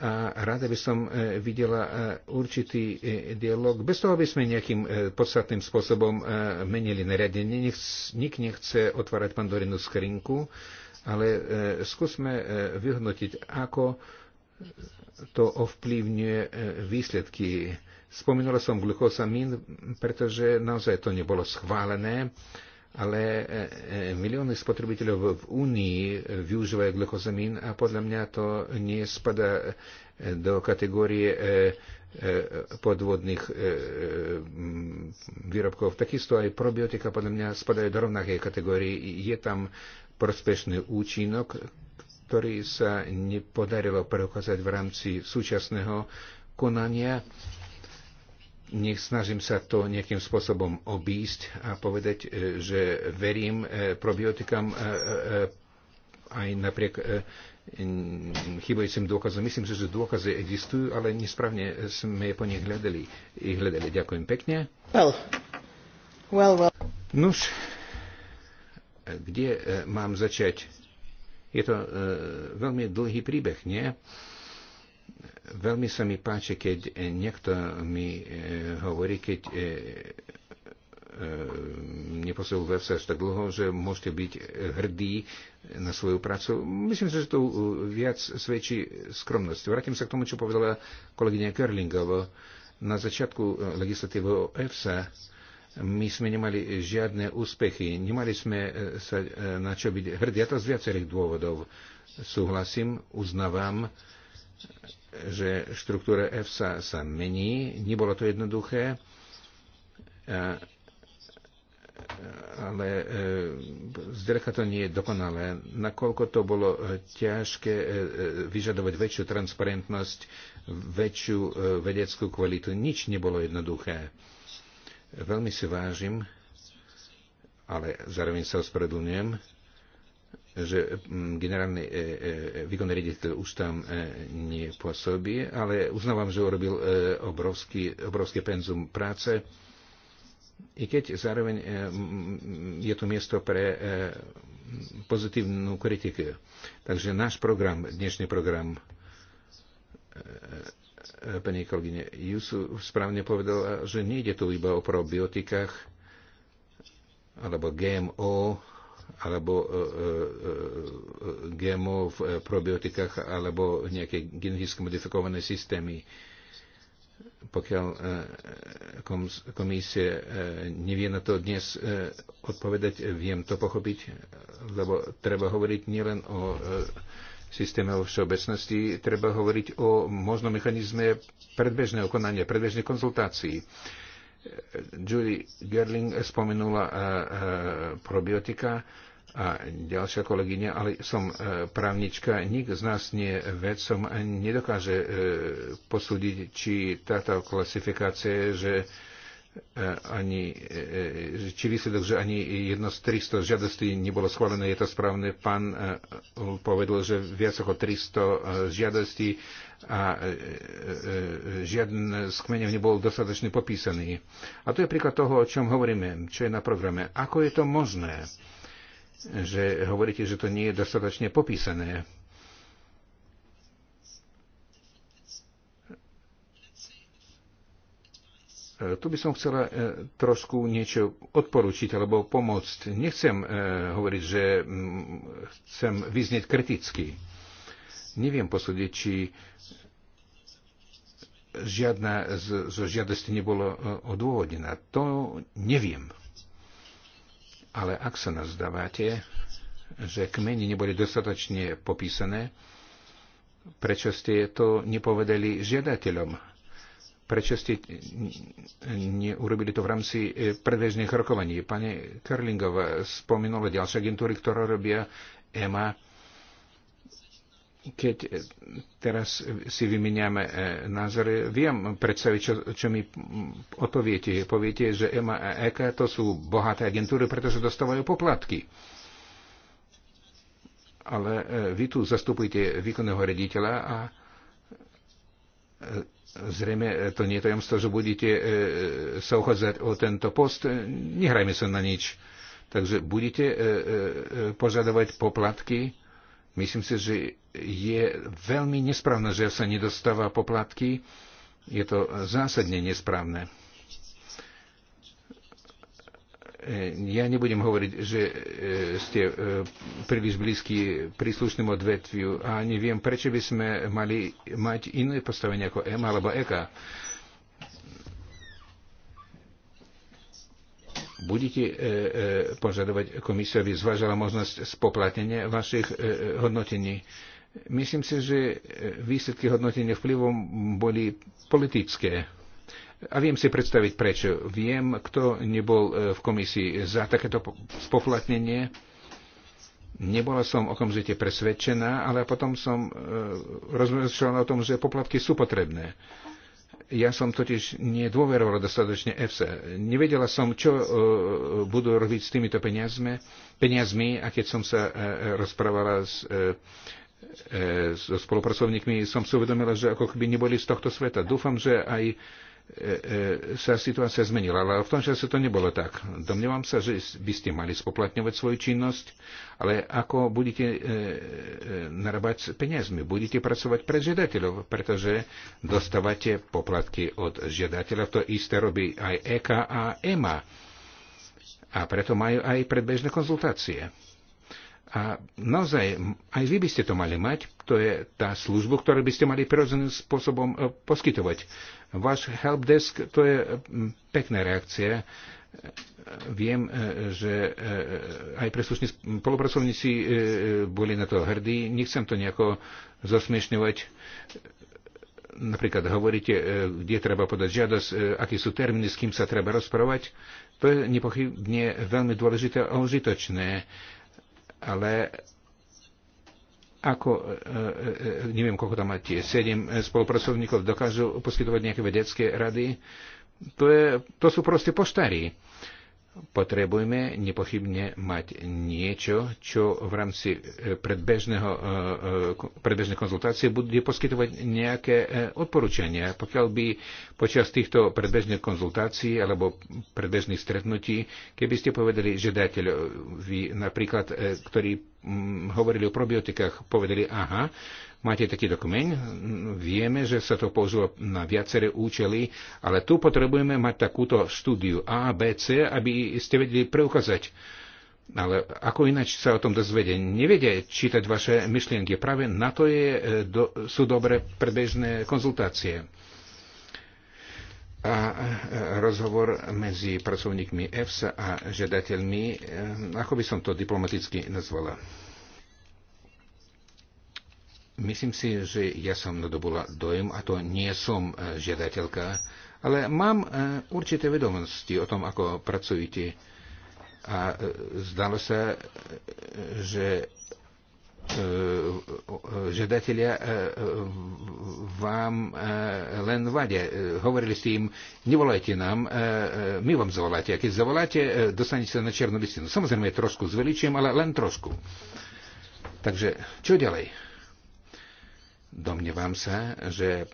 A rada by som videla určitý dialog, bez toho, aby sme nejakým podstatným spôsobom menili nariadenie. Nik nechce otvárať pandorinu skrinku ale e, skúsme e, vyhodnotiť, ako to ovplyvňuje e, výsledky. Spomínala som glukosamín, pretože naozaj to nebolo schválené, ale e, e milióny spotrebiteľov v Únii e, využívajú glukosamín a podľa mňa to nie spada e, do kategórie e, podvodných výrobkov. Takisto aj probiotika podľa mňa spadajú do rovnakej kategórii. Je tam prospešný účinok, ktorý sa nepodarilo preukázať v rámci súčasného konania. Nech snažím sa to nejakým spôsobom obísť a povedať, e, že verím e, probiotikám e, aj napriek chybajúcim dôkazom. Myslím si, že dôkazy existujú, ale nesprávne sme po nich hľadali. I hľadali. Ďakujem pekne. Well. Well, well. Nuž, kde e, mám začať? Je to e, veľmi dlhý príbeh, nie? Veľmi sa mi páči, keď niekto mi e, hovorí, keď neposobil web až tak dlho, že môžete byť hrdí na svoju prácu. Myslím si, že to viac svedčí skromnosť. Vrátim sa k tomu, čo povedala kolegyňa Kerlingova. Na začiatku legislatívy EFSA my sme nemali žiadne úspechy, nemali sme e, sa e, na čo byť hrdí. Ja to z viacerých dôvodov. Súhlasím, uznávam, že štruktúra EFSA sa mení. Nebolo to jednoduché, e, ale zďaleka to nie je dokonalé. Nakoľko to bolo ťažké vyžadovať väčšiu transparentnosť, väčšiu vedeckú kvalitu, nič nebolo jednoduché Veľmi si vážim, ale zároveň sa ospravedlňujem, že mm, generálny e, e, výkonný riaditeľ už tam e, nepôsobí, ale uznávam, že urobil e, obrovský, obrovské penzum práce, i keď zároveň e, je tu miesto pre e, pozitívnu kritiku. Takže náš program, dnešný program e, E, pani kolegyne Jusu správne povedala, že nejde tu iba o probiotikách alebo GMO, alebo e, e, e GMO v e, probiotikách alebo nejaké geneticky modifikované systémy. Pokiaľ e, komisie e, nevie na to dnes e, odpovedať, viem to pochopiť, lebo treba hovoriť nielen o e, systéme vo všeobecnosti, treba hovoriť o možnom mechanizme predbežného konania, predbežnej konzultácií. Julie Gerling spomenula eh, eh, probiotika a ďalšia kolegyňa, ale som eh, právnička, nik z nás nie vedcom a nedokáže posúdiť, či táto klasifikácia, že E, ani, e, e, či výsledok, že ani jedno z 300 žiadostí nebolo schválené, je to správne. Pán povedal, že viac ako 300 žiadostí a žiaden z kmeňov nebol dostatočne popísaný. A to je príklad toho, o čom hovoríme, čo je na programe. Ako je to možné, že hovoríte, že to nie je dostatočne popísané? E, tu by som chcela e, trošku niečo odporučiť alebo pomôcť. Nechcem e, hovoriť, že mm, chcem vyznieť kriticky. Neviem posúdiť, či žiadna z, žiadosti nebolo odôvodnená. To neviem. Ale ak sa nazdávate, že kmeni neboli dostatočne popísané, prečo ste to nepovedali žiadateľom? prečo ste neurobili to v rámci e, predbežných rokovaní. Pane Karlingova spomenula ďalšie agentúry, ktoré robia EMA. Keď e, teraz si vymeniame e, názory, viem predstaviť, čo, čo mi odpoviete. Poviete, že EMA a EKA to sú bohaté agentúry, pretože dostávajú poplatky ale vy tu zastupujete výkonného rediteľa a Zrejme e, to nie je tajomstvo, že budete e, sa uchádzať o tento post. E, nehrajme sa na nič. Takže budete požadovať poplatky. Myslím si, že je veľmi nesprávne, že sa nedostáva poplatky. Je to zásadne nesprávne. E, ja nebudem hovoriť, že e, ste e, príliš blízki príslušnému odvetviu a neviem, prečo by sme mali mať iné postavenie ako M alebo EK. budete požadovať komisiu, aby zvažala možnosť spoplatnenia vašich hodnotení. Myslím si, že výsledky hodnotenia vplyvom boli politické. A viem si predstaviť prečo. Viem, kto nebol e, v komisii za takéto spoplatnenie. Nebola som okamžite presvedčená, ale potom som e, rozmýšľala o tom, že poplatky sú potrebné. Ja som totiž nedôverovala dostatočne EFSA. Nevedela som, čo e, budú robiť s týmito peniazmi, peniazmi a keď som sa e, rozprávala s e, e, so spolupracovníkmi som si uvedomila, že ako keby neboli z tohto sveta. Dúfam, že aj sa situácia zmenila, ale v tom čase to nebolo tak. Domnievam sa, že by ste mali spoplatňovať svoju činnosť, ale ako budete e, e narábať s peniazmi? Budete pracovať pre žiadateľov, pretože dostávate poplatky od žiadateľov. To isté robí aj EK a EMA. A preto majú aj predbežné konzultácie. A naozaj, aj vy by ste to mali mať, to je tá službu, ktorú by ste mali prirodzeným spôsobom e, poskytovať. Váš helpdesk to je eh, pekná reakcia. Eh, viem, eh, že aj preslušní spolupracovníci boli na to hrdí. Nechcem to nejako zasmiešňovať napríklad hovoríte, kde treba podať žiadosť, aké sú termíny, s kým sa treba rozprávať, to je nepochybne veľmi dôležité a užitočné. Ale ako, e, e, e, neviem, koľko tam máte, sedem spolupracovníkov dokážu poskytovať nejaké vedecké rady. To, je, to sú proste poštári potrebujeme nepochybne mať niečo, čo v rámci e, predbežného, e, e, predbežnej konzultácie bude poskytovať nejaké odporúčania. Pokiaľ by počas týchto predbežných konzultácií alebo predbežných stretnutí, keby ste povedali vy napríklad, ktorí hovorili o probiotikách, povedali, aha, Máte taký dokument, vieme, že sa to používa na viaceré účely, ale tu potrebujeme mať takúto štúdiu A, B, C, aby ste vedeli preukázať. Ale ako ináč sa o tom dozvedie? Nevedia čítať vaše myšlienky. Práve na to je, e, do, sú dobré predbežné konzultácie. A e, rozhovor medzi pracovníkmi EFSA a žiadateľmi, e, ako by som to diplomaticky nazvala. Myslím si, že ja som nadobula dojem, a to nie som e, žiadateľka, ale mám e, určité vedomosti o tom, ako pracujete. A e, zdalo sa, že žiadatelia vám len vadia. Hovorili ste im, nevolajte nám, my vám zavoláte. A keď zavoláte, dostanete sa na černú listinu. Samozrejme, trošku zveličím, ale len trošku. Takže, čo ďalej? Domnievam sa, že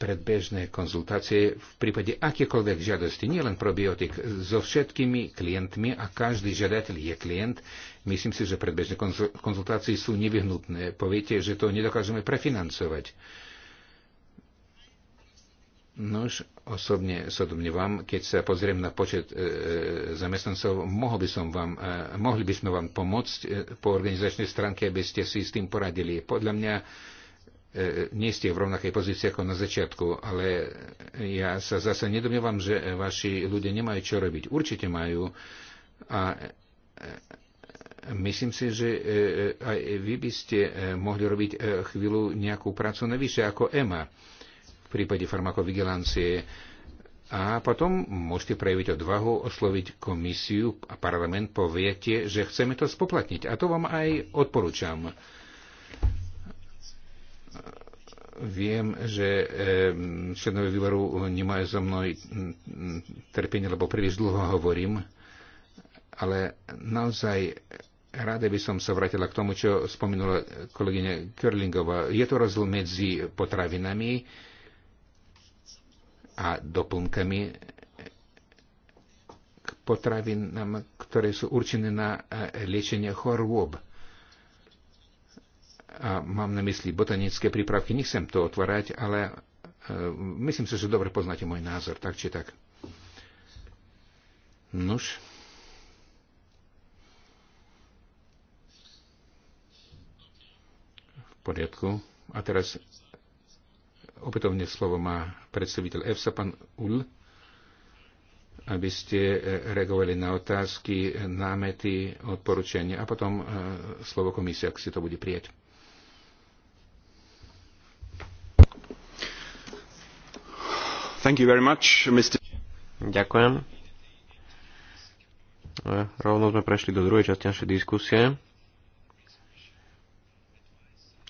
predbežné konzultácie v prípade akékoľvek žiadosti, nielen probiotik, so všetkými klientmi a každý žiadateľ je klient. Myslím si, že predbežné konzultácie sú nevyhnutné. Poviete, že to nedokážeme prefinancovať. Nož, osobne sa domnievam, keď sa pozriem na počet e, e, zamestnancov, mohol by som vám, e, mohli by sme vám pomôcť e, po organizačnej stránke, aby ste si s tým poradili. Podľa mňa e, E, nie ste v rovnakej pozícii ako na začiatku, ale ja sa zase nedomnievam, že vaši ľudia nemajú čo robiť. Určite majú a e, myslím si, že e, aj vy by ste mohli robiť chvíľu nejakú prácu najvyššie ako EMA v prípade farmakovigilancie. A potom môžete prejaviť odvahu, osloviť komisiu a parlament poviete, že chceme to spoplatniť. A to vám aj odporúčam. Viem, že členovia výboru nemajú za mnou mm, trpenie, lebo príliš dlho hovorím, ale naozaj rada by som sa vrátila k tomu, čo spomenula kolegyňa Körlingová. Je to rozdiel medzi potravinami a doplnkami k potravinám, ktoré sú určené na e, liečenie chorôb a mám na mysli botanické prípravky, nechcem to otvárať, ale e, myslím si, že dobre poznáte môj názor, tak či tak. Nož. V poriadku. A teraz opätovne slovo má predstaviteľ EFSA, pán Ull, aby ste e, reagovali na otázky, e, námety, odporúčania a potom slovo komisia, ak si to bude prijať. Ďakujem. E, rovno sme prešli do druhej časti našej diskusie.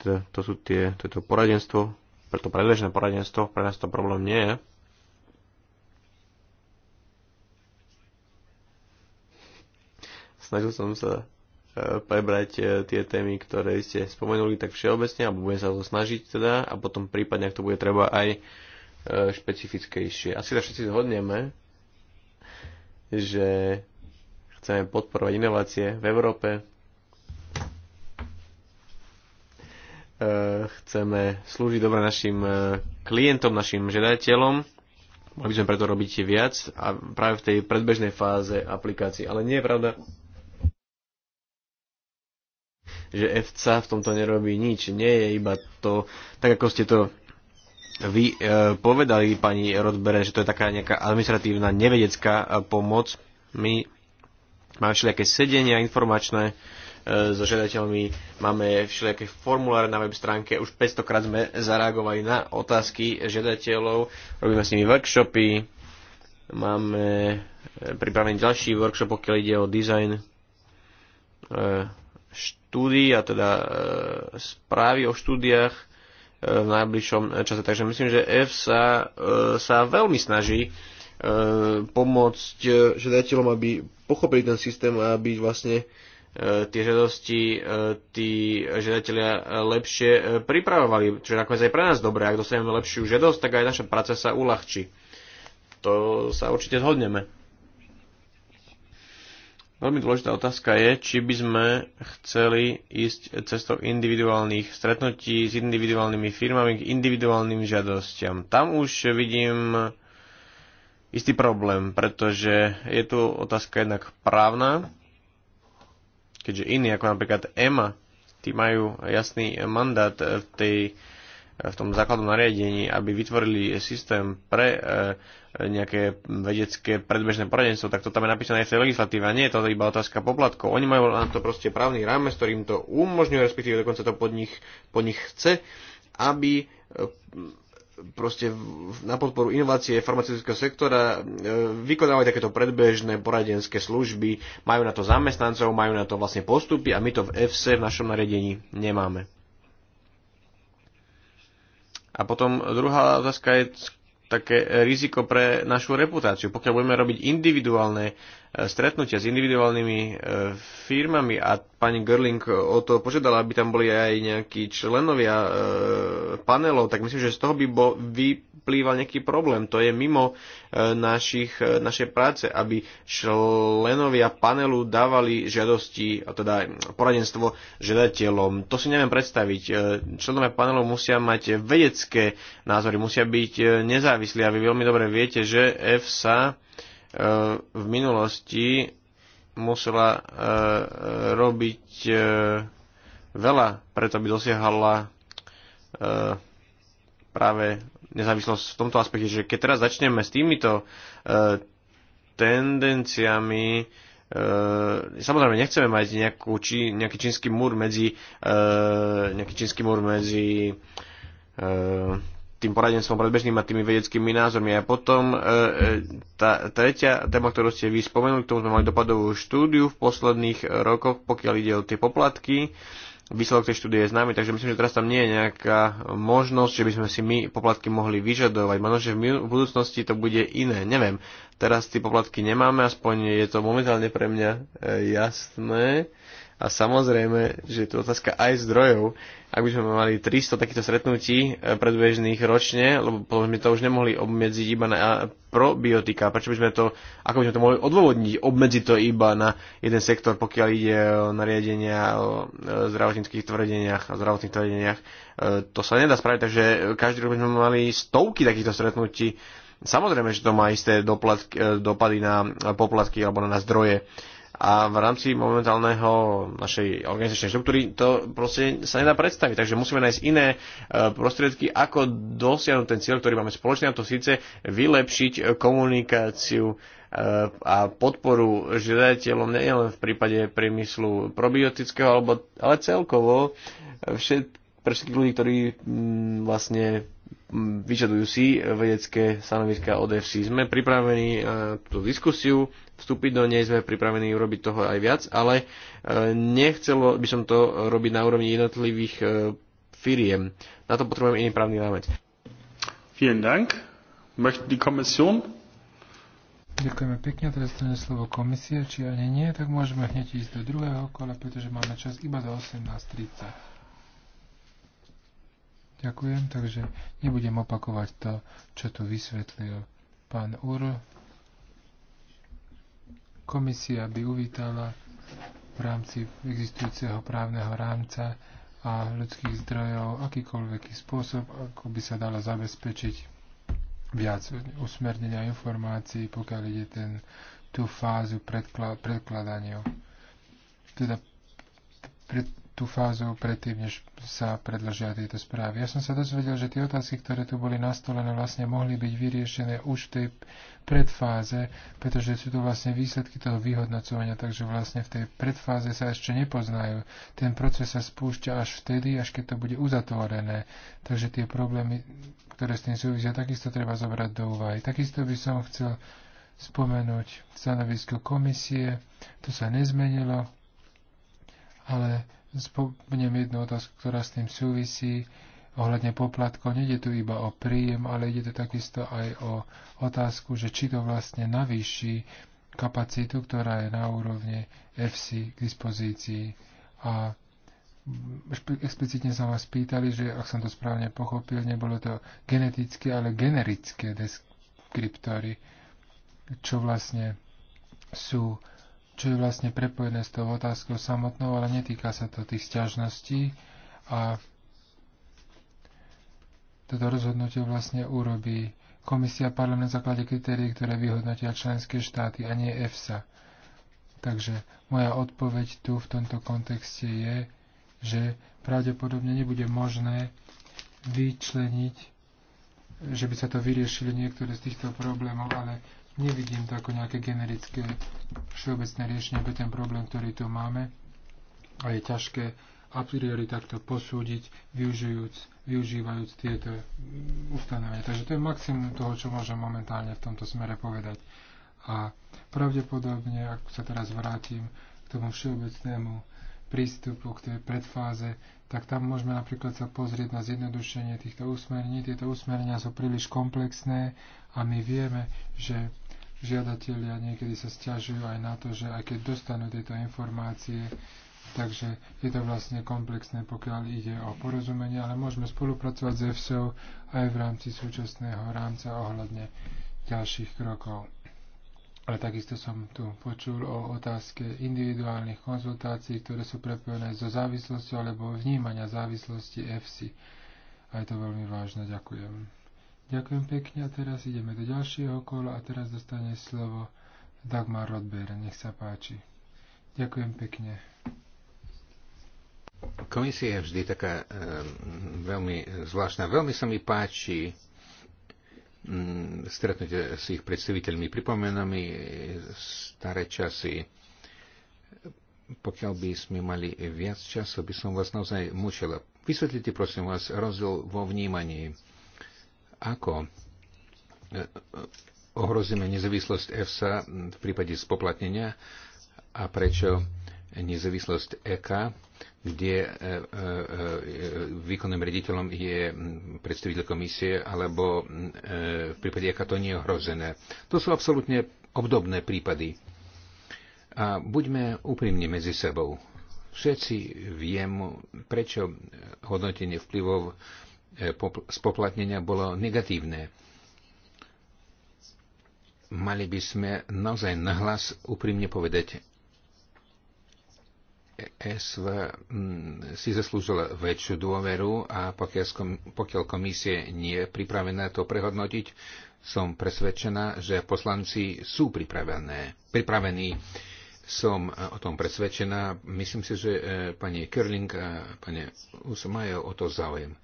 To, teda to sú tie, to, to poradenstvo, preto predležné poradenstvo, pre nás to problém nie je. Snažil som sa e, prebrať e, tie témy, ktoré ste spomenuli tak všeobecne, alebo budem sa to snažiť teda, a potom prípadne, ak to bude treba aj špecifickejšie. Asi sa všetci zhodneme, že chceme podporovať inovácie v Európe, e, chceme slúžiť dobre našim e, klientom, našim žiadateľom. Mali by sme preto robiť viac a práve v tej predbežnej fáze aplikácií. Ale nie je pravda, že FCA v tomto nerobí nič. Nie je iba to, tak ako ste to vy e, povedali, pani Rodbere, že to je taká nejaká administratívna nevedecká e, pomoc. My máme všelijaké sedenia informačné e, so žiadateľmi, máme všelijaké formuláre na web stránke, už 500 krát sme zareagovali na otázky žiadateľov, robíme s nimi workshopy, máme e, pripravený ďalší workshop, pokiaľ ide o design e, štúdia, a teda, e, správy o štúdiách v najbližšom čase. Takže myslím, že sa, e, sa veľmi snaží e, pomôcť e, žiadateľom, aby pochopili ten systém a aby vlastne tie žiadosti tí žiadatelia lepšie pripravovali, čo je nakoniec aj pre nás dobré. Ak dostaneme lepšiu žiadosť, tak aj naša práca sa uľahčí. To sa určite zhodneme. Veľmi dôležitá otázka je, či by sme chceli ísť cestou individuálnych stretnutí s individuálnymi firmami k individuálnym žiadostiam. Tam už vidím istý problém, pretože je tu otázka jednak právna, keďže iní, ako napríklad EMA, tí majú jasný mandát v, tej, v tom základnom nariadení, aby vytvorili systém pre eh, nejaké vedecké predbežné poradenstvo, tak to tam je napísané aj v tej legislatíve. A nie je to iba otázka poplatkov. Oni majú na to proste právny rámec, ktorým to umožňuje, respektíve dokonca to pod nich, pod nich chce, aby e, proste na podporu inovácie farmaceutického sektora e, vykonávajú takéto predbežné poradenské služby, majú na to zamestnancov, majú na to vlastne postupy a my to v FC e v našom nariadení nemáme. A potom druhá otázka je také riziko pre našu reputáciu. Pokiaľ budeme robiť individuálne e, stretnutia s individuálnymi e, firmami a pani Gerling o to požiadala, aby tam boli aj nejakí členovia e, panelov, tak myslím, že z toho by bol, vy, vplýval nejaký problém. To je mimo e, našich, e, našej práce, aby členovia panelu dávali žiadosti, a teda poradenstvo žiadateľom. To si neviem predstaviť. E, členovia panelu musia mať vedecké názory, musia byť nezávislí a vy veľmi dobre viete, že EFSA v minulosti musela robiť veľa, preto by dosiahala práve nezávislosť v tomto aspekte, že keď teraz začneme s týmito e, tendenciami, e, samozrejme nechceme mať nejakú, či, nejaký čínsky múr medzi e, nejaký čínsky múr medzi e, tým poradenstvom predbežným a tými vedeckými názormi. A potom e, e tá tretia téma, ktorú ste vy spomenuli, k tomu sme mali dopadovú štúdiu v posledných rokoch, pokiaľ ide o tie poplatky. E, výsledok tej štúdie je známy, takže myslím, že teraz tam nie je nejaká možnosť, že by sme si my poplatky mohli vyžadovať. Možno, že v budúcnosti to bude iné, neviem. Teraz tie poplatky nemáme, aspoň je to momentálne pre mňa e, jasné. A samozrejme, že je tu otázka aj zdrojov. Ak by sme mali 300 takýchto stretnutí eh, predbežných ročne, lebo potom sme to už nemohli obmedziť iba na eh, probiotika, prečo by sme to, ako by sme to mohli odôvodniť, obmedziť to iba na jeden sektor, pokiaľ ide o nariadenia o eh, zdravotníckých tvrdeniach a zdravotných tvrdeniach. To sa nedá spraviť, takže každý rok by sme mali stovky takýchto stretnutí. Samozrejme, že to má isté doplatky, dopady na poplatky alebo na zdroje a v rámci momentálneho našej organizačnej štruktúry to proste sa nedá predstaviť. Takže musíme nájsť iné e, prostriedky, ako dosiahnuť ten cieľ, ktorý máme spoločne, a to síce vylepšiť komunikáciu e, a podporu žiadateľom nielen v prípade priemyslu probiotického, alebo, ale celkovo e, všet, pre všetkých ľudí, ktorí m, mm, vlastne vyžadujú si vedecké stanoviska od EFSI. Sme pripravení na e, túto diskusiu, vstúpiť do nej, sme pripravení urobiť toho aj viac, ale e, nechcelo by som to robiť na úrovni jednotlivých e, firiem. Na to potrebujem iný právny rámec. Vielen Dank. Möchte die Kommission? Ďakujeme pekne, teraz dostane slovo komisia, či ani nie, tak môžeme hneď ísť do druhého kola, pretože máme čas iba do 18.30. Ďakujem, takže nebudem opakovať to, čo tu vysvetlil pán Ur. Komisia by uvítala v rámci existujúceho právneho rámca a ľudských zdrojov akýkoľveký spôsob, ako by sa dalo zabezpečiť viac usmernenia informácií, pokiaľ ide ten, tú fázu predkla, predkladania. Teda pred, tú fázu predtým, než sa predložia tieto správy. Ja som sa dozvedel, že tie otázky, ktoré tu boli nastolené, vlastne mohli byť vyriešené už v tej predfáze, pretože sú to vlastne výsledky toho vyhodnocovania, takže vlastne v tej predfáze sa ešte nepoznajú. Ten proces sa spúšťa až vtedy, až keď to bude uzatvorené. Takže tie problémy, ktoré s tým súvisia, takisto treba zobrať do úvahy. Takisto by som chcel spomenúť stanovisko komisie, to sa nezmenilo, ale Spomnem jednu otázku, ktorá s tým súvisí. Ohľadne poplatkov nejde tu iba o príjem, ale ide tu takisto aj o otázku, že či to vlastne navýši kapacitu, ktorá je na úrovni FC k dispozícii. A explicitne sa vás pýtali, že ak som to správne pochopil, nebolo to genetické, ale generické deskriptory, čo vlastne sú čo je vlastne prepojené s tou otázkou samotnou, ale netýka sa to tých sťažností a toto rozhodnutie vlastne urobí komisia parlament na základe kritérií, ktoré vyhodnotia členské štáty a nie EFSA. Takže moja odpoveď tu v tomto kontexte je, že pravdepodobne nebude možné vyčleniť, že by sa to vyriešili niektoré z týchto problémov, ale Nevidím to ako nejaké generické všeobecné riešenie pre ten problém, ktorý tu máme. A je ťažké a priori takto posúdiť, využijúc, využívajúc tieto mm, ustanovenia. Takže to je maximum toho, čo môžem momentálne v tomto smere povedať. A pravdepodobne, ak sa teraz vrátim k tomu všeobecnému prístupu k tej predfáze, tak tam môžeme napríklad sa pozrieť na zjednodušenie týchto úsmerní. Tieto úsmernia sú príliš komplexné a my vieme, že žiadatelia niekedy sa stiažujú aj na to, že aj keď dostanú tieto informácie, takže je to vlastne komplexné, pokiaľ ide o porozumenie, ale môžeme spolupracovať s EFSO aj v rámci súčasného rámca ohľadne ďalších krokov. Ale takisto som tu počul o otázke individuálnych konzultácií, ktoré sú prepojené so závislosťou alebo vnímania závislosti EFSI. je to veľmi vážne ďakujem. Ďakujem pekne a teraz ideme do ďalšieho kola a teraz dostane slovo Dagmar Rodber. Nech sa páči. Ďakujem pekne. Komisia je vždy taká e, veľmi zvláštna. Veľmi sa mi páči mm, stretnúť s ich predstaviteľmi. Pripomína mi staré časy. Pokiaľ by sme mali viac času, by som vás naozaj mučila. Vysvetlite, prosím vás, rozdiel vo vnímaní. Ako e, ohrozíme nezávislosť EFSA v prípade spoplatnenia a prečo nezávislosť EK, kde e, e, výkonným rediteľom je predstaviteľ komisie, alebo v prípade EK to nie je ohrozené. To sú absolútne obdobné prípady. A buďme úprimní medzi sebou. Všetci viem, prečo hodnotenie vplyvov E, spoplatnenia bolo negatívne. Mali by sme naozaj nahlas úprimne povedať, ESV mm, si zaslúžila väčšiu dôveru a pokiaľ, komisie nie je pripravená to prehodnotiť, som presvedčená, že poslanci sú pripravené, pripravení. Som e, o tom presvedčená. Myslím si, že e, pani Kerling a pani Usmajo o to záujem.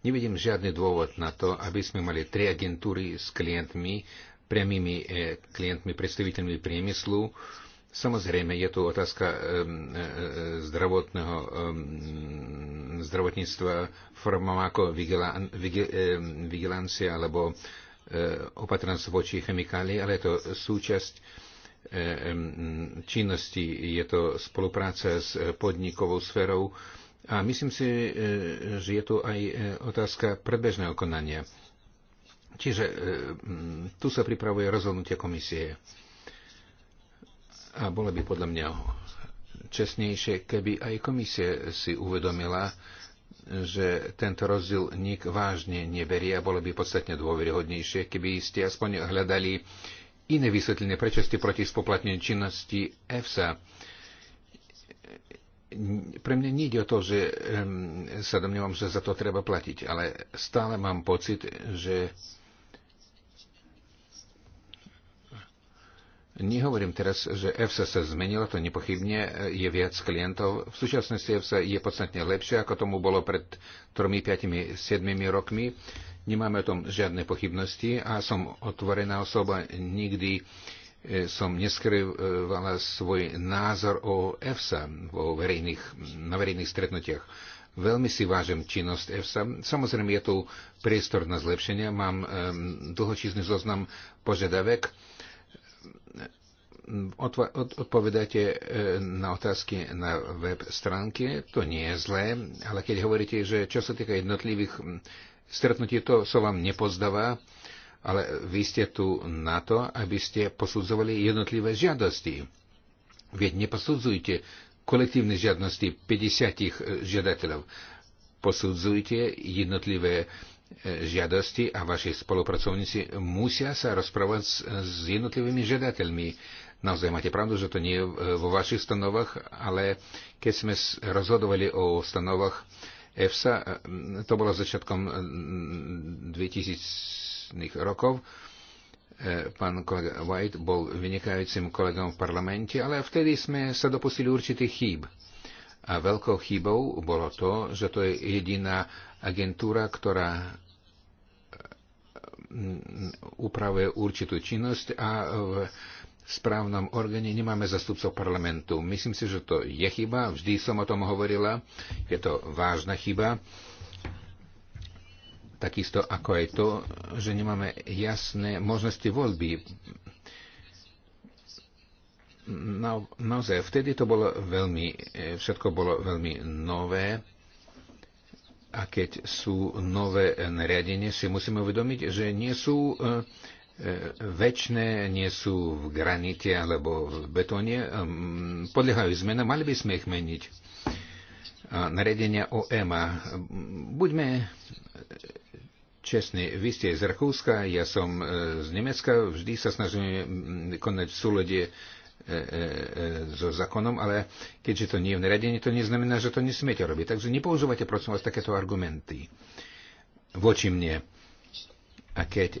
Nevidím žiadny dôvod na to, aby sme mali tri agentúry s klientmi, priamými e, klientmi, predstaviteľmi priemyslu. Samozrejme, je to otázka e, e, zdravotného zdravotníctva formou ako vigilancia alebo opatrnosť voči chemikálii, ale je to súčasť činnosti, je to spolupráca s podnikovou sférou, a myslím si, e, že je tu aj e, otázka predbežného konania. Čiže e, tu sa pripravuje rozhodnutie komisie. A bolo by podľa mňa čestnejšie, keby aj Komisie si uvedomila, že tento rozdiel nik vážne neberie a bolo by podstatne dôveryhodnejšie, keby ste aspoň hľadali iné vysvetlenie, prečo ste proti spoplatneniu činnosti EFSA pre mňa nie ide o to, že sa domnievam, že za to treba platiť, ale stále mám pocit, že Nehovorím teraz, že EFSA sa zmenila, to nepochybne je viac klientov. V súčasnosti EFSA je podstatne lepšie, ako tomu bolo pred 3, 5, 7 rokmi. Nemáme o tom žiadne pochybnosti a som otvorená osoba, nikdy uh, E, som neskrývala svoj názor o EFSA vo verejných, na verejných stretnutiach. Veľmi si vážim činnosť EFSA. Samozrejme, je tu priestor na zlepšenia. Mám um, e, dlhočízny zoznam požiadavek. Otva- od- odpovedáte e, na otázky na web stránke. To nie je zlé, ale keď hovoríte, že čo sa týka jednotlivých stretnutí, to sa vám nepozdáva. E, ale vy ste tu na to, aby ste posudzovali jednotlivé žiadosti. Veď neposudzujte kolektívne žiadnosti 50 e, žiadateľov. Posudzujte jednotlivé e, žiadosti a vaši spolupracovníci musia sa rozprávať s s jednotlivými žiadateľmi. Naozaj máte pravdu, že to nie je e, vo vašich stanovách, ale keď sme rozhodovali o stanovách EFSA, to bolo začiatkom 2000 posledných rokov. E, pán kolega White bol vynikajúcim kolegom v parlamente, ale vtedy sme sa dopustili určitých chýb. A veľkou chybou bolo to, že to je jediná agentúra, ktorá e, upravuje určitú činnosť a v správnom orgáne nemáme zastupcov parlamentu. Myslím si, že to je chyba, vždy som o tom hovorila, je to vážna chyba Takisto ako aj to, že nemáme jasné možnosti voľby. Na, naozaj, vtedy to bolo veľmi, e, všetko bolo veľmi nové a keď sú nové nariadenie, si musíme uvedomiť, že nie sú e, e, väčšie, nie sú v granite alebo v betóne, podliehajú zmenám, mali by sme ich meniť a nariadenia o EMA. Buďme čestní, vy ste z Rakúska, ja som e, z Nemecka, vždy sa snažíme mm, konať v súlede e, e, so zákonom, ale keďže to nie je v nariadení, to neznamená, že to nesmiete robiť. Takže nepoužívajte, prosím vás, takéto argumenty voči mne. A keď e,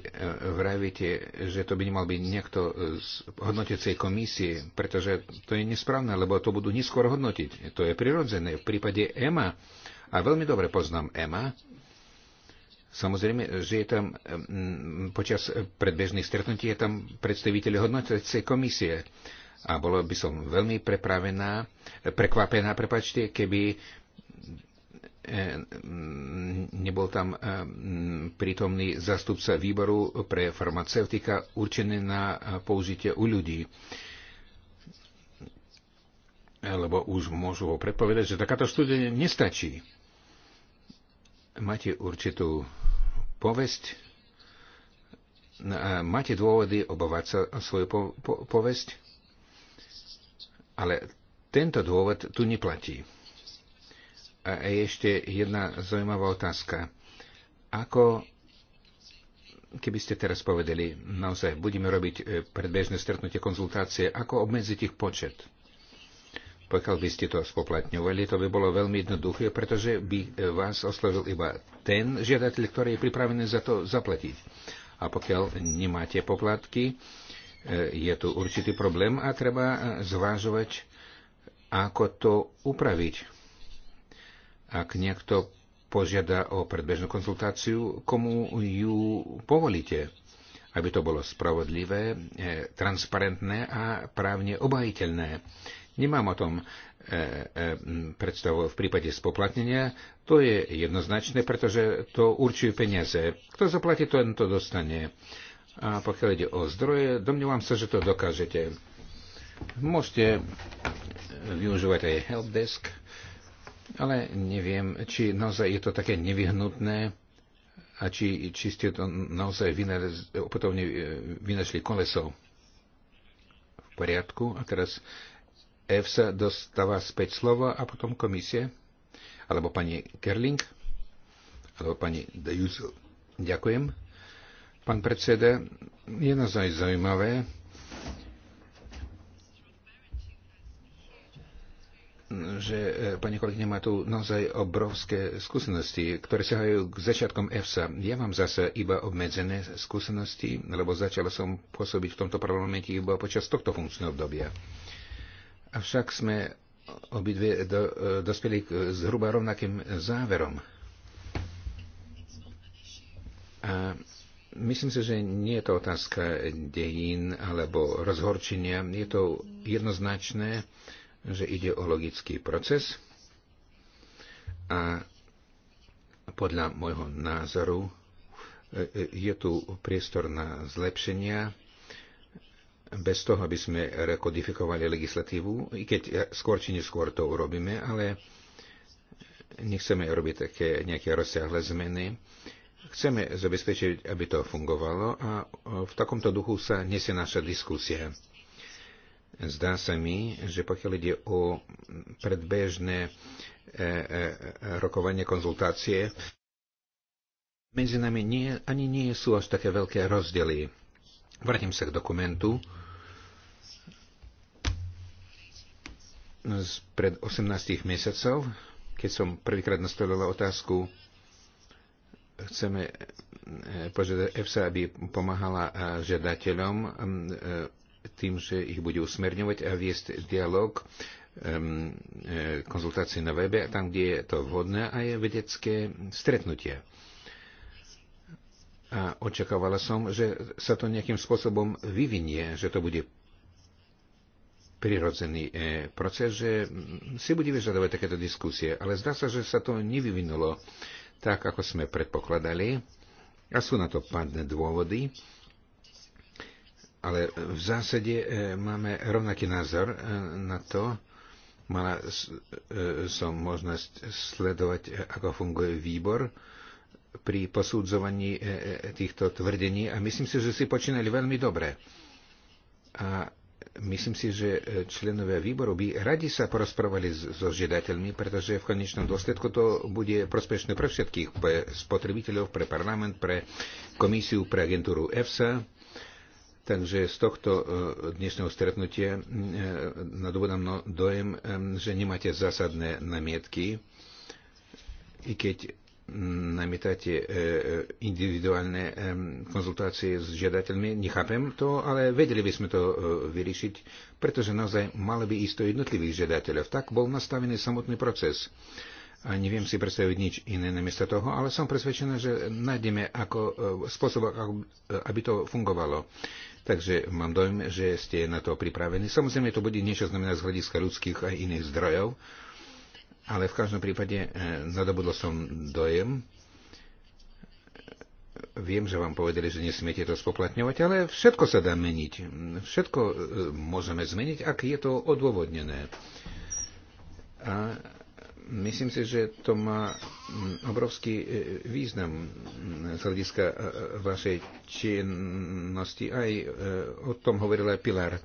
vravíte, že to by nemal byť niekto z hodnotiacej komisie, pretože to je nesprávne, lebo to budú neskôr hodnotiť. To je prirodzené. V prípade EMA, a veľmi dobre poznám EMA, Samozrejme, že je tam mm, počas predbežných stretnutí je tam predstaviteľ hodnotiacej komisie. A bolo by som veľmi prepravená, prekvapená, prepačte, keby E, mm, nebol tam e, mm, prítomný zastupca výboru pre farmaceutika určený na e, použitie u ľudí. Lebo už môžu ho predpovedať, že takáto štúdia nestačí. Máte určitú povesť, no, máte dôvody obávať sa o svoju po, po, povesť, ale tento dôvod tu neplatí a ešte jedna zaujímavá otázka. Ako keby ste teraz povedali, naozaj budeme robiť e, predbežné stretnutie konzultácie, ako obmedziť ich počet? Pokiaľ by ste to spoplatňovali, to by bolo veľmi jednoduché, pretože by e, vás oslovil iba ten žiadateľ, ktorý je pripravený za to zaplatiť. A pokiaľ nemáte poplatky, e, je tu určitý problém a treba zvážovať, ako to upraviť ak niekto požiada o predbežnú konzultáciu, komu ju povolíte, aby to bolo spravodlivé, e, transparentné a právne obajiteľné. Nemám o tom e, e, predstavu v prípade spoplatnenia. To je jednoznačné, pretože to určujú peniaze. Kto zaplatí, to to dostane. A pokiaľ ide o zdroje, domnievam sa, že to dokážete. Môžete využívať aj helpdesk ale neviem, či naozaj je to také nevyhnutné a či, či ste to naozaj opätovne e, vynašli kolesov. V poriadku. A teraz EFSA dostáva späť slovo a potom komisie. Alebo pani Kerling. Alebo pani Dejusel. Ďakujem. Pán predseda, je naozaj zaujímavé, že e, pani kolegyňa má tu naozaj obrovské skúsenosti, ktoré hajú k začiatkom EFSA. Ja mám zase iba obmedzené skúsenosti, lebo začala som pôsobiť v tomto parlamente iba počas tohto funkčného obdobia. Avšak sme obidve do, e, dospeli k zhruba rovnakým záverom. A Myslím si, že nie je to otázka dejín alebo rozhorčenia. Je to jednoznačné že ide o logický proces a podľa môjho názoru e, e, je tu priestor na zlepšenia bez toho, aby sme rekodifikovali legislatívu, i keď e, skôr či neskôr to urobíme, ale nechceme robiť také nejaké rozsiahle zmeny. Chceme zabezpečiť, aby to fungovalo a v takomto duchu sa nesie naša diskusia. Zdá sa mi, že pokiaľ ide o predbežné e, e, e, rokovanie, konzultácie, medzi nami nie, ani nie sú až také veľké rozdiely. Vrátim sa k dokumentu Z pred 18 mesiacov, keď som prvýkrát nastolila otázku, chceme požiadať EFSA, aby pomáhala žiadateľom tým, že ich bude usmerňovať a viesť dialog, e, konzultácie na webe, tam, kde je to vhodné, aj vedecké stretnutia. A očakávala som, že sa to nejakým spôsobom vyvinie, že to bude prirodzený e, proces, že si bude vyžadovať takéto diskusie. Ale zdá sa, že sa to nevyvinulo tak, ako sme predpokladali. A sú na to padné dôvody. Ale v zásade e, máme rovnaký názor e, na to. Mala e, som možnosť sledovať, ako funguje výbor pri posudzovaní týchto tvrdení a myslím si, že si počínali veľmi dobre. A myslím si, že členovia výboru by radi sa porozprávali so žiadateľmi, pretože v konečnom dôsledku to bude prospešné pre všetkých, pre spotrebiteľov, pre parlament, pre komisiu, pre agentúru EFSA Takže z tohto e, dnešného stretnutia e, nadobudám no, dojem, e, že nemáte zásadné namietky, i keď mm, namietate individuálne konzultácie s žiadateľmi. Nechápem to, ale vedeli by sme to vyriešiť, pretože naozaj mali by ísť jednotlivých žiadateľov. Tak bol nastavený samotný proces. A neviem si predstaviť nič iné namiesto toho, ale som presvedčená, že nájdeme ako, spôsob, aby to fungovalo. Takže mám dojem, že ste na to pripravení. Samozrejme, to bude niečo znamená z hľadiska ľudských a iných zdrojov, ale v každom prípade eh, nadobudol som dojem, viem, že vám povedali, že nesmiete to spoplatňovať, ale všetko sa dá meniť. Všetko eh, môžeme zmeniť, ak je to odôvodnené. A Myslím si, že to má mm, obrovský e, význam mm, z hľadiska e, e, vašej činnosti. Aj o tom hovorila Pilar.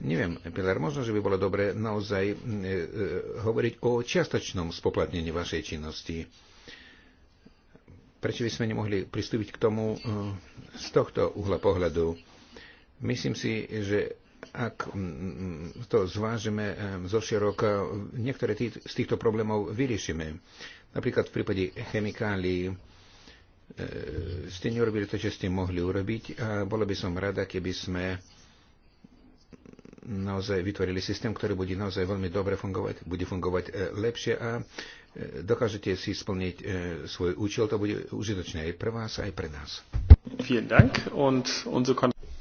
Neviem, Pilar, možno, že by bolo dobre naozaj hovoriť o čiastočnom spoplatnení vašej činnosti. Prečo by sme nemohli pristúpiť k tomu z tohto uhla pohľadu? Myslím si, že ak mm, mm, to zvážime zo široka, niektoré tý, z týchto problémov vyriešime. Napríklad v prípade chemikálií e, ste neurobili to, čo ste mohli urobiť a bolo by som rada, keby sme naozaj vytvorili systém, ktorý bude naozaj veľmi dobre fungovať, bude fungovať e, lepšie a e, dokážete si splniť svoj účel, to bude užitočné aj pre vás, aj pre nás.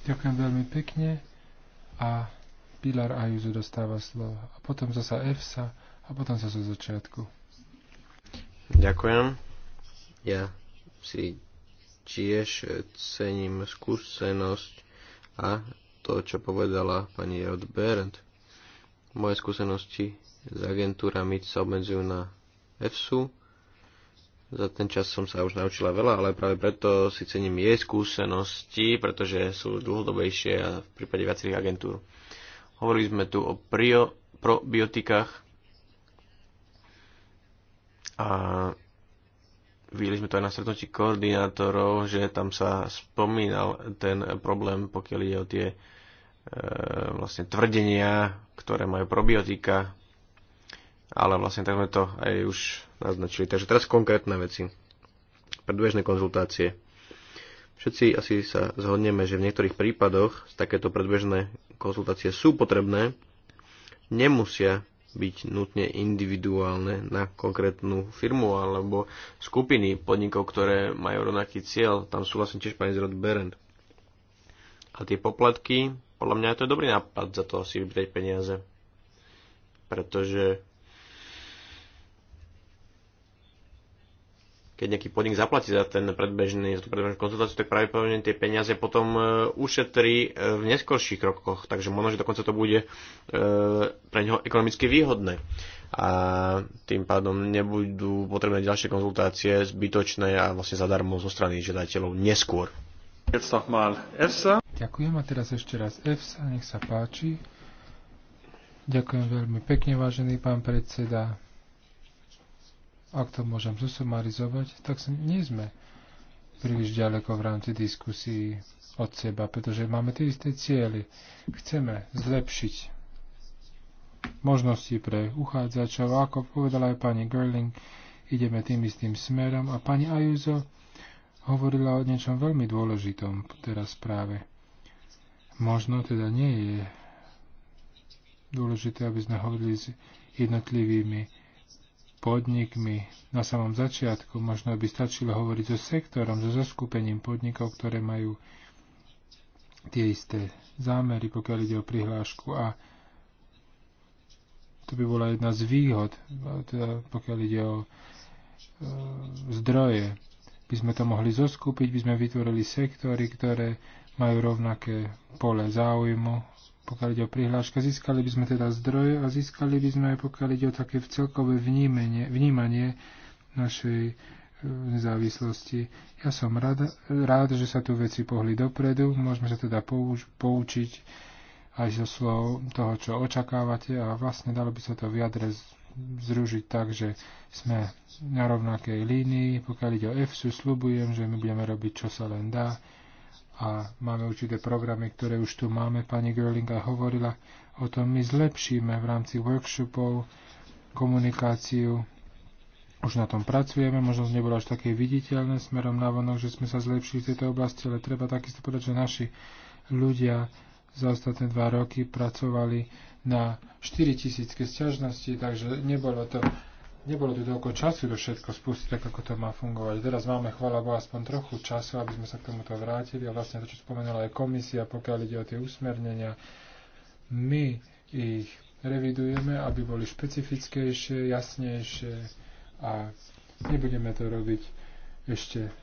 Ďakujem veľmi pekne a Pilar Ajuzu dostáva slovo. A potom zasa EFSA a potom sa zo začiatku. Ďakujem. Ja si tiež cením skúsenosť a to, čo povedala pani Rod Berend. Moje skúsenosti s agentúrami sa obmedzujú na EFSU za ten čas som sa už naučila veľa, ale práve preto si cením jej skúsenosti, pretože sú dlhodobejšie a v prípade viacerých agentúr. Hovorili sme tu o prio, probiotikách a videli sme to aj na stretnutí koordinátorov, že tam sa spomínal ten problém, pokiaľ ide o tie e, vlastne tvrdenia, ktoré majú probiotika ale vlastne tak sme to aj už naznačili. Takže teraz konkrétne veci. Predbežné konzultácie. Všetci asi sa zhodneme, že v niektorých prípadoch takéto predbežné konzultácie sú potrebné, nemusia byť nutne individuálne na konkrétnu firmu alebo skupiny podnikov, ktoré majú rovnaký cieľ. Tam sú vlastne tiež pani zrod Berend. A tie poplatky, podľa mňa to je dobrý nápad za to si vybrať peniaze. Pretože keď nejaký podnik zaplatí za ten predbežný, za tú predbežnú konzultáciu, tak pravdepodobne tie peniaze potom e, ušetrí e, v neskorších krokoch. Takže možno, že dokonca to bude e, pre neho ekonomicky výhodné. A tým pádom nebudú potrebné ďalšie konzultácie zbytočné a vlastne zadarmo zo strany žiadateľov neskôr. Ďakujem a teraz ešte raz EFSA, nech sa páči. Ďakujem veľmi pekne, vážený pán predseda ak to môžem zosumarizovať, tak nie sme príliš ďaleko v rámci diskusí od seba, pretože máme tie isté cieľy. Chceme zlepšiť možnosti pre uchádzačov. Ako povedala aj pani Gerling, ideme tým istým smerom. A pani Ajuzo hovorila o niečom veľmi dôležitom teraz práve. Možno teda nie je dôležité, aby sme hovorili s jednotlivými podnikmi. Na samom začiatku možno by stačilo hovoriť so sektorom, so zoskupením podnikov, ktoré majú tie isté zámery, pokiaľ ide o prihlášku a to by bola jedna z výhod, teda pokiaľ ide o e, zdroje. By sme to mohli zoskúpiť, by sme vytvorili sektory, ktoré majú rovnaké pole záujmu pokiaľ ide o prihláška, získali by sme teda zdroje a získali by sme aj pokiaľ ide o také celkové vnímanie, vnímanie našej e, nezávislosti. Ja som rád, rád, že sa tu veci pohli dopredu, môžeme sa teda pouč, poučiť aj zo slov toho, čo očakávate a vlastne dalo by sa to vyjadre zružiť tak, že sme na rovnakej línii. Pokiaľ ide o EFSU, slubujem, že my budeme robiť, čo sa len dá a máme určité programy, ktoré už tu máme. Pani Gerlinga hovorila o tom, my zlepšíme v rámci workshopov komunikáciu. Už na tom pracujeme, možno nebolo až také viditeľné smerom na vonok, že sme sa zlepšili v tejto oblasti, ale treba takisto povedať, že naši ľudia za ostatné dva roky pracovali na 4000 sťažnosti, takže nebolo to nebolo tu toľko času to všetko spustiť, tak ako to má fungovať. Teraz máme, chvála Boha, aspoň trochu času, aby sme sa k tomuto vrátili. A vlastne to, čo spomenula aj komisia, pokiaľ ide o tie usmernenia, my ich revidujeme, aby boli špecifickejšie, jasnejšie a nebudeme to robiť ešte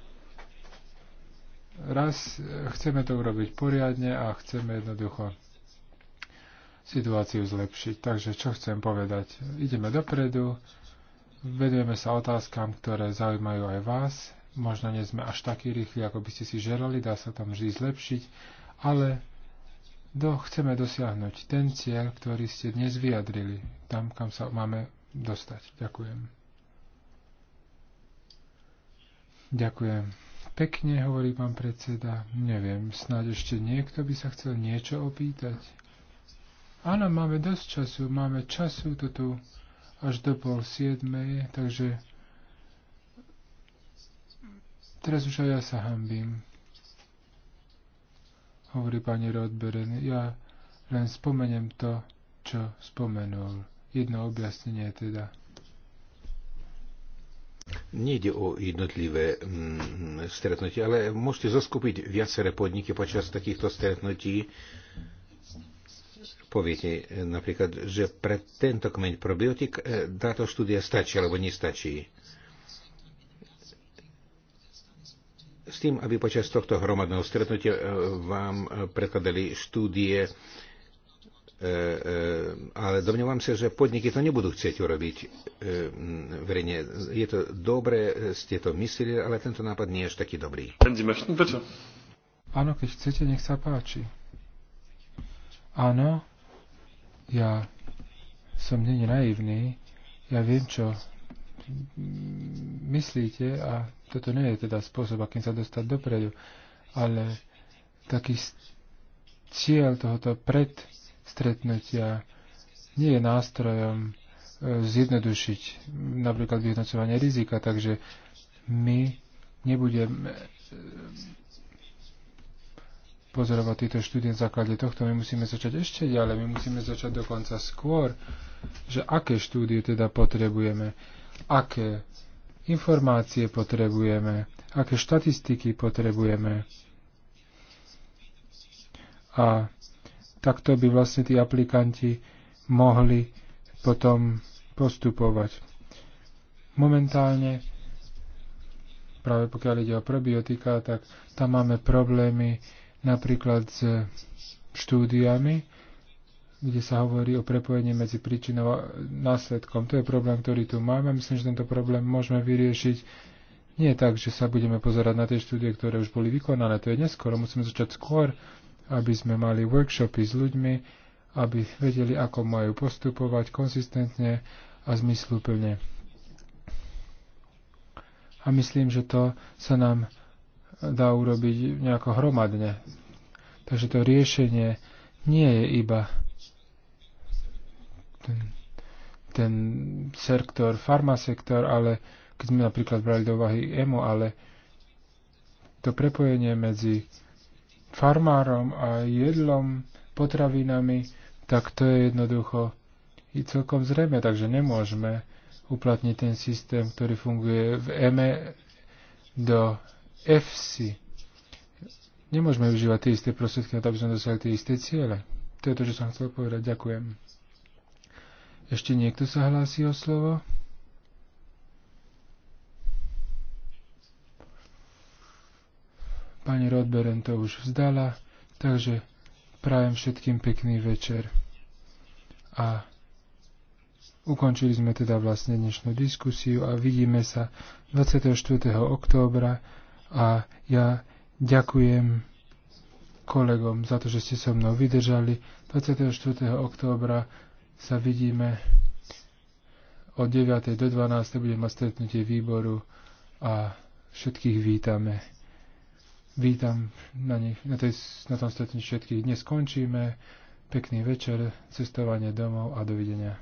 raz. Chceme to urobiť poriadne a chceme jednoducho situáciu zlepšiť. Takže čo chcem povedať? Ideme dopredu, Vedujeme sa otázkam, ktoré zaujímajú aj vás. Možno nie sme až takí rýchli, ako by ste si želali, dá sa tam vždy zlepšiť, ale do, chceme dosiahnuť ten cieľ, ktorý ste dnes vyjadrili, tam, kam sa máme dostať. Ďakujem. Ďakujem. Pekne, hovorí pán predseda. Neviem, snáď ešte niekto by sa chcel niečo opýtať. Áno, máme dosť času, máme času to tu až do pol siedmej, takže teraz už aj ja sa hambím, hovorí pani Rodberen. Ja len spomeniem to, čo spomenul. Jedno objasnenie teda. Nejde o jednotlivé mm, stretnutie, ale môžete zaskupiť viaceré podniky počas takýchto stretnutí poviete e, napríklad, že pre tento kmeň probiotik e, táto štúdia stačí alebo nestačí. S tým, aby počas tohto hromadného stretnutia e, vám predkladali štúdie, ale domnievam sa, že podniky to nebudú chcieť urobiť verejne. Je to dobré, ste to mysleli, ale tento nápad nie je až taký dobrý. Áno, keď chcete, nech sa páči. Áno, ja som není naivný, ja viem, čo myslíte a toto nie je teda spôsob, akým sa dostať dopredu, ale taký cieľ tohoto predstretnutia nie je nástrojom e, zjednodušiť napríklad vyhodnocovanie rizika, takže my nebudeme pozorovať tieto štúdie na základe tohto, my musíme začať ešte ďalej, my musíme začať dokonca skôr, že aké štúdie teda potrebujeme, aké informácie potrebujeme, aké štatistiky potrebujeme. A takto by vlastne tí aplikanti mohli potom postupovať. Momentálne, práve pokiaľ ide o probiotika, tak tam máme problémy napríklad s štúdiami, kde sa hovorí o prepojení medzi príčinou a následkom. To je problém, ktorý tu máme. Myslím, že tento problém môžeme vyriešiť nie tak, že sa budeme pozerať na tie štúdie, ktoré už boli vykonané. To je neskoro. Musíme začať skôr, aby sme mali workshopy s ľuďmi, aby vedeli, ako majú postupovať konsistentne a zmysluplne. A myslím, že to sa nám dá urobiť nejako hromadne. Takže to riešenie nie je iba ten, ten sektor, farmasektor, ale keď sme napríklad brali do úvahy EMO, ale to prepojenie medzi farmárom a jedlom, potravinami, tak to je jednoducho i celkom zrejme, takže nemôžeme uplatniť ten systém, ktorý funguje v EME e do EFSI. Nemôžeme užívať tie isté prostriedky na to, aby sme dosiahli tie isté ciele. To je to, čo som chcel povedať. Ďakujem. Ešte niekto sa hlási o slovo? Pani Rodberen to už vzdala, takže prajem všetkým pekný večer. A ukončili sme teda vlastne dnešnú diskusiu a vidíme sa 24. októbra a ja ďakujem kolegom za to, že ste so mnou vydržali. 24. októbra sa vidíme od 9. do 12. budem mať stretnutie výboru a všetkých vítame. Vítam na, nich, na, tej, na tom stretnutí všetkých. Dnes skončíme. Pekný večer, cestovanie domov a dovidenia.